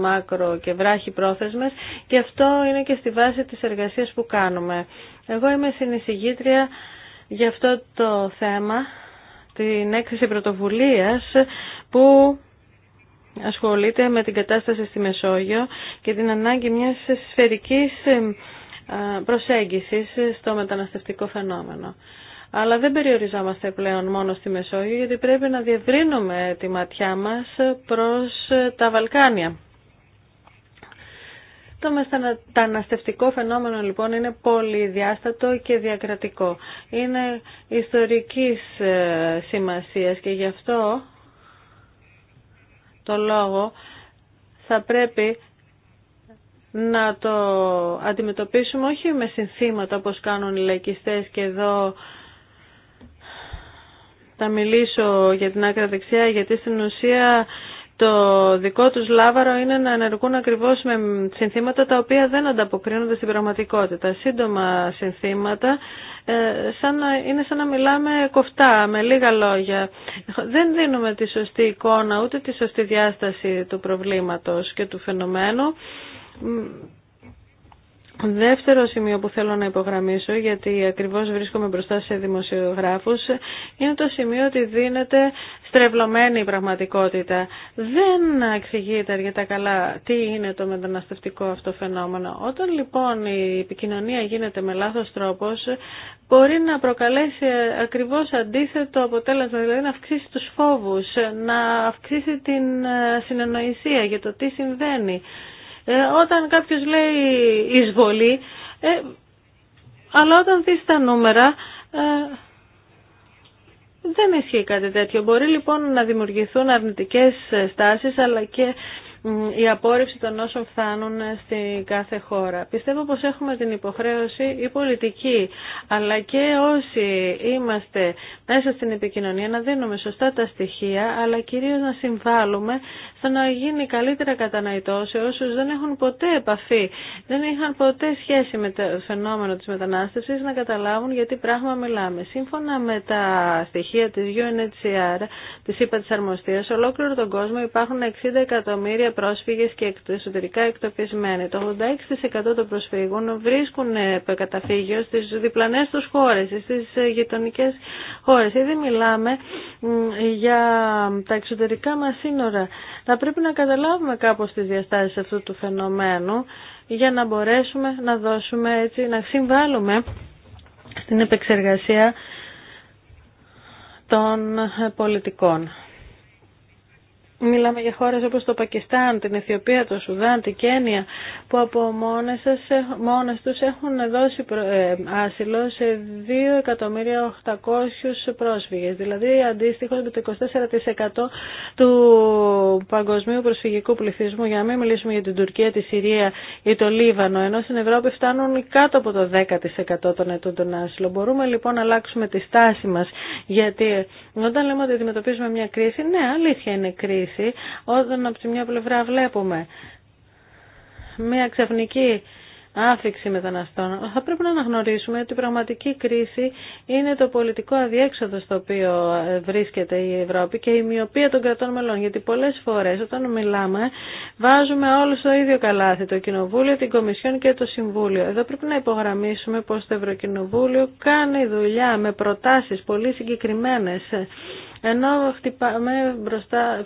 μάκρο και βράχη πρόθεσμες και αυτό είναι και στη βάση βάση της εργασίας που κάνουμε. Εγώ είμαι συνεισηγήτρια για αυτό το θέμα, την έκθεση πρωτοβουλίας που ασχολείται με την κατάσταση στη Μεσόγειο και την ανάγκη μιας σφαιρικής ε, προσέγγισης στο μεταναστευτικό φαινόμενο. Αλλά δεν περιοριζόμαστε πλέον μόνο στη Μεσόγειο γιατί πρέπει να διευρύνουμε τη ματιά μας προς τα Βαλκάνια. Το μεταναστευτικό φαινόμενο λοιπόν είναι διάστατο και διακρατικό. Είναι ιστορικής ε, σημασίας και γι' αυτό το λόγο θα πρέπει να το αντιμετωπίσουμε όχι με συνθήματα όπως κάνουν οι λαϊκιστές και εδώ θα μιλήσω για την άκρα δεξιά γιατί στην ουσία το δικό τους λάβαρο είναι να ενεργούν ακριβώς με συνθήματα τα οποία δεν ανταποκρίνονται στην πραγματικότητα. Σύντομα συνθήματα, ε, σαν είναι σαν να μιλάμε κοφτά, με λίγα λόγια. Δεν δίνουμε τη σωστή εικόνα, ούτε τη σωστή διάσταση του προβλήματος και του φαινομένου Δεύτερο σημείο που θέλω να υπογραμμίσω, γιατί ακριβώς βρίσκομαι μπροστά σε δημοσιογράφους, είναι το σημείο ότι δίνεται στρεβλωμένη η πραγματικότητα. Δεν εξηγείται αρκετά καλά τι είναι το μεταναστευτικό αυτό φαινόμενο. Όταν λοιπόν η επικοινωνία γίνεται με λάθος τρόπος, μπορεί να προκαλέσει ακριβώς αντίθετο αποτέλεσμα, δηλαδή να αυξήσει τους φόβους, να αυξήσει την συνεννοησία για το τι συμβαίνει. Ε, όταν κάποιος λέει εισβολή, ε, αλλά όταν δεις τα νούμερα ε, δεν ισχύει κάτι τέτοιο. Μπορεί λοιπόν να δημιουργηθούν αρνητικές στάσεις αλλά και η απόρριψη των όσων φτάνουν στην κάθε χώρα. Πιστεύω πως έχουμε την υποχρέωση η πολιτική, αλλά και όσοι είμαστε μέσα στην επικοινωνία να δίνουμε σωστά τα στοιχεία αλλά κυρίως να συμβάλλουμε θα να γίνει καλύτερα κατανοητό σε όσους δεν έχουν ποτέ επαφή, δεν είχαν ποτέ σχέση με το φαινόμενο της μετανάστευσης να καταλάβουν γιατί πράγμα μιλάμε. Σύμφωνα με τα στοιχεία της UNHCR, της ΥΠΑ της Αρμοστίας, σε ολόκληρο τον κόσμο υπάρχουν 60 εκατομμύρια πρόσφυγες και εσωτερικά εκτοπισμένοι. Το 86% των προσφύγων βρίσκουν ε, καταφύγιο στις διπλανές τους χώρες, στις ε, γειτονικές χώρες. Ήδη μιλάμε για τα εξωτερικά μας σύνορα. Θα πρέπει να καταλάβουμε κάπως τις διαστάσεις αυτού του φαινομένου για να μπορέσουμε να δώσουμε έτσι, να συμβάλλουμε στην επεξεργασία των πολιτικών. Μιλάμε για χώρες όπως το Πακιστάν, την Αιθιοπία, το Σουδάν, την Κένια, που από μόνες, σας, τους έχουν δώσει ε, άσυλο σε 2.800.000 πρόσφυγες, δηλαδή αντίστοιχο με το 24% του παγκοσμίου προσφυγικού πληθυσμού, για να μην μιλήσουμε για την Τουρκία, τη Συρία ή το Λίβανο, ενώ στην Ευρώπη φτάνουν κάτω από το 10% των των άσυλων. Μπορούμε λοιπόν να αλλάξουμε τη στάση μας, γιατί όταν λέμε ότι αντιμετωπίζουμε μια κρίση, ναι, αλήθεια είναι κρίση όταν από τη μια πλευρά βλέπουμε μια ξαφνική άφηξη μεταναστών. Θα πρέπει να αναγνωρίσουμε ότι η πραγματική κρίση είναι το πολιτικό αδιέξοδο στο οποίο βρίσκεται η Ευρώπη και η μοιοπία των κρατών μελών. Γιατί πολλές φορές όταν μιλάμε βάζουμε όλους το ίδιο καλάθι, το Κοινοβούλιο, την Κομισιόν και το Συμβούλιο. Εδώ πρέπει να υπογραμμίσουμε πως το Ευρωκοινοβούλιο κάνει δουλειά με προτάσεις πολύ συγκεκριμένες ενώ χτυπάμε μπροστά,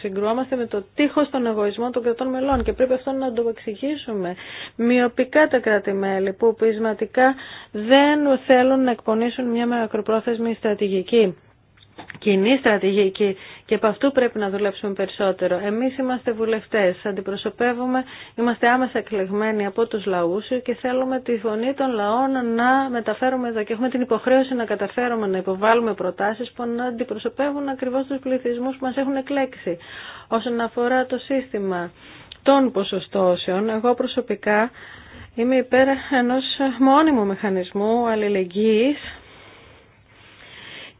συγκρουόμαστε με το τείχο των εγωισμών των κρατών μελών και πρέπει αυτό να το εξηγήσουμε. Μειοπικά τα κράτη-μέλη που πεισματικά δεν θέλουν να εκπονήσουν μια μακροπρόθεσμη στρατηγική κοινή στρατηγική και από αυτού πρέπει να δουλέψουμε περισσότερο. Εμείς είμαστε βουλευτές, αντιπροσωπεύουμε, είμαστε άμεσα εκλεγμένοι από τους λαούς και θέλουμε τη φωνή των λαών να μεταφέρουμε εδώ και έχουμε την υποχρέωση να καταφέρουμε να υποβάλουμε προτάσεις που να αντιπροσωπεύουν ακριβώς τους πληθυσμούς που μας έχουν εκλέξει. Όσον αφορά το σύστημα των ποσοστώσεων, εγώ προσωπικά είμαι υπέρ ενός μόνιμου μηχανισμού αλληλεγγύης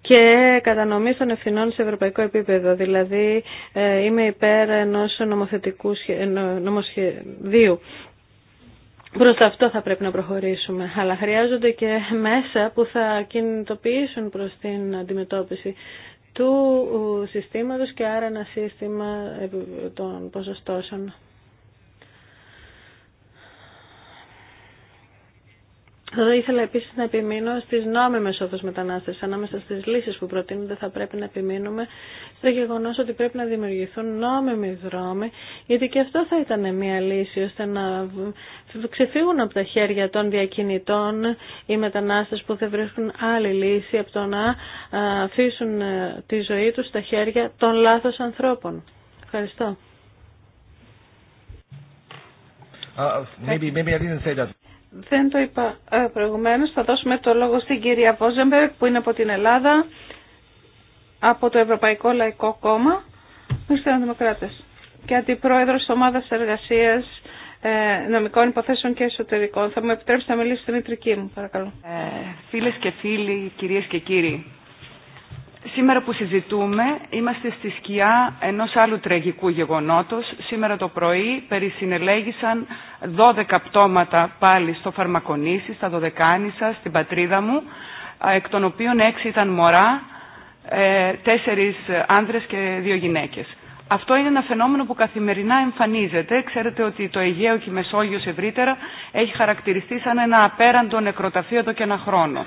και κατανομή των ευθυνών σε ευρωπαϊκό επίπεδο. Δηλαδή ε, είμαι υπέρ ενό νομοθετικού νομοσχεδίου Προς αυτό θα πρέπει να προχωρήσουμε, αλλά χρειάζονται και μέσα που θα κινητοποιήσουν προς την αντιμετώπιση του συστήματος και άρα ένα σύστημα ε, των ποσοστώσεων. Θα ήθελα επίση να επιμείνω στις νόμιμε όδου μετανάστευση. Ανάμεσα στις λύσεις που προτείνονται θα πρέπει να επιμείνουμε στο γεγονό ότι πρέπει να δημιουργηθούν νόμιμοι δρόμοι, γιατί και αυτό θα ήταν μια λύση ώστε να ξεφύγουν από τα χέρια των διακινητών οι μετανάστες που δεν βρίσκουν άλλη λύση από το να αφήσουν τη ζωή του στα χέρια των λάθο ανθρώπων. Ευχαριστώ. Uh, maybe, maybe I didn't say δεν το είπα ε, προηγουμένως, θα δώσουμε το λόγο στην κυρία Βόζεμπερκ που είναι από την Ελλάδα, από το Ευρωπαϊκό Λαϊκό Κόμμα, Χριστιανοδημοκράτες και αντιπρόεδρος της Ομάδας Εργασίας ε, Νομικών Υποθέσεων και Εσωτερικών. Θα μου επιτρέψετε να μιλήσω στην μητρική μου, παρακαλώ. Ε, φίλες και φίλοι, κυρίες και κύριοι, Σήμερα που συζητούμε είμαστε στη σκιά ενός άλλου τραγικού γεγονότος. Σήμερα το πρωί περισυνελέγησαν 12 πτώματα πάλι στο Φαρμακονήσι, στα Δωδεκάνησα, στην πατρίδα μου, εκ των οποίων έξι ήταν μωρά, 4 ε, άνδρες και δύο γυναίκες. Αυτό είναι ένα φαινόμενο που καθημερινά εμφανίζεται. Ξέρετε ότι το Αιγαίο και η Μεσόγειος ευρύτερα έχει χαρακτηριστεί σαν ένα απέραντο νεκροταφείο εδώ και ένα χρόνο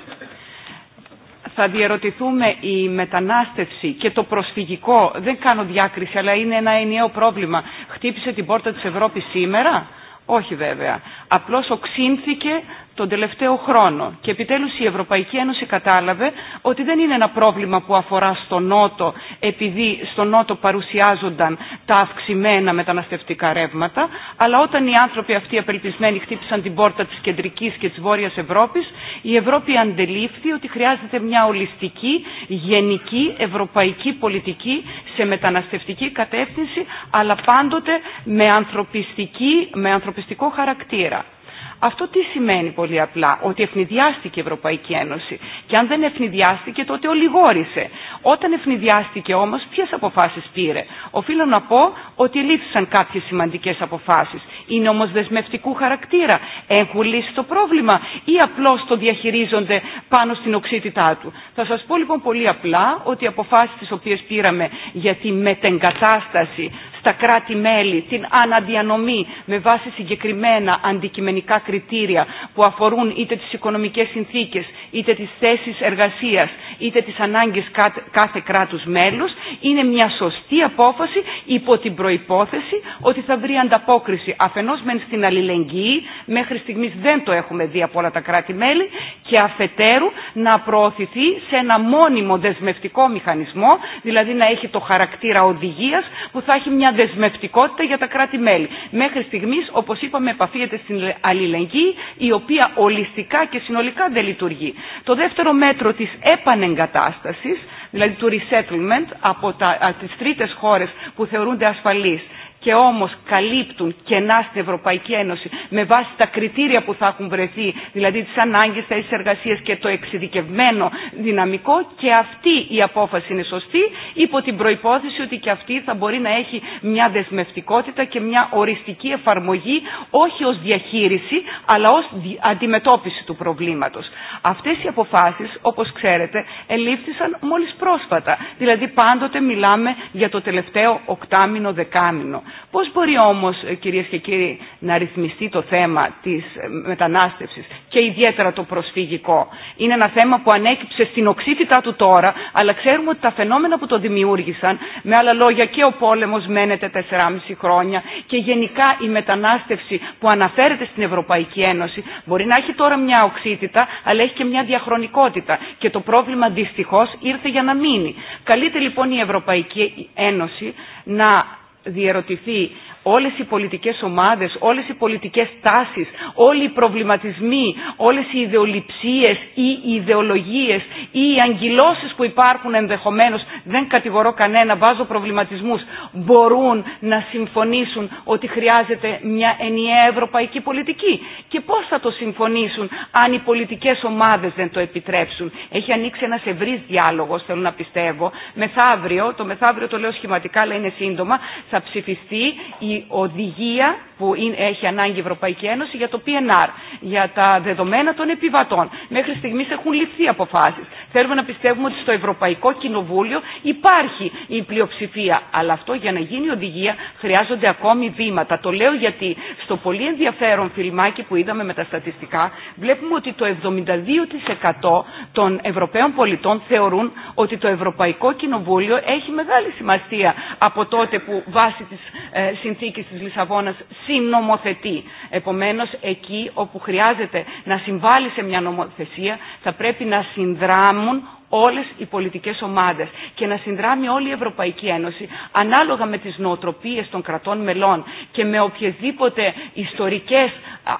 θα διαρωτηθούμε η μετανάστευση και το προσφυγικό, δεν κάνω διάκριση, αλλά είναι ένα ενιαίο πρόβλημα. Χτύπησε την πόρτα της Ευρώπης σήμερα. Όχι βέβαια. Απλώς οξύνθηκε τον τελευταίο χρόνο και επιτέλους η Ευρωπαϊκή Ένωση κατάλαβε ότι δεν είναι ένα πρόβλημα που αφορά στο Νότο επειδή στο Νότο παρουσιάζονταν τα αυξημένα μεταναστευτικά ρεύματα αλλά όταν οι άνθρωποι αυτοί απελπισμένοι χτύπησαν την πόρτα της κεντρικής και της βόρειας Ευρώπης η Ευρώπη αντελήφθη ότι χρειάζεται μια ολιστική, γενική, ευρωπαϊκή πολιτική σε μεταναστευτική κατεύθυνση αλλά πάντοτε με, με ανθρωπιστικό χαρακτήρα. Αυτό τι σημαίνει πολύ απλά, ότι ευνηδιάστηκε η Ευρωπαϊκή Ένωση. Και αν δεν ευνηδιάστηκε, τότε ολιγόρησε. Όταν ευνηδιάστηκε όμω, ποιε αποφάσει πήρε. Οφείλω να πω ότι λήφθησαν κάποιε σημαντικέ αποφάσει. Είναι όμω δεσμευτικού χαρακτήρα. Έχουν λύσει το πρόβλημα ή απλώ το διαχειρίζονται πάνω στην οξύτητά του. Θα σα πω λοιπόν πολύ απλά ότι οι αποφάσει τι οποίε πήραμε για τη μετεγκατάσταση στα κράτη-μέλη την αναδιανομή με βάση συγκεκριμένα αντικειμενικά κριτήρια που αφορούν είτε τις οικονομικές συνθήκες, είτε τις θέσεις εργασίας, είτε τις ανάγκες κάθε κράτους μέλους, είναι μια σωστή απόφαση υπό την προϋπόθεση ότι θα βρει ανταπόκριση αφενός μεν στην αλληλεγγύη, μέχρι στιγμής δεν το έχουμε δει από όλα τα κράτη-μέλη, και αφετέρου να προωθηθεί σε ένα μόνιμο δεσμευτικό μηχανισμό, δηλαδή να έχει το χαρακτήρα οδηγίας που θα έχει μια δεσμευτικότητα για τα κράτη-μέλη. Μέχρι στιγμής, όπως είπαμε, επαφίεται στην αλληλεγγύη, η οποία ολιστικά και συνολικά δεν λειτουργεί. Το δεύτερο μέτρο της επανεγκατάστασης, δηλαδή του resettlement από τι από τις τρίτες χώρες που θεωρούνται ασφαλείς και όμως καλύπτουν κενά στην Ευρωπαϊκή Ένωση με βάση τα κριτήρια που θα έχουν βρεθεί, δηλαδή τις ανάγκες, τα εργασίες και το εξειδικευμένο δυναμικό και αυτή η απόφαση είναι σωστή υπό την προϋπόθεση ότι και αυτή θα μπορεί να έχει μια δεσμευτικότητα και μια οριστική εφαρμογή όχι ως διαχείριση αλλά ως αντιμετώπιση του προβλήματος. Αυτές οι αποφάσεις όπως ξέρετε ελήφθησαν μόλις πρόσφατα. Δηλαδή πάντοτε μιλάμε για το τελευταίο οκτάμινο-δεκάμινο. Πώς μπορεί όμως, ε, κυρίες και κύριοι, να ρυθμιστεί το θέμα της ε, μετανάστευσης και ιδιαίτερα το προσφυγικό. Είναι ένα θέμα που ανέκυψε στην οξύτητά του τώρα, αλλά ξέρουμε ότι τα φαινόμενα που το δημιούργησαν, με άλλα λόγια και ο πόλεμος μένεται 4,5 χρόνια και γενικά η μετανάστευση που αναφέρεται στην Ευρωπαϊκή Ένωση μπορεί να έχει τώρα μια οξύτητα, αλλά έχει και μια διαχρονικότητα. Και το πρόβλημα δυστυχώ ήρθε για να μείνει. Καλείται λοιπόν η Ευρωπαϊκή Ένωση να διερωτηθεί όλες οι πολιτικές ομάδες, όλες οι πολιτικές τάσεις, όλοι οι προβληματισμοί, όλες οι ιδεολειψίες ή οι ιδεολογίες ή οι αγγυλώσεις που υπάρχουν ενδεχομένως, δεν κατηγορώ κανένα, βάζω προβληματισμούς, μπορούν να συμφωνήσουν ότι χρειάζεται μια ενιαία ευρωπαϊκή πολιτική. Και πώς θα το συμφωνήσουν αν οι πολιτικές ομάδες δεν το επιτρέψουν. Έχει ανοίξει ένας ευρύς διάλογος, θέλω να πιστεύω. Μεθαύριο, το μεθαύριο το λέω σχηματικά αλλά είναι σύντομα, θα ψηφιστεί η η οδηγία που έχει ανάγκη η Ευρωπαϊκή Ένωση για το PNR, για τα δεδομένα των επιβατών. Μέχρι στιγμής έχουν ληφθεί αποφάσεις. Θέλουμε να πιστεύουμε ότι στο Ευρωπαϊκό Κοινοβούλιο υπάρχει η πλειοψηφία. Αλλά αυτό για να γίνει οδηγία χρειάζονται ακόμη βήματα. Το λέω γιατί στο πολύ ενδιαφέρον φιλμάκι που είδαμε με τα στατιστικά βλέπουμε ότι το 72% των Ευρωπαίων πολιτών θεωρούν ότι το Ευρωπαϊκό Κοινοβούλιο έχει μεγάλη σημασία από τότε που βάσει της ε, συνθήκης της Λισαβόνας συνομοθετεί. Επομένως, εκεί όπου χρειάζεται να συμβάλλει σε μια νομοθεσία, θα πρέπει να συνδράμουν όλες οι πολιτικές ομάδες και να συνδράμει όλη η Ευρωπαϊκή Ένωση ανάλογα με τις νοοτροπίες των κρατών μελών και με οποιαδήποτε ιστορικές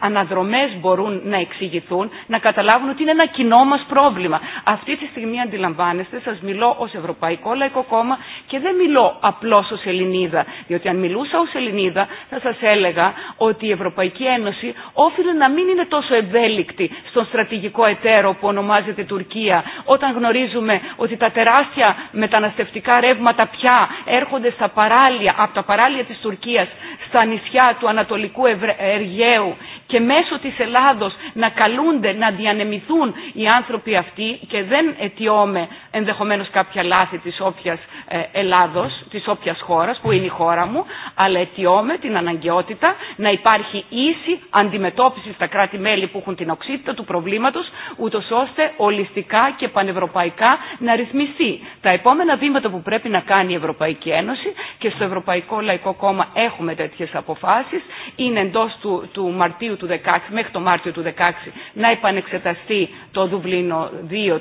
αναδρομές μπορούν να εξηγηθούν, να καταλάβουν ότι είναι ένα κοινό μας πρόβλημα. Αυτή τη στιγμή αντιλαμβάνεστε, σας μιλώ ως Ευρωπαϊκό Λαϊκό Κόμμα και δεν μιλώ απλώς ως Ελληνίδα, διότι αν μιλούσα ως Ελληνίδα θα σας έλεγα ότι η Ευρωπαϊκή Ένωση όφιλε να μην είναι τόσο ευέλικτη στον στρατηγικό εταίρο που ονομάζεται Τουρκία όταν γνωρίζουμε ότι τα τεράστια μεταναστευτικά ρεύματα πια έρχονται στα παράλια, από τα παράλια της Τουρκίας στα νησιά του Ανατολικού Αιγαίου και μέσω της Ελλάδος να καλούνται να διανεμηθούν οι άνθρωποι αυτοί και δεν αιτιώμε ενδεχομένως κάποια λάθη της όποιας ε, Ελλάδος, της όποιας χώρας που είναι η χώρα μου, αλλά αιτιώμε την αναγκαιότητα να υπάρχει ίση αντιμετώπιση στα κράτη-μέλη που έχουν την οξύτητα του προβλήματος, ούτως ώστε ολιστικά και πανευρωπαϊκά να ρυθμιστεί. Τα επόμενα βήματα που πρέπει να κάνει η Ευρωπαϊκή Ένωση και στο Ευρωπαϊκό Λαϊκό Κόμμα έχουμε τέτοιες αποφάσεις, είναι εντός του, του Μαρτίου του μέχρι το Μάρτιο του 2016 να επανεξεταστεί το Δουβλίνο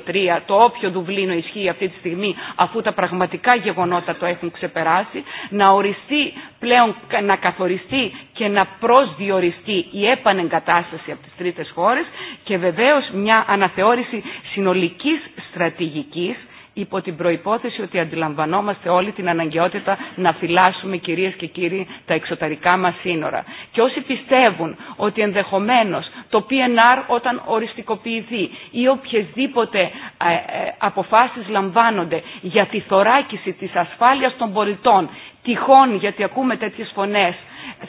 2-3, το όποιο Δουβλίνο ισχύει αυτή τη στιγμή αφού τα πραγματικά γεγονότα το έχουν ξεπεράσει, να οριστεί πλέον, να καθοριστεί και να προσδιοριστεί η επανεγκατάσταση από τις τρίτες χώρες και βεβαίως μια αναθεώρηση συνολικής στρατηγικής υπό την προϋπόθεση ότι αντιλαμβανόμαστε όλη την αναγκαιότητα να φυλάσσουμε κυρίες και κύριοι τα εξωτερικά μας σύνορα. Και όσοι πιστεύουν ότι ενδεχομένως το PNR όταν οριστικοποιηθεί ή οποιασδήποτε ε, ε, αποφάσεις λαμβάνονται για τη θωράκιση της ασφάλειας των πολιτών τυχόν γιατί ακούμε τέτοιες φωνές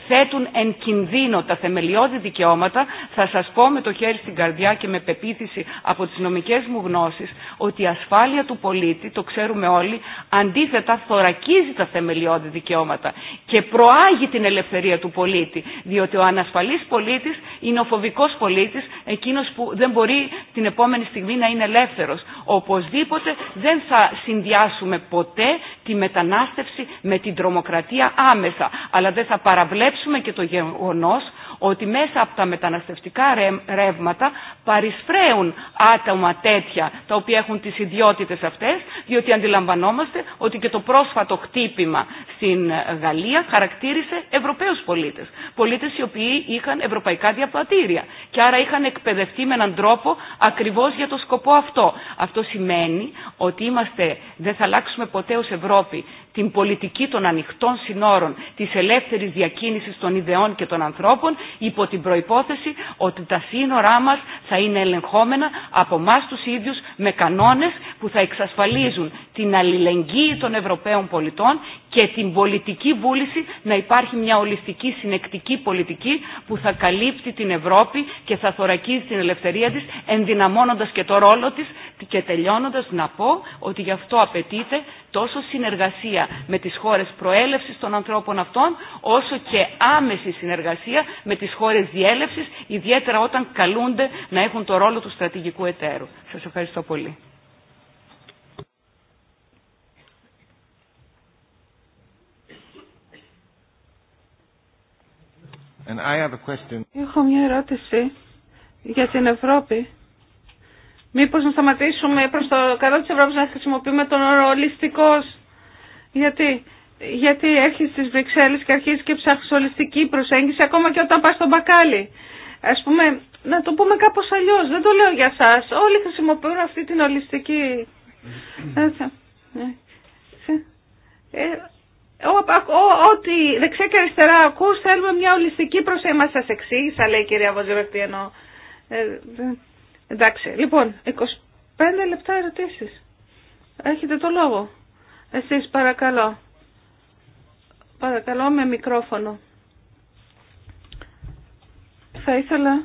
θέτουν εν κινδύνο τα θεμελιώδη δικαιώματα, θα σας πω με το χέρι στην καρδιά και με πεποίθηση από τις νομικές μου γνώσεις ότι η ασφάλεια του πολίτη, το ξέρουμε όλοι, αντίθετα θωρακίζει τα θεμελιώδη δικαιώματα και προάγει την ελευθερία του πολίτη, διότι ο ανασφαλής πολίτης είναι ο φοβικός πολίτης, εκείνος που δεν μπορεί την επόμενη στιγμή να είναι ελεύθερος. Οπωσδήποτε δεν θα συνδυάσουμε ποτέ τη μετανάστευση με την τρομοκρατία άμεσα, αλλά δεν θα παρα παραβλέψουμε και το γεγονός ότι μέσα από τα μεταναστευτικά ρεύματα παρισφρέουν άτομα τέτοια τα οποία έχουν τις ιδιότητες αυτές διότι αντιλαμβανόμαστε ότι και το πρόσφατο χτύπημα στην Γαλλία χαρακτήρισε Ευρωπαίους πολίτες. Πολίτες οι οποίοι είχαν ευρωπαϊκά διαπατήρια και άρα είχαν εκπαιδευτεί με έναν τρόπο ακριβώς για το σκοπό αυτό. Αυτό σημαίνει ότι είμαστε, δεν θα αλλάξουμε ποτέ ως Ευρώπη την πολιτική των ανοιχτών συνόρων, της ελεύθερης διακίνησης των ιδεών και των ανθρώπων υπό την προϋπόθεση ότι τα σύνορά μας θα είναι ελεγχόμενα από εμά τους ίδιους με κανόνες που θα εξασφαλίζουν την αλληλεγγύη των Ευρωπαίων πολιτών και την πολιτική βούληση να υπάρχει μια ολιστική συνεκτική πολιτική που θα καλύπτει την Ευρώπη και θα θωρακίζει την ελευθερία της ενδυναμώνοντας και το ρόλο της και τελειώνοντας να πω ότι γι' αυτό απαιτείται τόσο συνεργασία με τις χώρες προέλευσης των ανθρώπων αυτών όσο και άμεση συνεργασία με τις χώρες διέλευσης, ιδιαίτερα όταν καλούνται να έχουν το ρόλο του στρατηγικού εταίρου. Σας ευχαριστώ πολύ. Έχω μια ερώτηση για την Ευρώπη. Μήπως να σταματήσουμε προς το καλό της Ευρώπης να χρησιμοποιούμε τον όρο Γιατί γιατί έρχεσαι στις Βρυξέλλες και αρχίζει και ολιστική προσέγγιση ακόμα και όταν πας στο μπακάλι. Ας πούμε, να το πούμε κάπως αλλιώς, δεν το λέω για σας. Όλοι χρησιμοποιούν αυτή την ολιστική... Ε, ό,τι δεξιά και αριστερά ακούς θέλουμε μια ολιστική προσέγγιση. μα, σας εξήγησα, λέει η κυρία τι εννοώ. Ε, εντάξει, λοιπόν, 25 λεπτά ερωτήσεις. Έχετε το λόγο. Εσείς παρακαλώ. Παρακαλώ με μικρόφωνο. Θα ήθελα...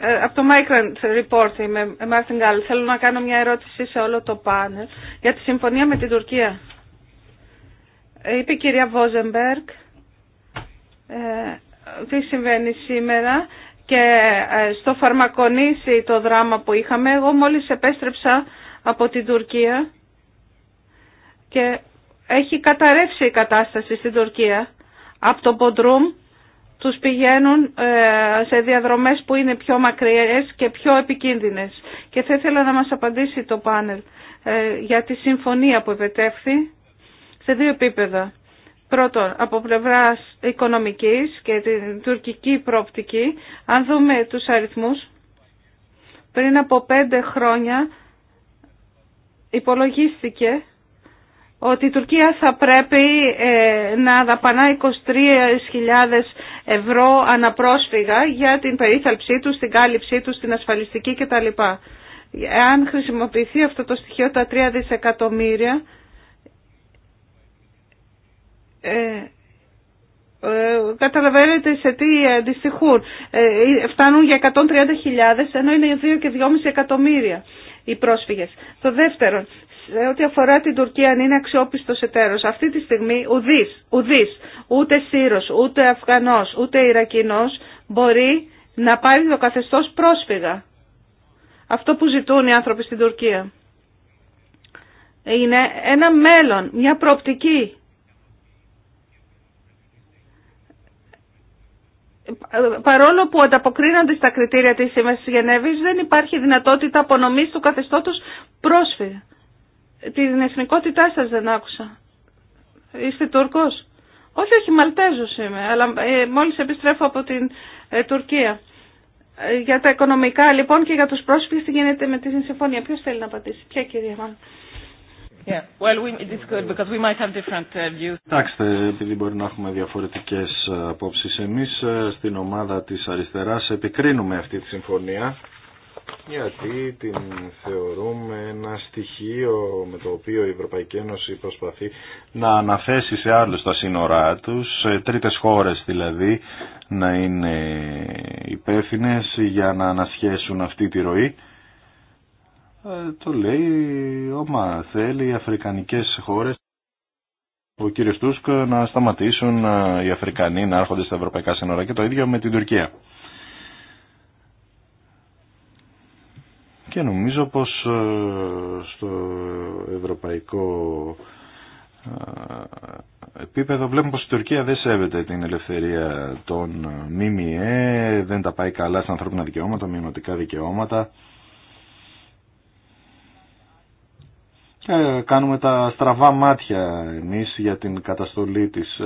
Ε, από το Micron Report είμαι, Μάρτιν ε, Γκάλ. Θέλω να κάνω μια ερώτηση σε όλο το πάνελ για τη συμφωνία με την Τουρκία. Ε, είπε η κυρία Βόζεμπεργκ ε, τι συμβαίνει σήμερα και στο φαρμακονίσι το δράμα που είχαμε. Εγώ μόλις επέστρεψα από την Τουρκία και έχει καταρρεύσει η κατάσταση στην Τουρκία. Από το Ποντρούμ τους πηγαίνουν ε, σε διαδρομές που είναι πιο μακριές και πιο επικίνδυνες. Και θα ήθελα να μας απαντήσει το πάνελ ε, για τη συμφωνία που επετεύχθη σε δύο επίπεδα. Πρώτον, από πλευράς οικονομικής και την τουρκική πρόπτικη, αν δούμε τους αριθμούς, πριν από πέντε χρόνια υπολογίστηκε ότι η Τουρκία θα πρέπει ε, να δαπανά 23.000 ευρώ αναπρόσφυγα για την περίθαλψή του, την κάλυψή του, την ασφαλιστική κτλ. Εάν χρησιμοποιηθεί αυτό το στοιχείο τα 3 δισεκατομμύρια, ε, ε, καταλαβαίνετε σε τι αντιστοιχούν. Ε, φτάνουν για 130.000 ενώ είναι 2 και 2,5 εκατομμύρια οι πρόσφυγες. Το δεύτερο, σε ό,τι αφορά την Τουρκία αν είναι αξιόπιστος εταίρος. Αυτή τη στιγμή ουδής, ουδής, ούτε Σύρος, ούτε Αφγανός, ούτε Ιρακινός μπορεί να πάρει το καθεστώς πρόσφυγα. Αυτό που ζητούν οι άνθρωποι στην Τουρκία. Είναι ένα μέλλον, μια προοπτική. παρόλο που ανταποκρίνονται στα κριτήρια της Σύμβασης της Γενέβης, δεν υπάρχει δυνατότητα απονομής του καθεστώτος πρόσφυγα. Την εθνικότητά σας δεν άκουσα. Είστε Τούρκος. Όχι, όχι, Μαλτέζος είμαι, αλλά ε, μόλις επιστρέφω από την ε, Τουρκία. Ε, για τα οικονομικά λοιπόν και για τους πρόσφυγες τι γίνεται με τη συμφωνία. Ποιος θέλει να απαντήσει, ποια κυρία μάλλον. Κοιτάξτε, επειδή μπορεί να έχουμε διαφορετικές απόψεις, εμείς στην ομάδα της αριστεράς επικρίνουμε αυτή τη συμφωνία γιατί την θεωρούμε ένα στοιχείο με το οποίο η Ευρωπαϊκή Ένωση προσπαθεί να αναθέσει σε άλλους τα σύνορά τους, σε τρίτες χώρες δηλαδή, να είναι υπεύθυνε για να ανασχέσουν αυτή τη ροή. Ε, το λέει όμα θέλει οι αφρικανικές χώρες ο κύριος Τούσκ να σταματήσουν ε, οι Αφρικανοί να έρχονται στα ευρωπαϊκά σύνορα και το ίδιο με την Τουρκία. και νομίζω πως ε, στο ευρωπαϊκό ε, επίπεδο βλέπουμε πως η Τουρκία δεν σέβεται την ελευθερία των ε, ΜΜΕ, δεν τα πάει καλά στα ανθρώπινα δικαιώματα, μειωματικά δικαιώματα. Και κάνουμε τα στραβά μάτια εμείς για την καταστολή της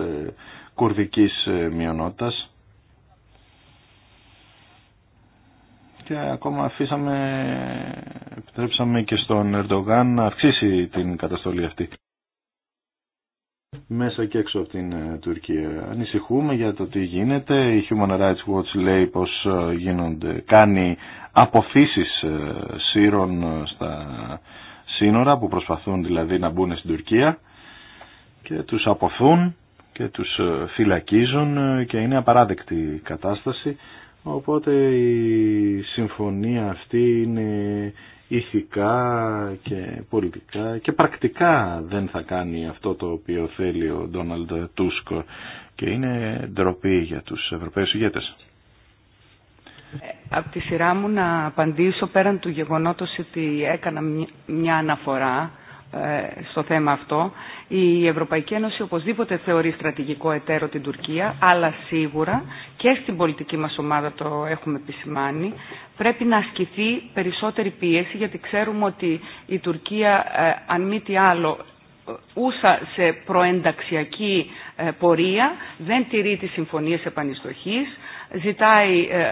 κουρδικής μειονότητας. και ακόμα αφήσαμε, επιτρέψαμε και στον Ερντογάν να αυξήσει την καταστολή αυτή μέσα και έξω από την ε, Τουρκία. Ανησυχούμε για το τι γίνεται. Η Human Rights Watch λέει πως ε, γίνονται, κάνει αποθήσεις ε, σύρων στα σύνορα που προσπαθούν δηλαδή να μπουν στην Τουρκία και τους αποθούν και τους φυλακίζουν και είναι απαράδεκτη κατάσταση Οπότε η συμφωνία αυτή είναι ηθικά και πολιτικά και πρακτικά δεν θα κάνει αυτό το οποίο θέλει ο Ντόναλντ Τούσκο και είναι ντροπή για τους Ευρωπαίους ηγέτες. Ε, Από τη σειρά μου να απαντήσω πέραν του γεγονότος ότι έκανα μια αναφορά ε, στο θέμα αυτό. Η Ευρωπαϊκή Ένωση οπωσδήποτε θεωρεί στρατηγικό εταίρο την Τουρκία, αλλά σίγουρα και στην πολιτική μας ομάδα το έχουμε επισημάνει, πρέπει να ασκηθεί περισσότερη πίεση, γιατί ξέρουμε ότι η Τουρκία, ε, αν μη τι άλλο, ούσα σε προενταξιακή ε, πορεία, δεν τηρεί τις συμφωνίες επανιστοχής, ζητάει, ε,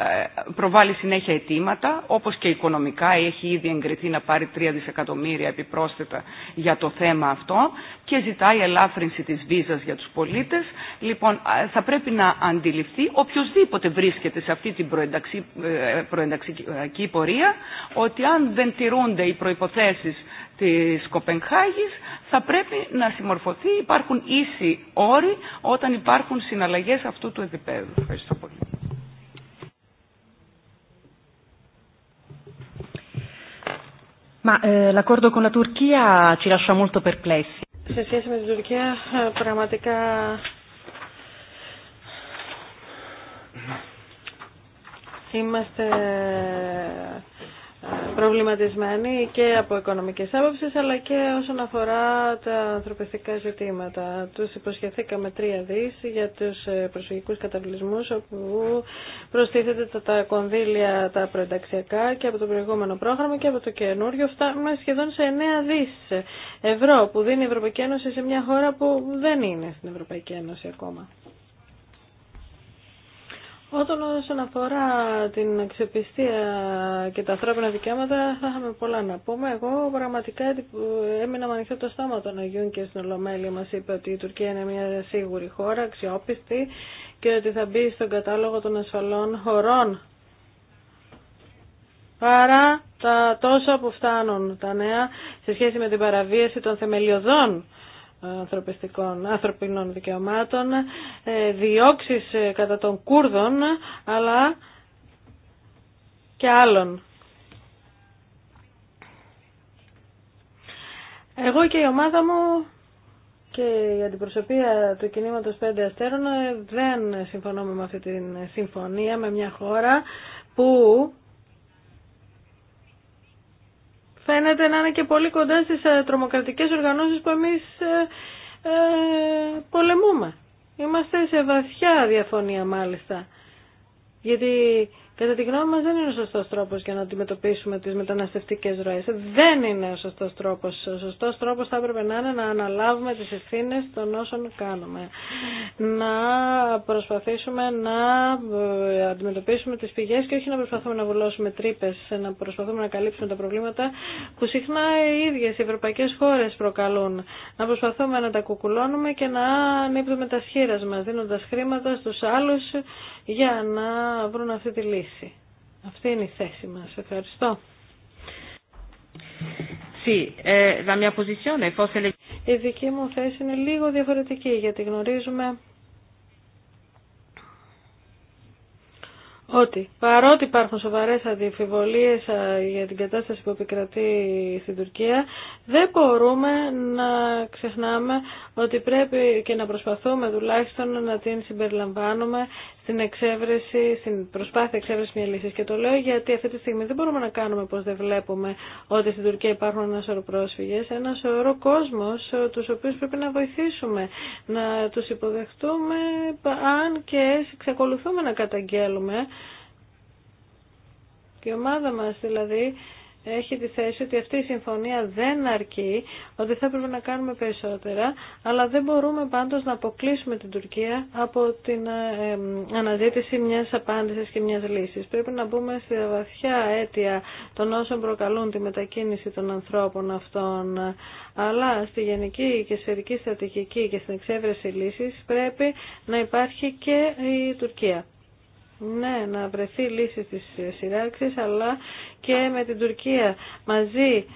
προβάλλει συνέχεια αιτήματα, όπως και οικονομικά, έχει ήδη εγκριθεί να πάρει 3 δισεκατομμύρια επιπρόσθετα για το θέμα αυτό και ζητάει ελάφρυνση της βίζας για τους πολίτες. Λοιπόν, θα πρέπει να αντιληφθεί οποιοδήποτε βρίσκεται σε αυτή την ε, προενταξική πορεία ότι αν δεν τηρούνται οι προϋποθέσεις της Κοπενχάγης θα πρέπει να συμμορφωθεί, υπάρχουν ίσοι όροι όταν υπάρχουν συναλλαγές αυτού του επίπεδου. Ευχαριστώ πολύ. eh, l'accordo con la Turchia ci lascia molto perplessi. Se si è την Turchia, pragmatica. είμαστε προβληματισμένοι και από οικονομικές άποψεις αλλά και όσον αφορά τα ανθρωπιστικά ζητήματα. Τους υποσχεθήκαμε τρία δις για τους προσφυγικούς καταβλισμούς όπου προστίθεται τα κονδύλια τα προενταξιακά και από το προηγούμενο πρόγραμμα και από το καινούριο φτάνουμε σχεδόν σε 9 δις ευρώ που δίνει η Ευρωπαϊκή Ένωση σε μια χώρα που δεν είναι στην Ευρωπαϊκή Ένωση ακόμα. Όταν όσον αφορά την αξιοπιστία και τα ανθρώπινα δικαιώματα θα είχαμε πολλά να πούμε. Εγώ πραγματικά έμεινα με ανοιχτό το στόμα όταν ο Γιούνκερ στην Ολομέλη μα είπε ότι η Τουρκία είναι μια σίγουρη χώρα, αξιόπιστη και ότι θα μπει στον κατάλογο των ασφαλών χωρών. Παρά τα τόσα που φτάνουν τα νέα σε σχέση με την παραβίαση των θεμελιωδών ανθρωπιστικών, ανθρωπινών δικαιωμάτων, ε, διώξεις ε, κατά των Κούρδων, αλλά και άλλων. Εγώ και η ομάδα μου και η αντιπροσωπεία του κινήματος 5 αστέρων ε, δεν συμφωνούμε με αυτή τη συμφωνία με μια χώρα που φαίνεται να είναι και πολύ κοντά στις ε, τρομοκρατικές οργανώσεις που εμείς ε, ε, πολεμούμε. Είμαστε σε βαθιά διαφωνία μάλιστα. Γιατί Κατά τη γνώμη μα δεν είναι ο σωστός τρόπος για να αντιμετωπίσουμε τις μεταναστευτικές ροέ. Δεν είναι ο σωστός τρόπος. Ο σωστός τρόπος θα έπρεπε να είναι να αναλάβουμε τις ευθύνε των όσων κάνουμε. Να προσπαθήσουμε να ε, αντιμετωπίσουμε τις πηγές και όχι να προσπαθούμε να βουλώσουμε τρύπε, να προσπαθούμε να καλύψουμε τα προβλήματα που συχνά οι ίδιες οι ευρωπαϊκές χώρες προκαλούν. Να προσπαθούμε να τα κουκουλώνουμε και να ανύπτουμε τα σχήρας μας, δίνοντα χρήματα στου άλλου για να βρουν αυτή τη λύση. Αυτή είναι η θέση μας. Ευχαριστώ. Eh, η δική μου θέση είναι λίγο διαφορετική γιατί γνωρίζουμε ότι παρότι υπάρχουν σοβαρές αντιφιβολίες για την κατάσταση που επικρατεί στην Τουρκία, δεν μπορούμε να ξεχνάμε ότι πρέπει και να προσπαθούμε τουλάχιστον να την συμπεριλαμβάνουμε στην εξέβρεση, στην προσπάθεια εξέβρεση μια λύση. Και το λέω γιατί αυτή τη στιγμή δεν μπορούμε να κάνουμε πως δεν βλέπουμε ότι στην Τουρκία υπάρχουν ένα σωρό πρόσφυγε, ένα σωρό κόσμο, ε, του οποίου πρέπει να βοηθήσουμε, να του υποδεχτούμε, αν και εξακολουθούμε να καταγγέλουμε. Η ομάδα μας δηλαδή έχει τη θέση ότι αυτή η συμφωνία δεν αρκεί, ότι θα πρέπει να κάνουμε περισσότερα, αλλά δεν μπορούμε πάντως να αποκλείσουμε την Τουρκία από την ε, αναζήτηση μιας απάντησης και μιας λύσης. Πρέπει να μπούμε στη βαθιά αίτια των όσων προκαλούν τη μετακίνηση των ανθρώπων αυτών, αλλά στη γενική και σφαιρική στρατηγική και στην εξέβρεση λύσης πρέπει να υπάρχει και η Τουρκία. Ναι, να βρεθεί λύση στις σειράξεις, αλλά και με την Τουρκία μαζί.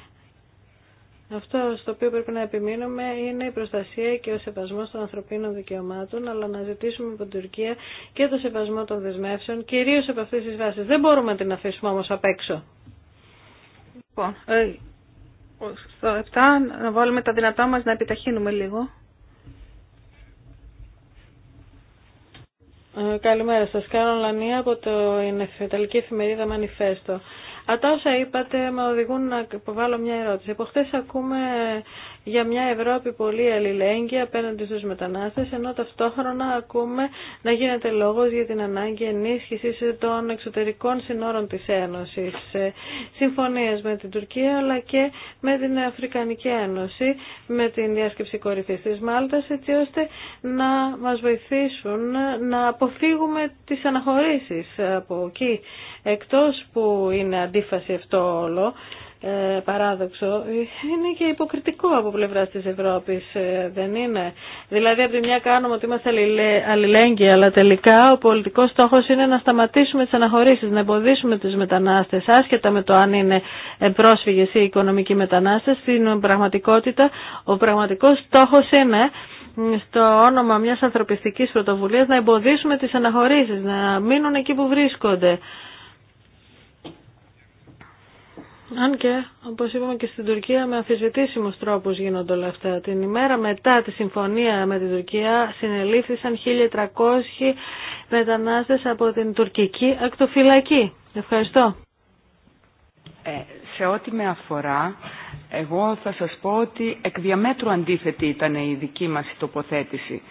Αυτό στο οποίο πρέπει να επιμείνουμε είναι η προστασία και ο σεβασμό των ανθρωπίνων δικαιωμάτων, αλλά να ζητήσουμε από την Τουρκία και το σεβασμό των δεσμεύσεων, κυρίως από αυτέ τι βάσει. Δεν μπορούμε να την αφήσουμε όμω απ' έξω. Λοιπόν, ε, στο 7 να βάλουμε τα δυνατά μας να επιταχύνουμε λίγο. Ε, καλημέρα σας. Κάνω Λανία από το Ιταλική Εφημερίδα Μανιφέστο. Αυτά όσα είπατε με οδηγούν να υποβάλω μια ερώτηση. Από ακούμε για μια Ευρώπη πολύ αλληλέγγυη απέναντι στους μετανάστες, ενώ ταυτόχρονα ακούμε να γίνεται λόγος για την ανάγκη ενίσχυσης των εξωτερικών συνόρων της Ένωσης. Συμφωνίες με την Τουρκία αλλά και με την Αφρικανική Ένωση, με την διάσκεψη κορυφής της Μάλτας, έτσι ώστε να μας βοηθήσουν να αποφύγουμε τις αναχωρήσεις από εκεί, εκτός που είναι αντίφαση αυτό όλο. Ε, παράδοξο, είναι και υποκριτικό από πλευρά τη Ευρώπη, ε, δεν είναι. Δηλαδή, από τη μια κάνουμε ότι είμαστε αλληλέγγυοι, αλλά τελικά ο πολιτικό στόχο είναι να σταματήσουμε τι αναχωρήσει, να εμποδίσουμε του μετανάστε, άσχετα με το αν είναι πρόσφυγε ή οικονομικοί μετανάστε. Στην πραγματικότητα, ο πραγματικό στόχο είναι στο όνομα μιας ανθρωπιστικής πρωτοβουλίας να εμποδίσουμε τις αναχωρήσεις, να μείνουν εκεί που βρίσκονται. Αν και, όπως είπαμε και στην Τουρκία, με αμφισβητήσιμους τρόπους γίνονται όλα αυτά. Την ημέρα μετά τη συμφωνία με την Τουρκία συνελήφθησαν 1.300 μετανάστες από την τουρκική ακτοφυλακή. Ευχαριστώ. Ε, σε ό,τι με αφορά, εγώ θα σας πω ότι εκ διαμέτρου αντίθετη ήταν η δική μας τοποθέτηση.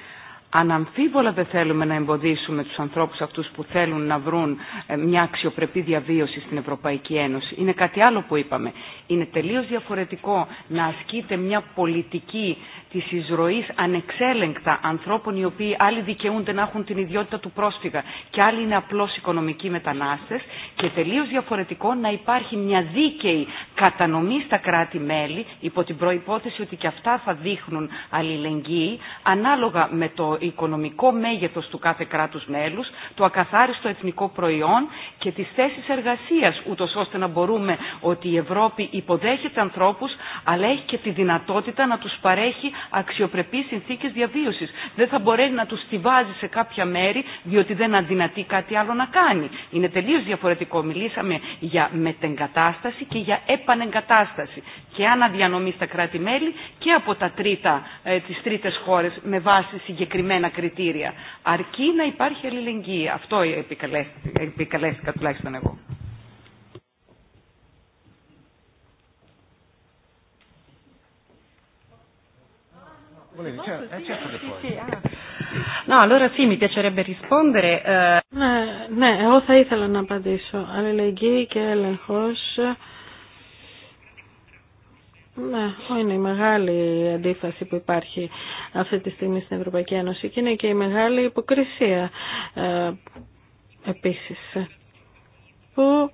Αναμφίβολα δεν θέλουμε να εμποδίσουμε τους ανθρώπους αυτούς που θέλουν να βρουν ε, μια αξιοπρεπή διαβίωση στην Ευρωπαϊκή Ένωση. Είναι κάτι άλλο που είπαμε. Είναι τελείως διαφορετικό να ασκείται μια πολιτική της εισρωής ανεξέλεγκτα ανθρώπων οι οποίοι άλλοι δικαιούνται να έχουν την ιδιότητα του πρόσφυγα και άλλοι είναι απλώς οικονομικοί μετανάστες και τελείως διαφορετικό να υπάρχει μια δίκαιη κατανομή στα κράτη-μέλη υπό την προϋπόθεση ότι και αυτά θα δείχνουν αλληλεγγύη ανάλογα με το οικονομικό μέγεθος του κάθε κράτους μέλους, το ακαθάριστο εθνικό προϊόν και τις θέσεις εργασίας, ούτω ώστε να μπορούμε ότι η Ευρώπη υποδέχεται ανθρώπους, αλλά έχει και τη δυνατότητα να τους παρέχει αξιοπρεπείς συνθήκες διαβίωσης. Δεν θα μπορέσει να τους στηβάζει σε κάποια μέρη, διότι δεν αδυνατεί κάτι άλλο να κάνει. Είναι τελείως διαφορετικό. Μιλήσαμε για μετεγκατάσταση και για επανεγκατάσταση. Και αναδιανομή στα κράτη-μέλη και από τα τρίτα, ε, με βάση συγκεκριμένα συγκεκριμένα κριτήρια. Αρκεί να υπάρχει αλληλεγγύη. Αυτό επικαλέστηκα τουλάχιστον εγώ. Ε. Ναι, ναι, εγώ θα ήθελα να απαντήσω. Αλληλεγγύη και έλεγχος. Ναι, είναι η μεγάλη αντίφαση που υπάρχει αυτή τη στιγμή στην Ευρωπαϊκή Ένωση και είναι και η μεγάλη υποκρισία ε, επίσης που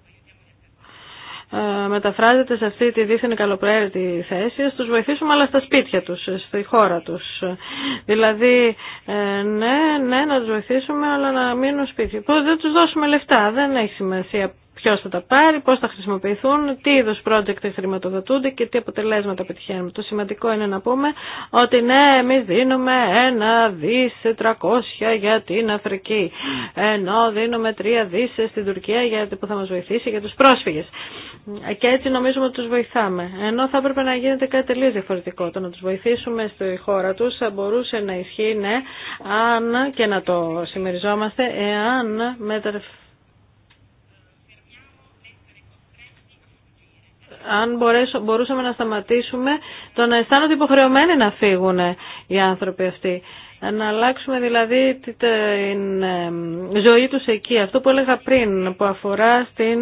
ε, μεταφράζεται σε αυτή τη δίθεν καλοπροαίρετη θέση, ας τους βοηθήσουμε αλλά στα σπίτια τους, στη χώρα τους. Δηλαδή, ε, ναι, ναι, να τους βοηθήσουμε αλλά να μείνουν σπίτια. Πώς δεν τους δώσουμε λεφτά, δεν έχει σημασία ποιο θα τα πάρει, πώ θα χρησιμοποιηθούν, τι είδου project χρηματοδοτούνται και τι αποτελέσματα πετυχαίνουμε. Το σημαντικό είναι να πούμε ότι ναι, εμεί δίνουμε ένα δι 300 για την Αφρική, ενώ δίνουμε τρία δι στην Τουρκία γιατί που θα μα βοηθήσει για του πρόσφυγε. Και έτσι νομίζουμε ότι του βοηθάμε. Ενώ θα έπρεπε να γίνεται κάτι τελείω διαφορετικό. Το να του βοηθήσουμε στη χώρα του θα μπορούσε να ισχύει, ναι, αν και να το συμμεριζόμαστε, εάν μεταρρυθμίσουμε αν μπορέσω, μπορούσαμε να σταματήσουμε το να αισθάνονται υποχρεωμένοι να φύγουν οι άνθρωποι αυτοί. Να αλλάξουμε δηλαδή την ζωή τους εκεί. Αυτό που έλεγα πριν που αφορά στην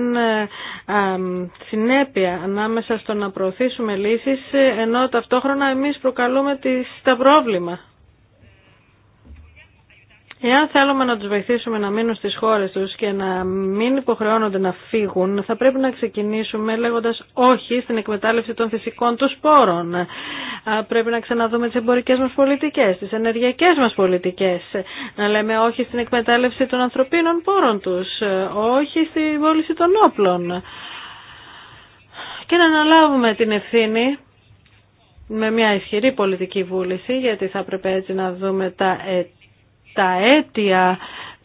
συνέπεια ανάμεσα στο να προωθήσουμε λύσεις ενώ ταυτόχρονα εμείς προκαλούμε τα πρόβλημα. Εάν θέλουμε να τους βοηθήσουμε να μείνουν στις χώρες τους και να μην υποχρεώνονται να φύγουν, θα πρέπει να ξεκινήσουμε λέγοντας όχι στην εκμετάλλευση των φυσικών τους πόρων. Πρέπει να ξαναδούμε τις εμπορικές μας πολιτικές, τις ενεργειακές μας πολιτικές. Να λέμε όχι στην εκμετάλλευση των ανθρωπίνων πόρων τους, όχι στη βόληση των όπλων. Και να αναλάβουμε την ευθύνη με μια ισχυρή πολιτική βούληση, γιατί θα πρέπει έτσι να δούμε τα τα αίτια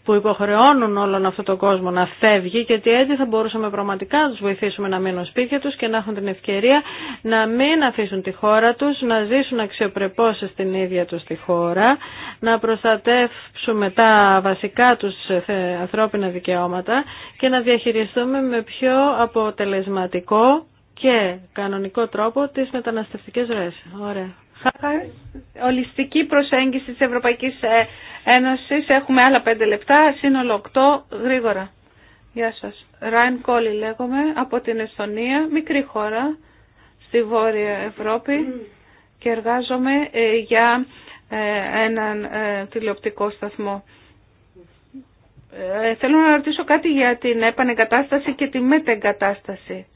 που υποχρεώνουν όλον αυτόν τον κόσμο να φεύγει γιατί έτσι θα μπορούσαμε πραγματικά να τους βοηθήσουμε να μείνουν σπίτια τους και να έχουν την ευκαιρία να μην αφήσουν τη χώρα τους, να ζήσουν αξιοπρεπώς στην ίδια τους τη χώρα, να προστατεύσουμε τα βασικά τους ανθρώπινα δικαιώματα και να διαχειριστούμε με πιο αποτελεσματικό και κανονικό τρόπο τις μεταναστευτικές ροές. Ωραία. Ολιστική προσέγγιση της Ευρωπαϊκής ε, Ένωσης. Έχουμε άλλα πέντε λεπτά, σύνολο οκτώ, γρήγορα. Γεια σας. Ράιν Κόλλη λέγομαι, από την Εσθονία, μικρή χώρα στη Βόρεια Ευρώπη και εργάζομαι ε, για ε, έναν τηλεοπτικό σταθμό. Θέλω να ρωτήσω κάτι για την επανεγκατάσταση και τη μετεγκατάσταση.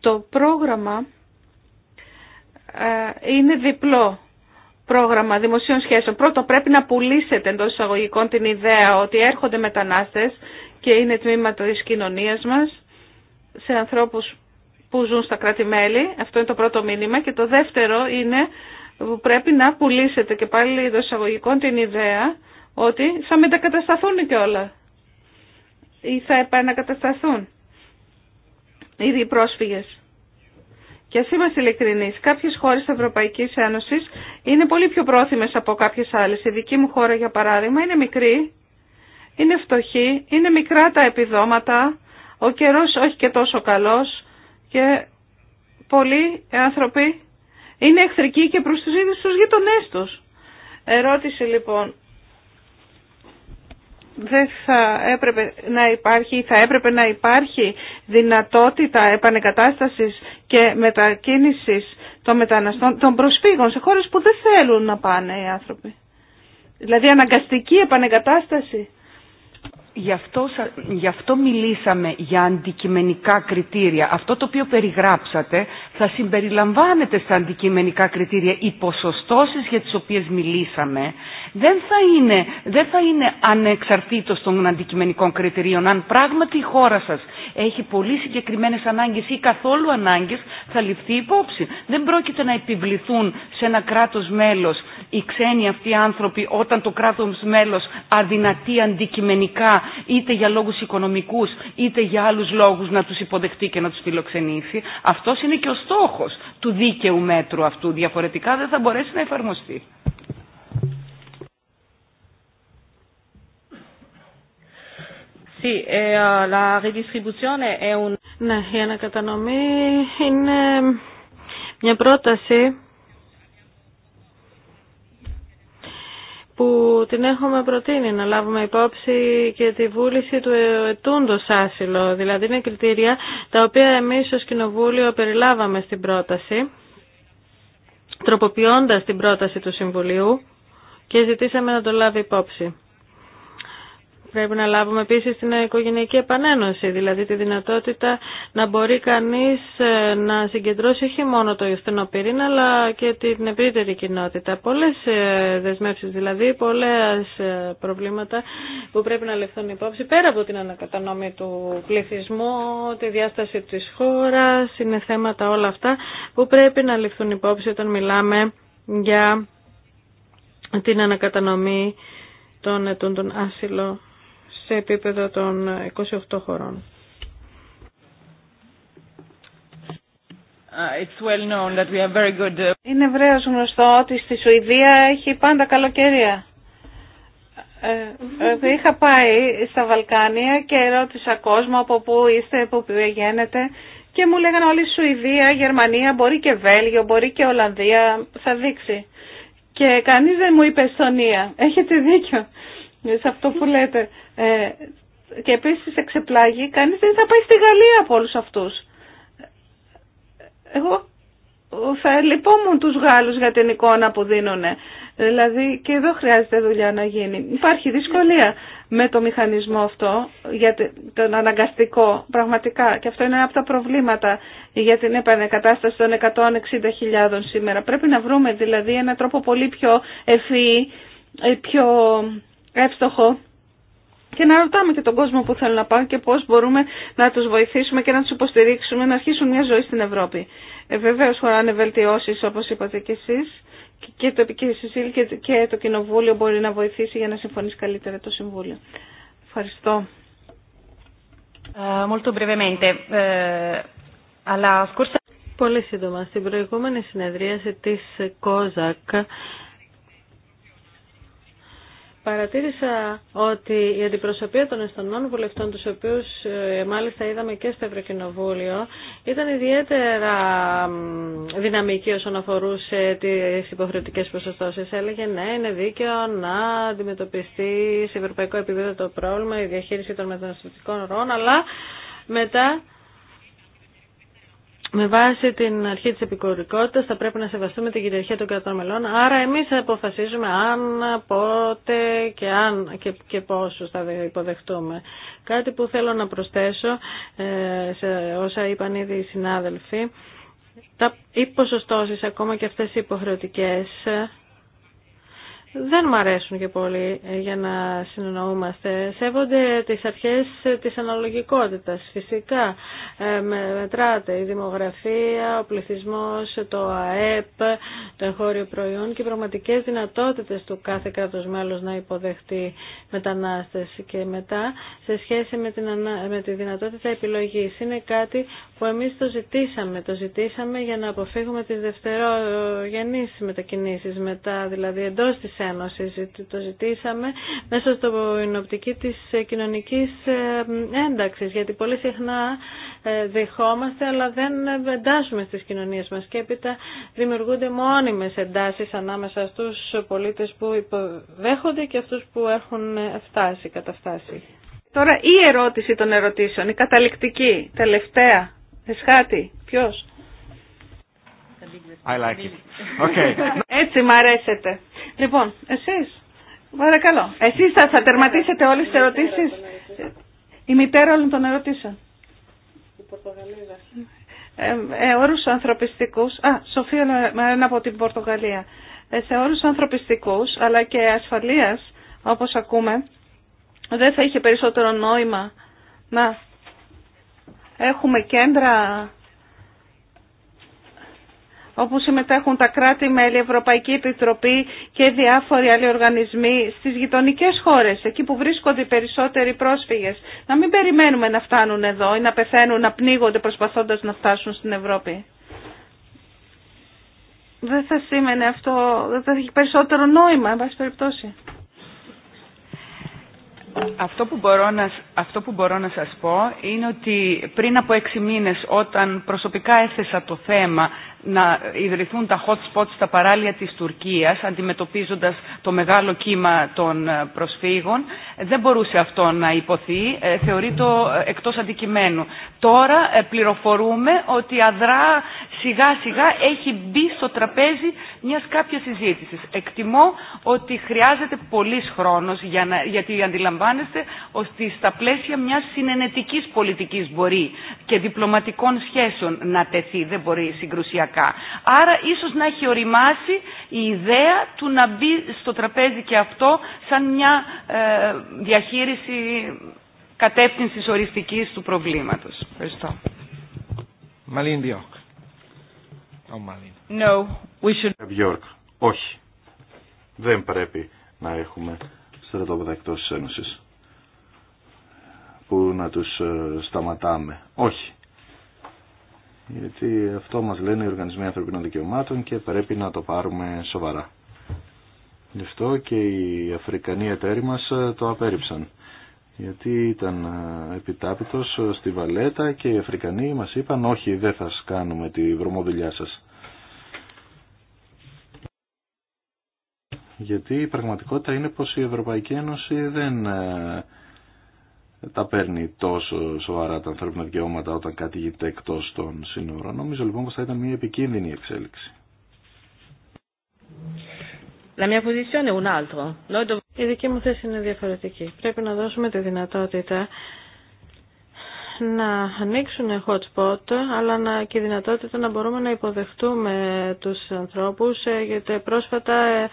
Το πρόγραμμα ε, είναι διπλό πρόγραμμα δημοσίων σχέσεων. Πρώτο, πρέπει να πουλήσετε εντό εισαγωγικών την ιδέα ότι έρχονται μετανάστες και είναι τμήμα της κοινωνίας μας σε ανθρώπους που ζουν στα κράτη-μέλη. Αυτό είναι το πρώτο μήνυμα. Και το δεύτερο είναι που πρέπει να πουλήσετε και πάλι εντό εισαγωγικών την ιδέα ότι θα μετακατασταθούν και όλα ή θα επανακατασταθούν ήδη οι πρόσφυγες. Και α είμαστε ειλικρινεί, κάποιες χώρες της ευρωπαϊκή Ένωση είναι πολύ πιο πρόθυμε από κάποιες άλλες. Η δική μου χώρα, για παράδειγμα, είναι μικρή, είναι φτωχή, είναι μικρά τα επιδόματα, ο καιρός όχι και τόσο καλός και πολλοί άνθρωποι είναι εχθρικοί και προ του ίδιου του γειτονές τους. Ερώτηση λοιπόν, δεν θα έπρεπε να υπάρχει, θα έπρεπε να υπάρχει δυνατότητα επανεκατάστασης και μετακίνησης των μεταναστών, των προσφύγων σε χώρες που δεν θέλουν να πάνε οι άνθρωποι. Δηλαδή αναγκαστική επανεκατάσταση. Γι αυτό, μιλήσαμε για αντικειμενικά κριτήρια. Αυτό το οποίο περιγράψατε θα συμπεριλαμβάνεται στα αντικειμενικά κριτήρια. Οι ποσοστώσεις για τις οποίες μιλήσαμε δεν θα είναι, δεν θα είναι ανεξαρτήτως των αντικειμενικών κριτηρίων. Αν πράγματι η χώρα σας έχει πολύ συγκεκριμένες ανάγκες ή καθόλου ανάγκες θα ληφθεί υπόψη. Δεν πρόκειται να επιβληθούν σε ένα κράτος μέλος οι ξένοι αυτοί άνθρωποι όταν το κράτος μέλος αδυνατεί αντικειμενικά είτε για λόγου οικονομικούς είτε για άλλου λόγους να τους υποδεχτεί και να τους φιλοξενήσει. Αυτός είναι και ο στόχος του δίκαιου μέτρου αυτού. Διαφορετικά δεν θα μπορέσει να εφαρμοστεί. Eh, ναι, η ανακατανομή είναι μια πρόταση που την έχουμε προτείνει να λάβουμε υπόψη και τη βούληση του ετούντος άσυλο. Δηλαδή είναι κριτήρια τα οποία εμείς ως Κοινοβούλιο περιλάβαμε στην πρόταση, τροποποιώντας την πρόταση του Συμβουλίου και ζητήσαμε να το λάβει υπόψη. Πρέπει να λάβουμε επίσης την οικογενειακή επανένωση, δηλαδή τη δυνατότητα να μπορεί κανείς ε, να συγκεντρώσει όχι μόνο το ευθυνό αλλά και την ευρύτερη κοινότητα. Πολλές ε, δεσμεύσεις δηλαδή, πολλές ε, προβλήματα που πρέπει να ληφθούν υπόψη, πέρα από την ανακατανόμη του πληθυσμού, τη διάσταση της χώρας, είναι θέματα όλα αυτά που πρέπει να ληφθούν υπόψη όταν μιλάμε για την ανακατανομή των ετών των άσυλο σε επίπεδο των 28 χωρών. Είναι ευρέως γνωστό ότι στη Σουηδία έχει πάντα καλοκαιρία. Ε, ε, είχα πάει στα Βαλκάνια και ρώτησα κόσμο από πού είστε, από πού πηγαίνετε και μου λέγανε όλοι Σουηδία, Γερμανία, μπορεί και Βέλγιο, μπορεί και Ολλανδία, θα δείξει. Και κανείς δεν μου είπε Εστονία. Έχετε δίκιο σε αυτό που λέτε. Ε, και επίσης εξεπλάγει, κανεί δεν θα πάει στη Γαλλία από όλου αυτού. Εγώ θα λυπόμουν του Γάλλου για την εικόνα που δίνουν. Δηλαδή και εδώ χρειάζεται δουλειά να γίνει. Υπάρχει δυσκολία με το μηχανισμό αυτό, για τον αναγκαστικό πραγματικά. Και αυτό είναι ένα από τα προβλήματα για την επανεκατάσταση των 160.000 σήμερα. Πρέπει να βρούμε δηλαδή ένα τρόπο πολύ πιο ευφυή, πιο εύστοχο και να ρωτάμε και τον κόσμο που θέλουν να πάνε και πώς μπορούμε να τους βοηθήσουμε και να τους υποστηρίξουμε να αρχίσουν μια ζωή στην Ευρώπη. Ε, Βεβαίω χωράνε βελτιώσεις όπως είπατε και εσείς και το, και, και, και το Κοινοβούλιο μπορεί να βοηθήσει για να συμφωνήσει καλύτερα το Συμβούλιο. Ευχαριστώ. Ε, molto brevemente, ε, Πολύ σύντομα. Στην προηγούμενη συνεδρίαση της COSAC Παρατήρησα ότι η αντιπροσωπεία των αισθανών βουλευτών, τους οποίους ε, μάλιστα είδαμε και στο Ευρωκοινοβούλιο, ήταν ιδιαίτερα δυναμική όσον αφορούσε τις υποχρεωτικές προσωστώσεις. Έλεγε ναι, είναι δίκαιο να αντιμετωπιστεί σε ευρωπαϊκό επίπεδο το πρόβλημα, η διαχείριση των μεταναστευτικών ροών, αλλά μετά με βάση την αρχή της επικορικότητας θα πρέπει να σεβαστούμε την κυριαρχία των κρατών μελών, άρα εμείς αποφασίζουμε αν, πότε και, αν, και, και πόσους θα υποδεχτούμε. Κάτι που θέλω να προσθέσω ε, σε όσα είπαν ήδη οι συνάδελφοι, τα, οι ποσοστώσεις, ακόμα και αυτές οι υποχρεωτικές, δεν μ' αρέσουν και πολύ ε, για να συνεννοούμαστε. Σέβονται τις αρχές ε, της αναλογικότητας. Φυσικά ε, μετράται η δημογραφία, ο πληθυσμός, το ΑΕΠ, το εγχώριο προϊόν και οι πραγματικές δυνατότητες του κάθε κράτος μέλος να υποδεχτεί μετανάστες και μετά σε σχέση με, την, με τη δυνατότητα επιλογής. Είναι κάτι που εμείς το ζητήσαμε. Το ζητήσαμε για να αποφύγουμε τις δευτερογενείς μετακινήσεις μετά, δηλαδή εντός το ζητήσαμε μέσα στο οπτική της ε, κοινωνικής ε, ένταξης, γιατί πολύ συχνά ε, δεχόμαστε αλλά δεν εντάσσουμε στις κοινωνίες μας και έπειτα δημιουργούνται μόνιμες εντάσεις ανάμεσα στους πολίτες που υποδέχονται και αυτούς που έχουν φτάσει, καταφτάσει. Τώρα η ερώτηση των ερωτήσεων, η καταληκτική, τελευταία, εσχάτη, ποιος. Έτσι μ' αρέσετε. Λοιπόν, εσείς, παρακαλώ. Εσείς θα, θα τερματίσετε όλες τις ερωτήσεις. Η μητέρα όλων των ερωτήσεων. Η Πορτογαλίδα. Ε, ε όρους ανθρωπιστικούς. Α, Σοφία Μαρένα από την Πορτογαλία. Ε, σε όρους ανθρωπιστικούς αλλά και ασφαλείας, όπως ακούμε, δεν θα είχε περισσότερο νόημα να έχουμε κέντρα όπου συμμετέχουν τα κράτη-μέλη, Ευρωπαϊκή Επιτροπή και διάφοροι άλλοι οργανισμοί στις γειτονικές χώρες, εκεί που βρίσκονται οι περισσότεροι πρόσφυγες. Να μην περιμένουμε να φτάνουν εδώ ή να πεθαίνουν, να πνίγονται προσπαθώντας να φτάσουν στην Ευρώπη. Δεν θα σήμαινε αυτό, δεν θα έχει περισσότερο νόημα, εν πάση περιπτώσει. Αυτό που, μπορώ να, αυτό που μπορώ να σας πω είναι ότι πριν από έξι μήνες όταν προσωπικά έθεσα το θέμα να ιδρυθούν τα hot spots στα παράλια της Τουρκίας αντιμετωπίζοντας το μεγάλο κύμα των ε, προσφύγων. Δεν μπορούσε αυτό να υποθεί, ε, θεωρεί το ε, εκτός αντικειμένου. Τώρα πληροφορούμε ότι αδρά σιγά σιγά έχει μπει στο τραπέζι μιας κάποιας συζήτησης. Εκτιμώ ότι χρειάζεται πολλής χρόνος για γιατί αντιλαμβάνεστε ότι στα πλαίσια μιας συνενετικής πολιτικής μπορεί και διπλωματικών σχέσεων να τεθεί, δεν μπορεί συγκρουσιακά Άρα ίσως να έχει οριμάσει η ιδέα του να μπει στο τραπέζι και αυτό σαν μια ε, διαχείριση κατεύθυνσης οριστικής του προβλήματος. Ευχαριστώ. Μαλίν Διόκ. Όχι. Δεν πρέπει να έχουμε στρατόπεδα εκτός της Ένωσης που να τους ε, σταματάμε. Όχι γιατί αυτό μας λένε οι οργανισμοί ανθρωπίνων δικαιωμάτων και πρέπει να το πάρουμε σοβαρά. Γι' αυτό και οι Αφρικανοί εταίροι μας ε, το απέρριψαν. Γιατί ήταν ε, επιτάπητος ε, στη Βαλέτα και οι Αφρικανοί μας είπαν όχι δεν θα κάνουμε τη βρωμοδουλειά σας. Γιατί η πραγματικότητα είναι πως η Ευρωπαϊκή Ένωση δεν τα παίρνει τόσο σοβαρά τα ανθρώπινα δικαιώματα όταν κατηγείται εκτό των σύνορων. Νομίζω λοιπόν πω θα ήταν μια επικίνδυνη εξέλιξη. Η δική μου θέση είναι διαφορετική. Πρέπει να δώσουμε τη δυνατότητα να ανοίξουν hot spot, αλλά να, και δυνατότητα να μπορούμε να υποδεχτούμε τους ανθρώπους, ε, γιατί πρόσφατα ε,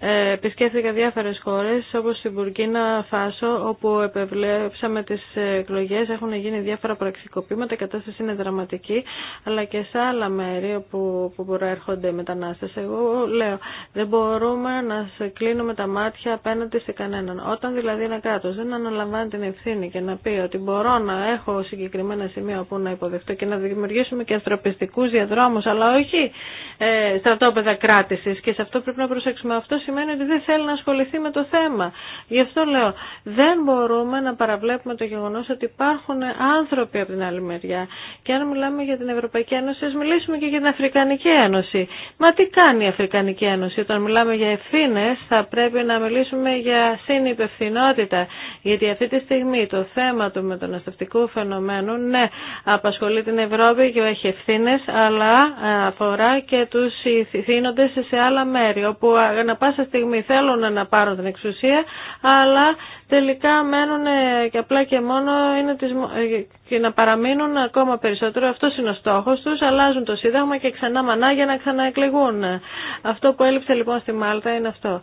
ε, επισκέφθηκα διάφορες χώρες, όπως η Μπουρκίνα Φάσο, όπου επευλέψαμε τις εκλογές, έχουν γίνει διάφορα πραξικοπήματα, η κατάσταση είναι δραματική, αλλά και σε άλλα μέρη όπου, όπου προέρχονται μετανάστες. Εγώ λέω, δεν μπορούμε να κλείνουμε τα μάτια απέναντι σε κανέναν. Όταν δηλαδή ένα κράτος δεν αναλαμβάνει την ευθύνη και να πει ότι μπορώ να έχω συγκεκριμένα σημεία όπου να υποδεχτώ και να δημιουργήσουμε και ανθρωπιστικούς διαδρόμου, αλλά όχι ε, στρατόπεδα κράτηση. και σε αυτό πρέπει να προσέξουμε. Αυτό σημαίνει ότι δεν θέλει να ασχοληθεί με το θέμα. Γι' αυτό λέω, δεν μπορούμε να παραβλέπουμε το γεγονό ότι υπάρχουν άνθρωποι από την άλλη μεριά. Και αν μιλάμε για την Ευρωπαϊκή Ένωση, α μιλήσουμε και για την Αφρικανική Ένωση. Μα τι κάνει η Αφρικανική Ένωση όταν μιλάμε για ευθύνε, θα πρέπει να μιλήσουμε για συνυπευθυνότητα. Γιατί αυτή τη στιγμή το θέμα του μεταναστευτικού φαινομένου Ηνωμένων. ναι, απασχολεί την Ευρώπη και έχει ευθύνε, αλλά ε, αφορά και του θύνοντε σε άλλα μέρη, όπου ανα πάσα στιγμή θέλουν να πάρουν την εξουσία, αλλά τελικά μένουν ε, και απλά και μόνο είναι τις, ε, και να παραμείνουν ακόμα περισσότερο. Αυτό είναι ο στόχο του. Αλλάζουν το Σύνταγμα και ξανά μανά για να ξαναεκλεγούν. Αυτό που έλειψε λοιπόν στη Μάλτα είναι αυτό.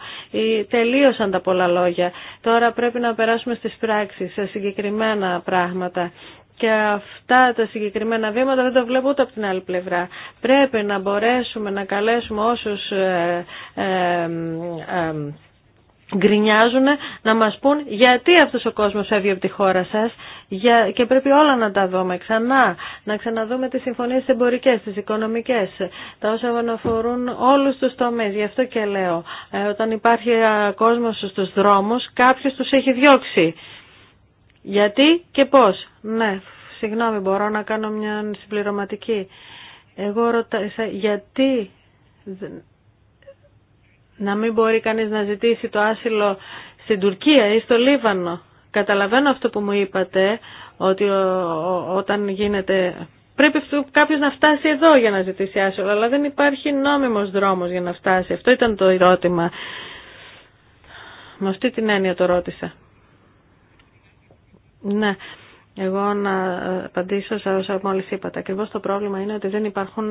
Τελείωσαν τα πολλά λόγια. Τώρα πρέπει να περάσουμε στι πράξει, σε συγκεκριμένα πράγματα. Και αυτά τα συγκεκριμένα βήματα δεν τα βλέπω ούτε από την άλλη πλευρά. Πρέπει να μπορέσουμε να καλέσουμε όσους ε, ε, ε γκρινιάζουν να μας πούν γιατί αυτός ο κόσμος έβγαινε από τη χώρα σας και πρέπει όλα να τα δούμε ξανά, να ξαναδούμε τις συμφωνίες τις εμπορικές, τις οικονομικές, τα όσα αφορούν όλους τους τομείς. Γι' αυτό και λέω, ε, όταν υπάρχει κόσμος στους δρόμους, κάποιος τους έχει διώξει. Γιατί και πώς. Ναι, συγγνώμη, μπορώ να κάνω μια συμπληρωματική. Εγώ ρωτάω, γιατί να μην μπορεί κανείς να ζητήσει το άσυλο στην Τουρκία ή στο Λίβανο. Καταλαβαίνω αυτό που μου είπατε, ότι όταν γίνεται... Πρέπει κάποιος να φτάσει εδώ για να ζητήσει άσυλο, αλλά δεν υπάρχει νόμιμος δρόμος για να φτάσει. Αυτό ήταν το ερώτημα. Με αυτή την έννοια το ρώτησα. Ναι, εγώ να απαντήσω σε όσα μόλις είπατε. Ακριβώ το πρόβλημα είναι ότι δεν υπάρχουν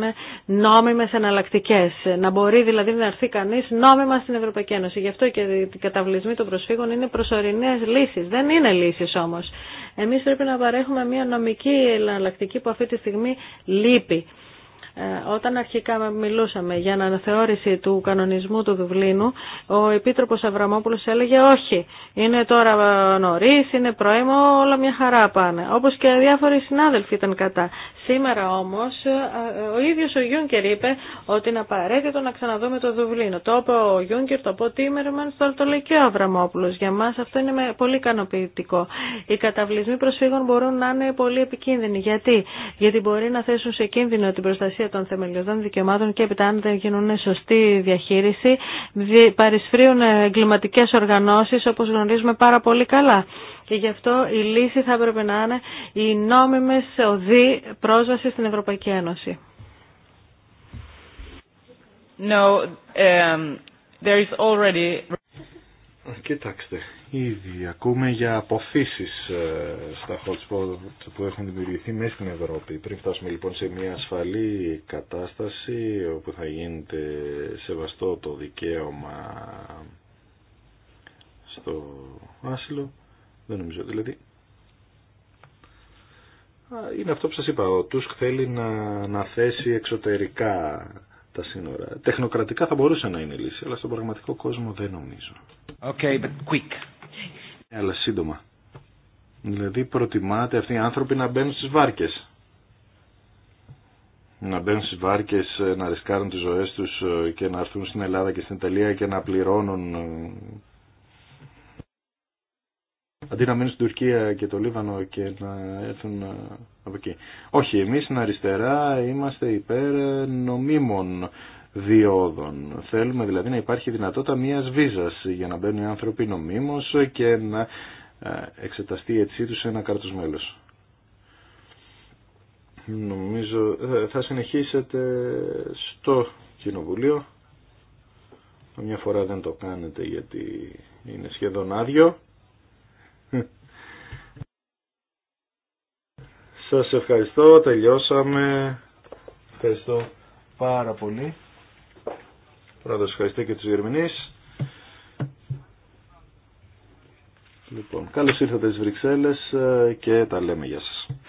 νόμιμε εναλλακτικέ. Να μπορεί δηλαδή να έρθει κανεί νόμιμα στην Ευρωπαϊκή Ένωση. Γι' αυτό και οι καταβλισμοί των προσφύγων είναι προσωρινέ λύσει. Δεν είναι λύσει όμως. Εμείς πρέπει να παρέχουμε μια νομική εναλλακτική που αυτή τη στιγμή λείπει. Ε, όταν αρχικά μιλούσαμε για αναθεώρηση του κανονισμού του Δουβλίνου, ο Επίτροπος Αβραμόπουλος έλεγε όχι, είναι τώρα νωρί, είναι πρωίμο, όλα μια χαρά πάνε. Όπως και διάφοροι συνάδελφοι ήταν κατά. Σήμερα όμως ε, ο ίδιος ο Γιούγκερ είπε ότι είναι απαραίτητο να ξαναδούμε το Δουβλίνο. Το είπε ο Γιούγκερ, το είπε ο Τίμερμαν, το λέει και ο Αβραμόπουλος. Για μας αυτό είναι πολύ ικανοποιητικό. Οι καταβλισμοί προσφύγων μπορούν να είναι πολύ επικίνδυνοι. Γιατί, Γιατί μπορεί να θέσουν σε κίνδυνο την προστασία των θεμελιωδών δικαιωμάτων και επειδή αν δεν γίνουν σωστή διαχείριση παρισφρίουν εγκληματικέ οργανώσεις όπως γνωρίζουμε πάρα πολύ καλά. Και γι' αυτό η λύση θα έπρεπε να είναι οι νόμιμε οδοί πρόσβαση στην Ευρωπαϊκή Ένωση. No, um, there is already... Κοιτάξτε, Ήδη ακούμε για αποθήσεις ε, στα hotspot που έχουν δημιουργηθεί μέσα στην Ευρώπη. Πριν φτάσουμε λοιπόν σε μια ασφαλή κατάσταση όπου θα γίνεται σεβαστό το δικαίωμα στο άσυλο, δεν νομίζω δηλαδή. Είναι αυτό που σας είπα, ο Τούσκ θέλει να, να θέσει εξωτερικά τα σύνορα. Τεχνοκρατικά θα μπορούσε να είναι λύση, αλλά στον πραγματικό κόσμο δεν νομίζω. Okay, but quick. Ε, αλλά σύντομα. Δηλαδή προτιμάτε αυτοί οι άνθρωποι να μπαίνουν στις βάρκες. Να μπαίνουν στις βάρκες, ε, να ρισκάρουν τις ζωές τους ε, και να έρθουν στην Ελλάδα και στην Ιταλία και να πληρώνουν. Αντί να μείνουν στην Τουρκία και το Λίβανο και να έρθουν από εκεί. Όχι, εμείς στην αριστερά είμαστε υπέρ νομίμων διόδων. Θέλουμε δηλαδή να υπάρχει δυνατότητα μιας βίζας για να μπαίνουν οι άνθρωποι νομίμως και να ε, εξεταστεί έτσι τους ένα κάρτος μέλος. Νομίζω ε, θα συνεχίσετε στο Κοινοβουλίο. Μια φορά δεν το κάνετε γιατί είναι σχεδόν άδειο. Σας ευχαριστώ, τελειώσαμε. Ευχαριστώ πάρα πολύ σας ευχαριστώ και τους Γερμηνείς. Λοιπόν, καλώς ήρθατε στις Βρυξέλλες ε, και τα λέμε για σας.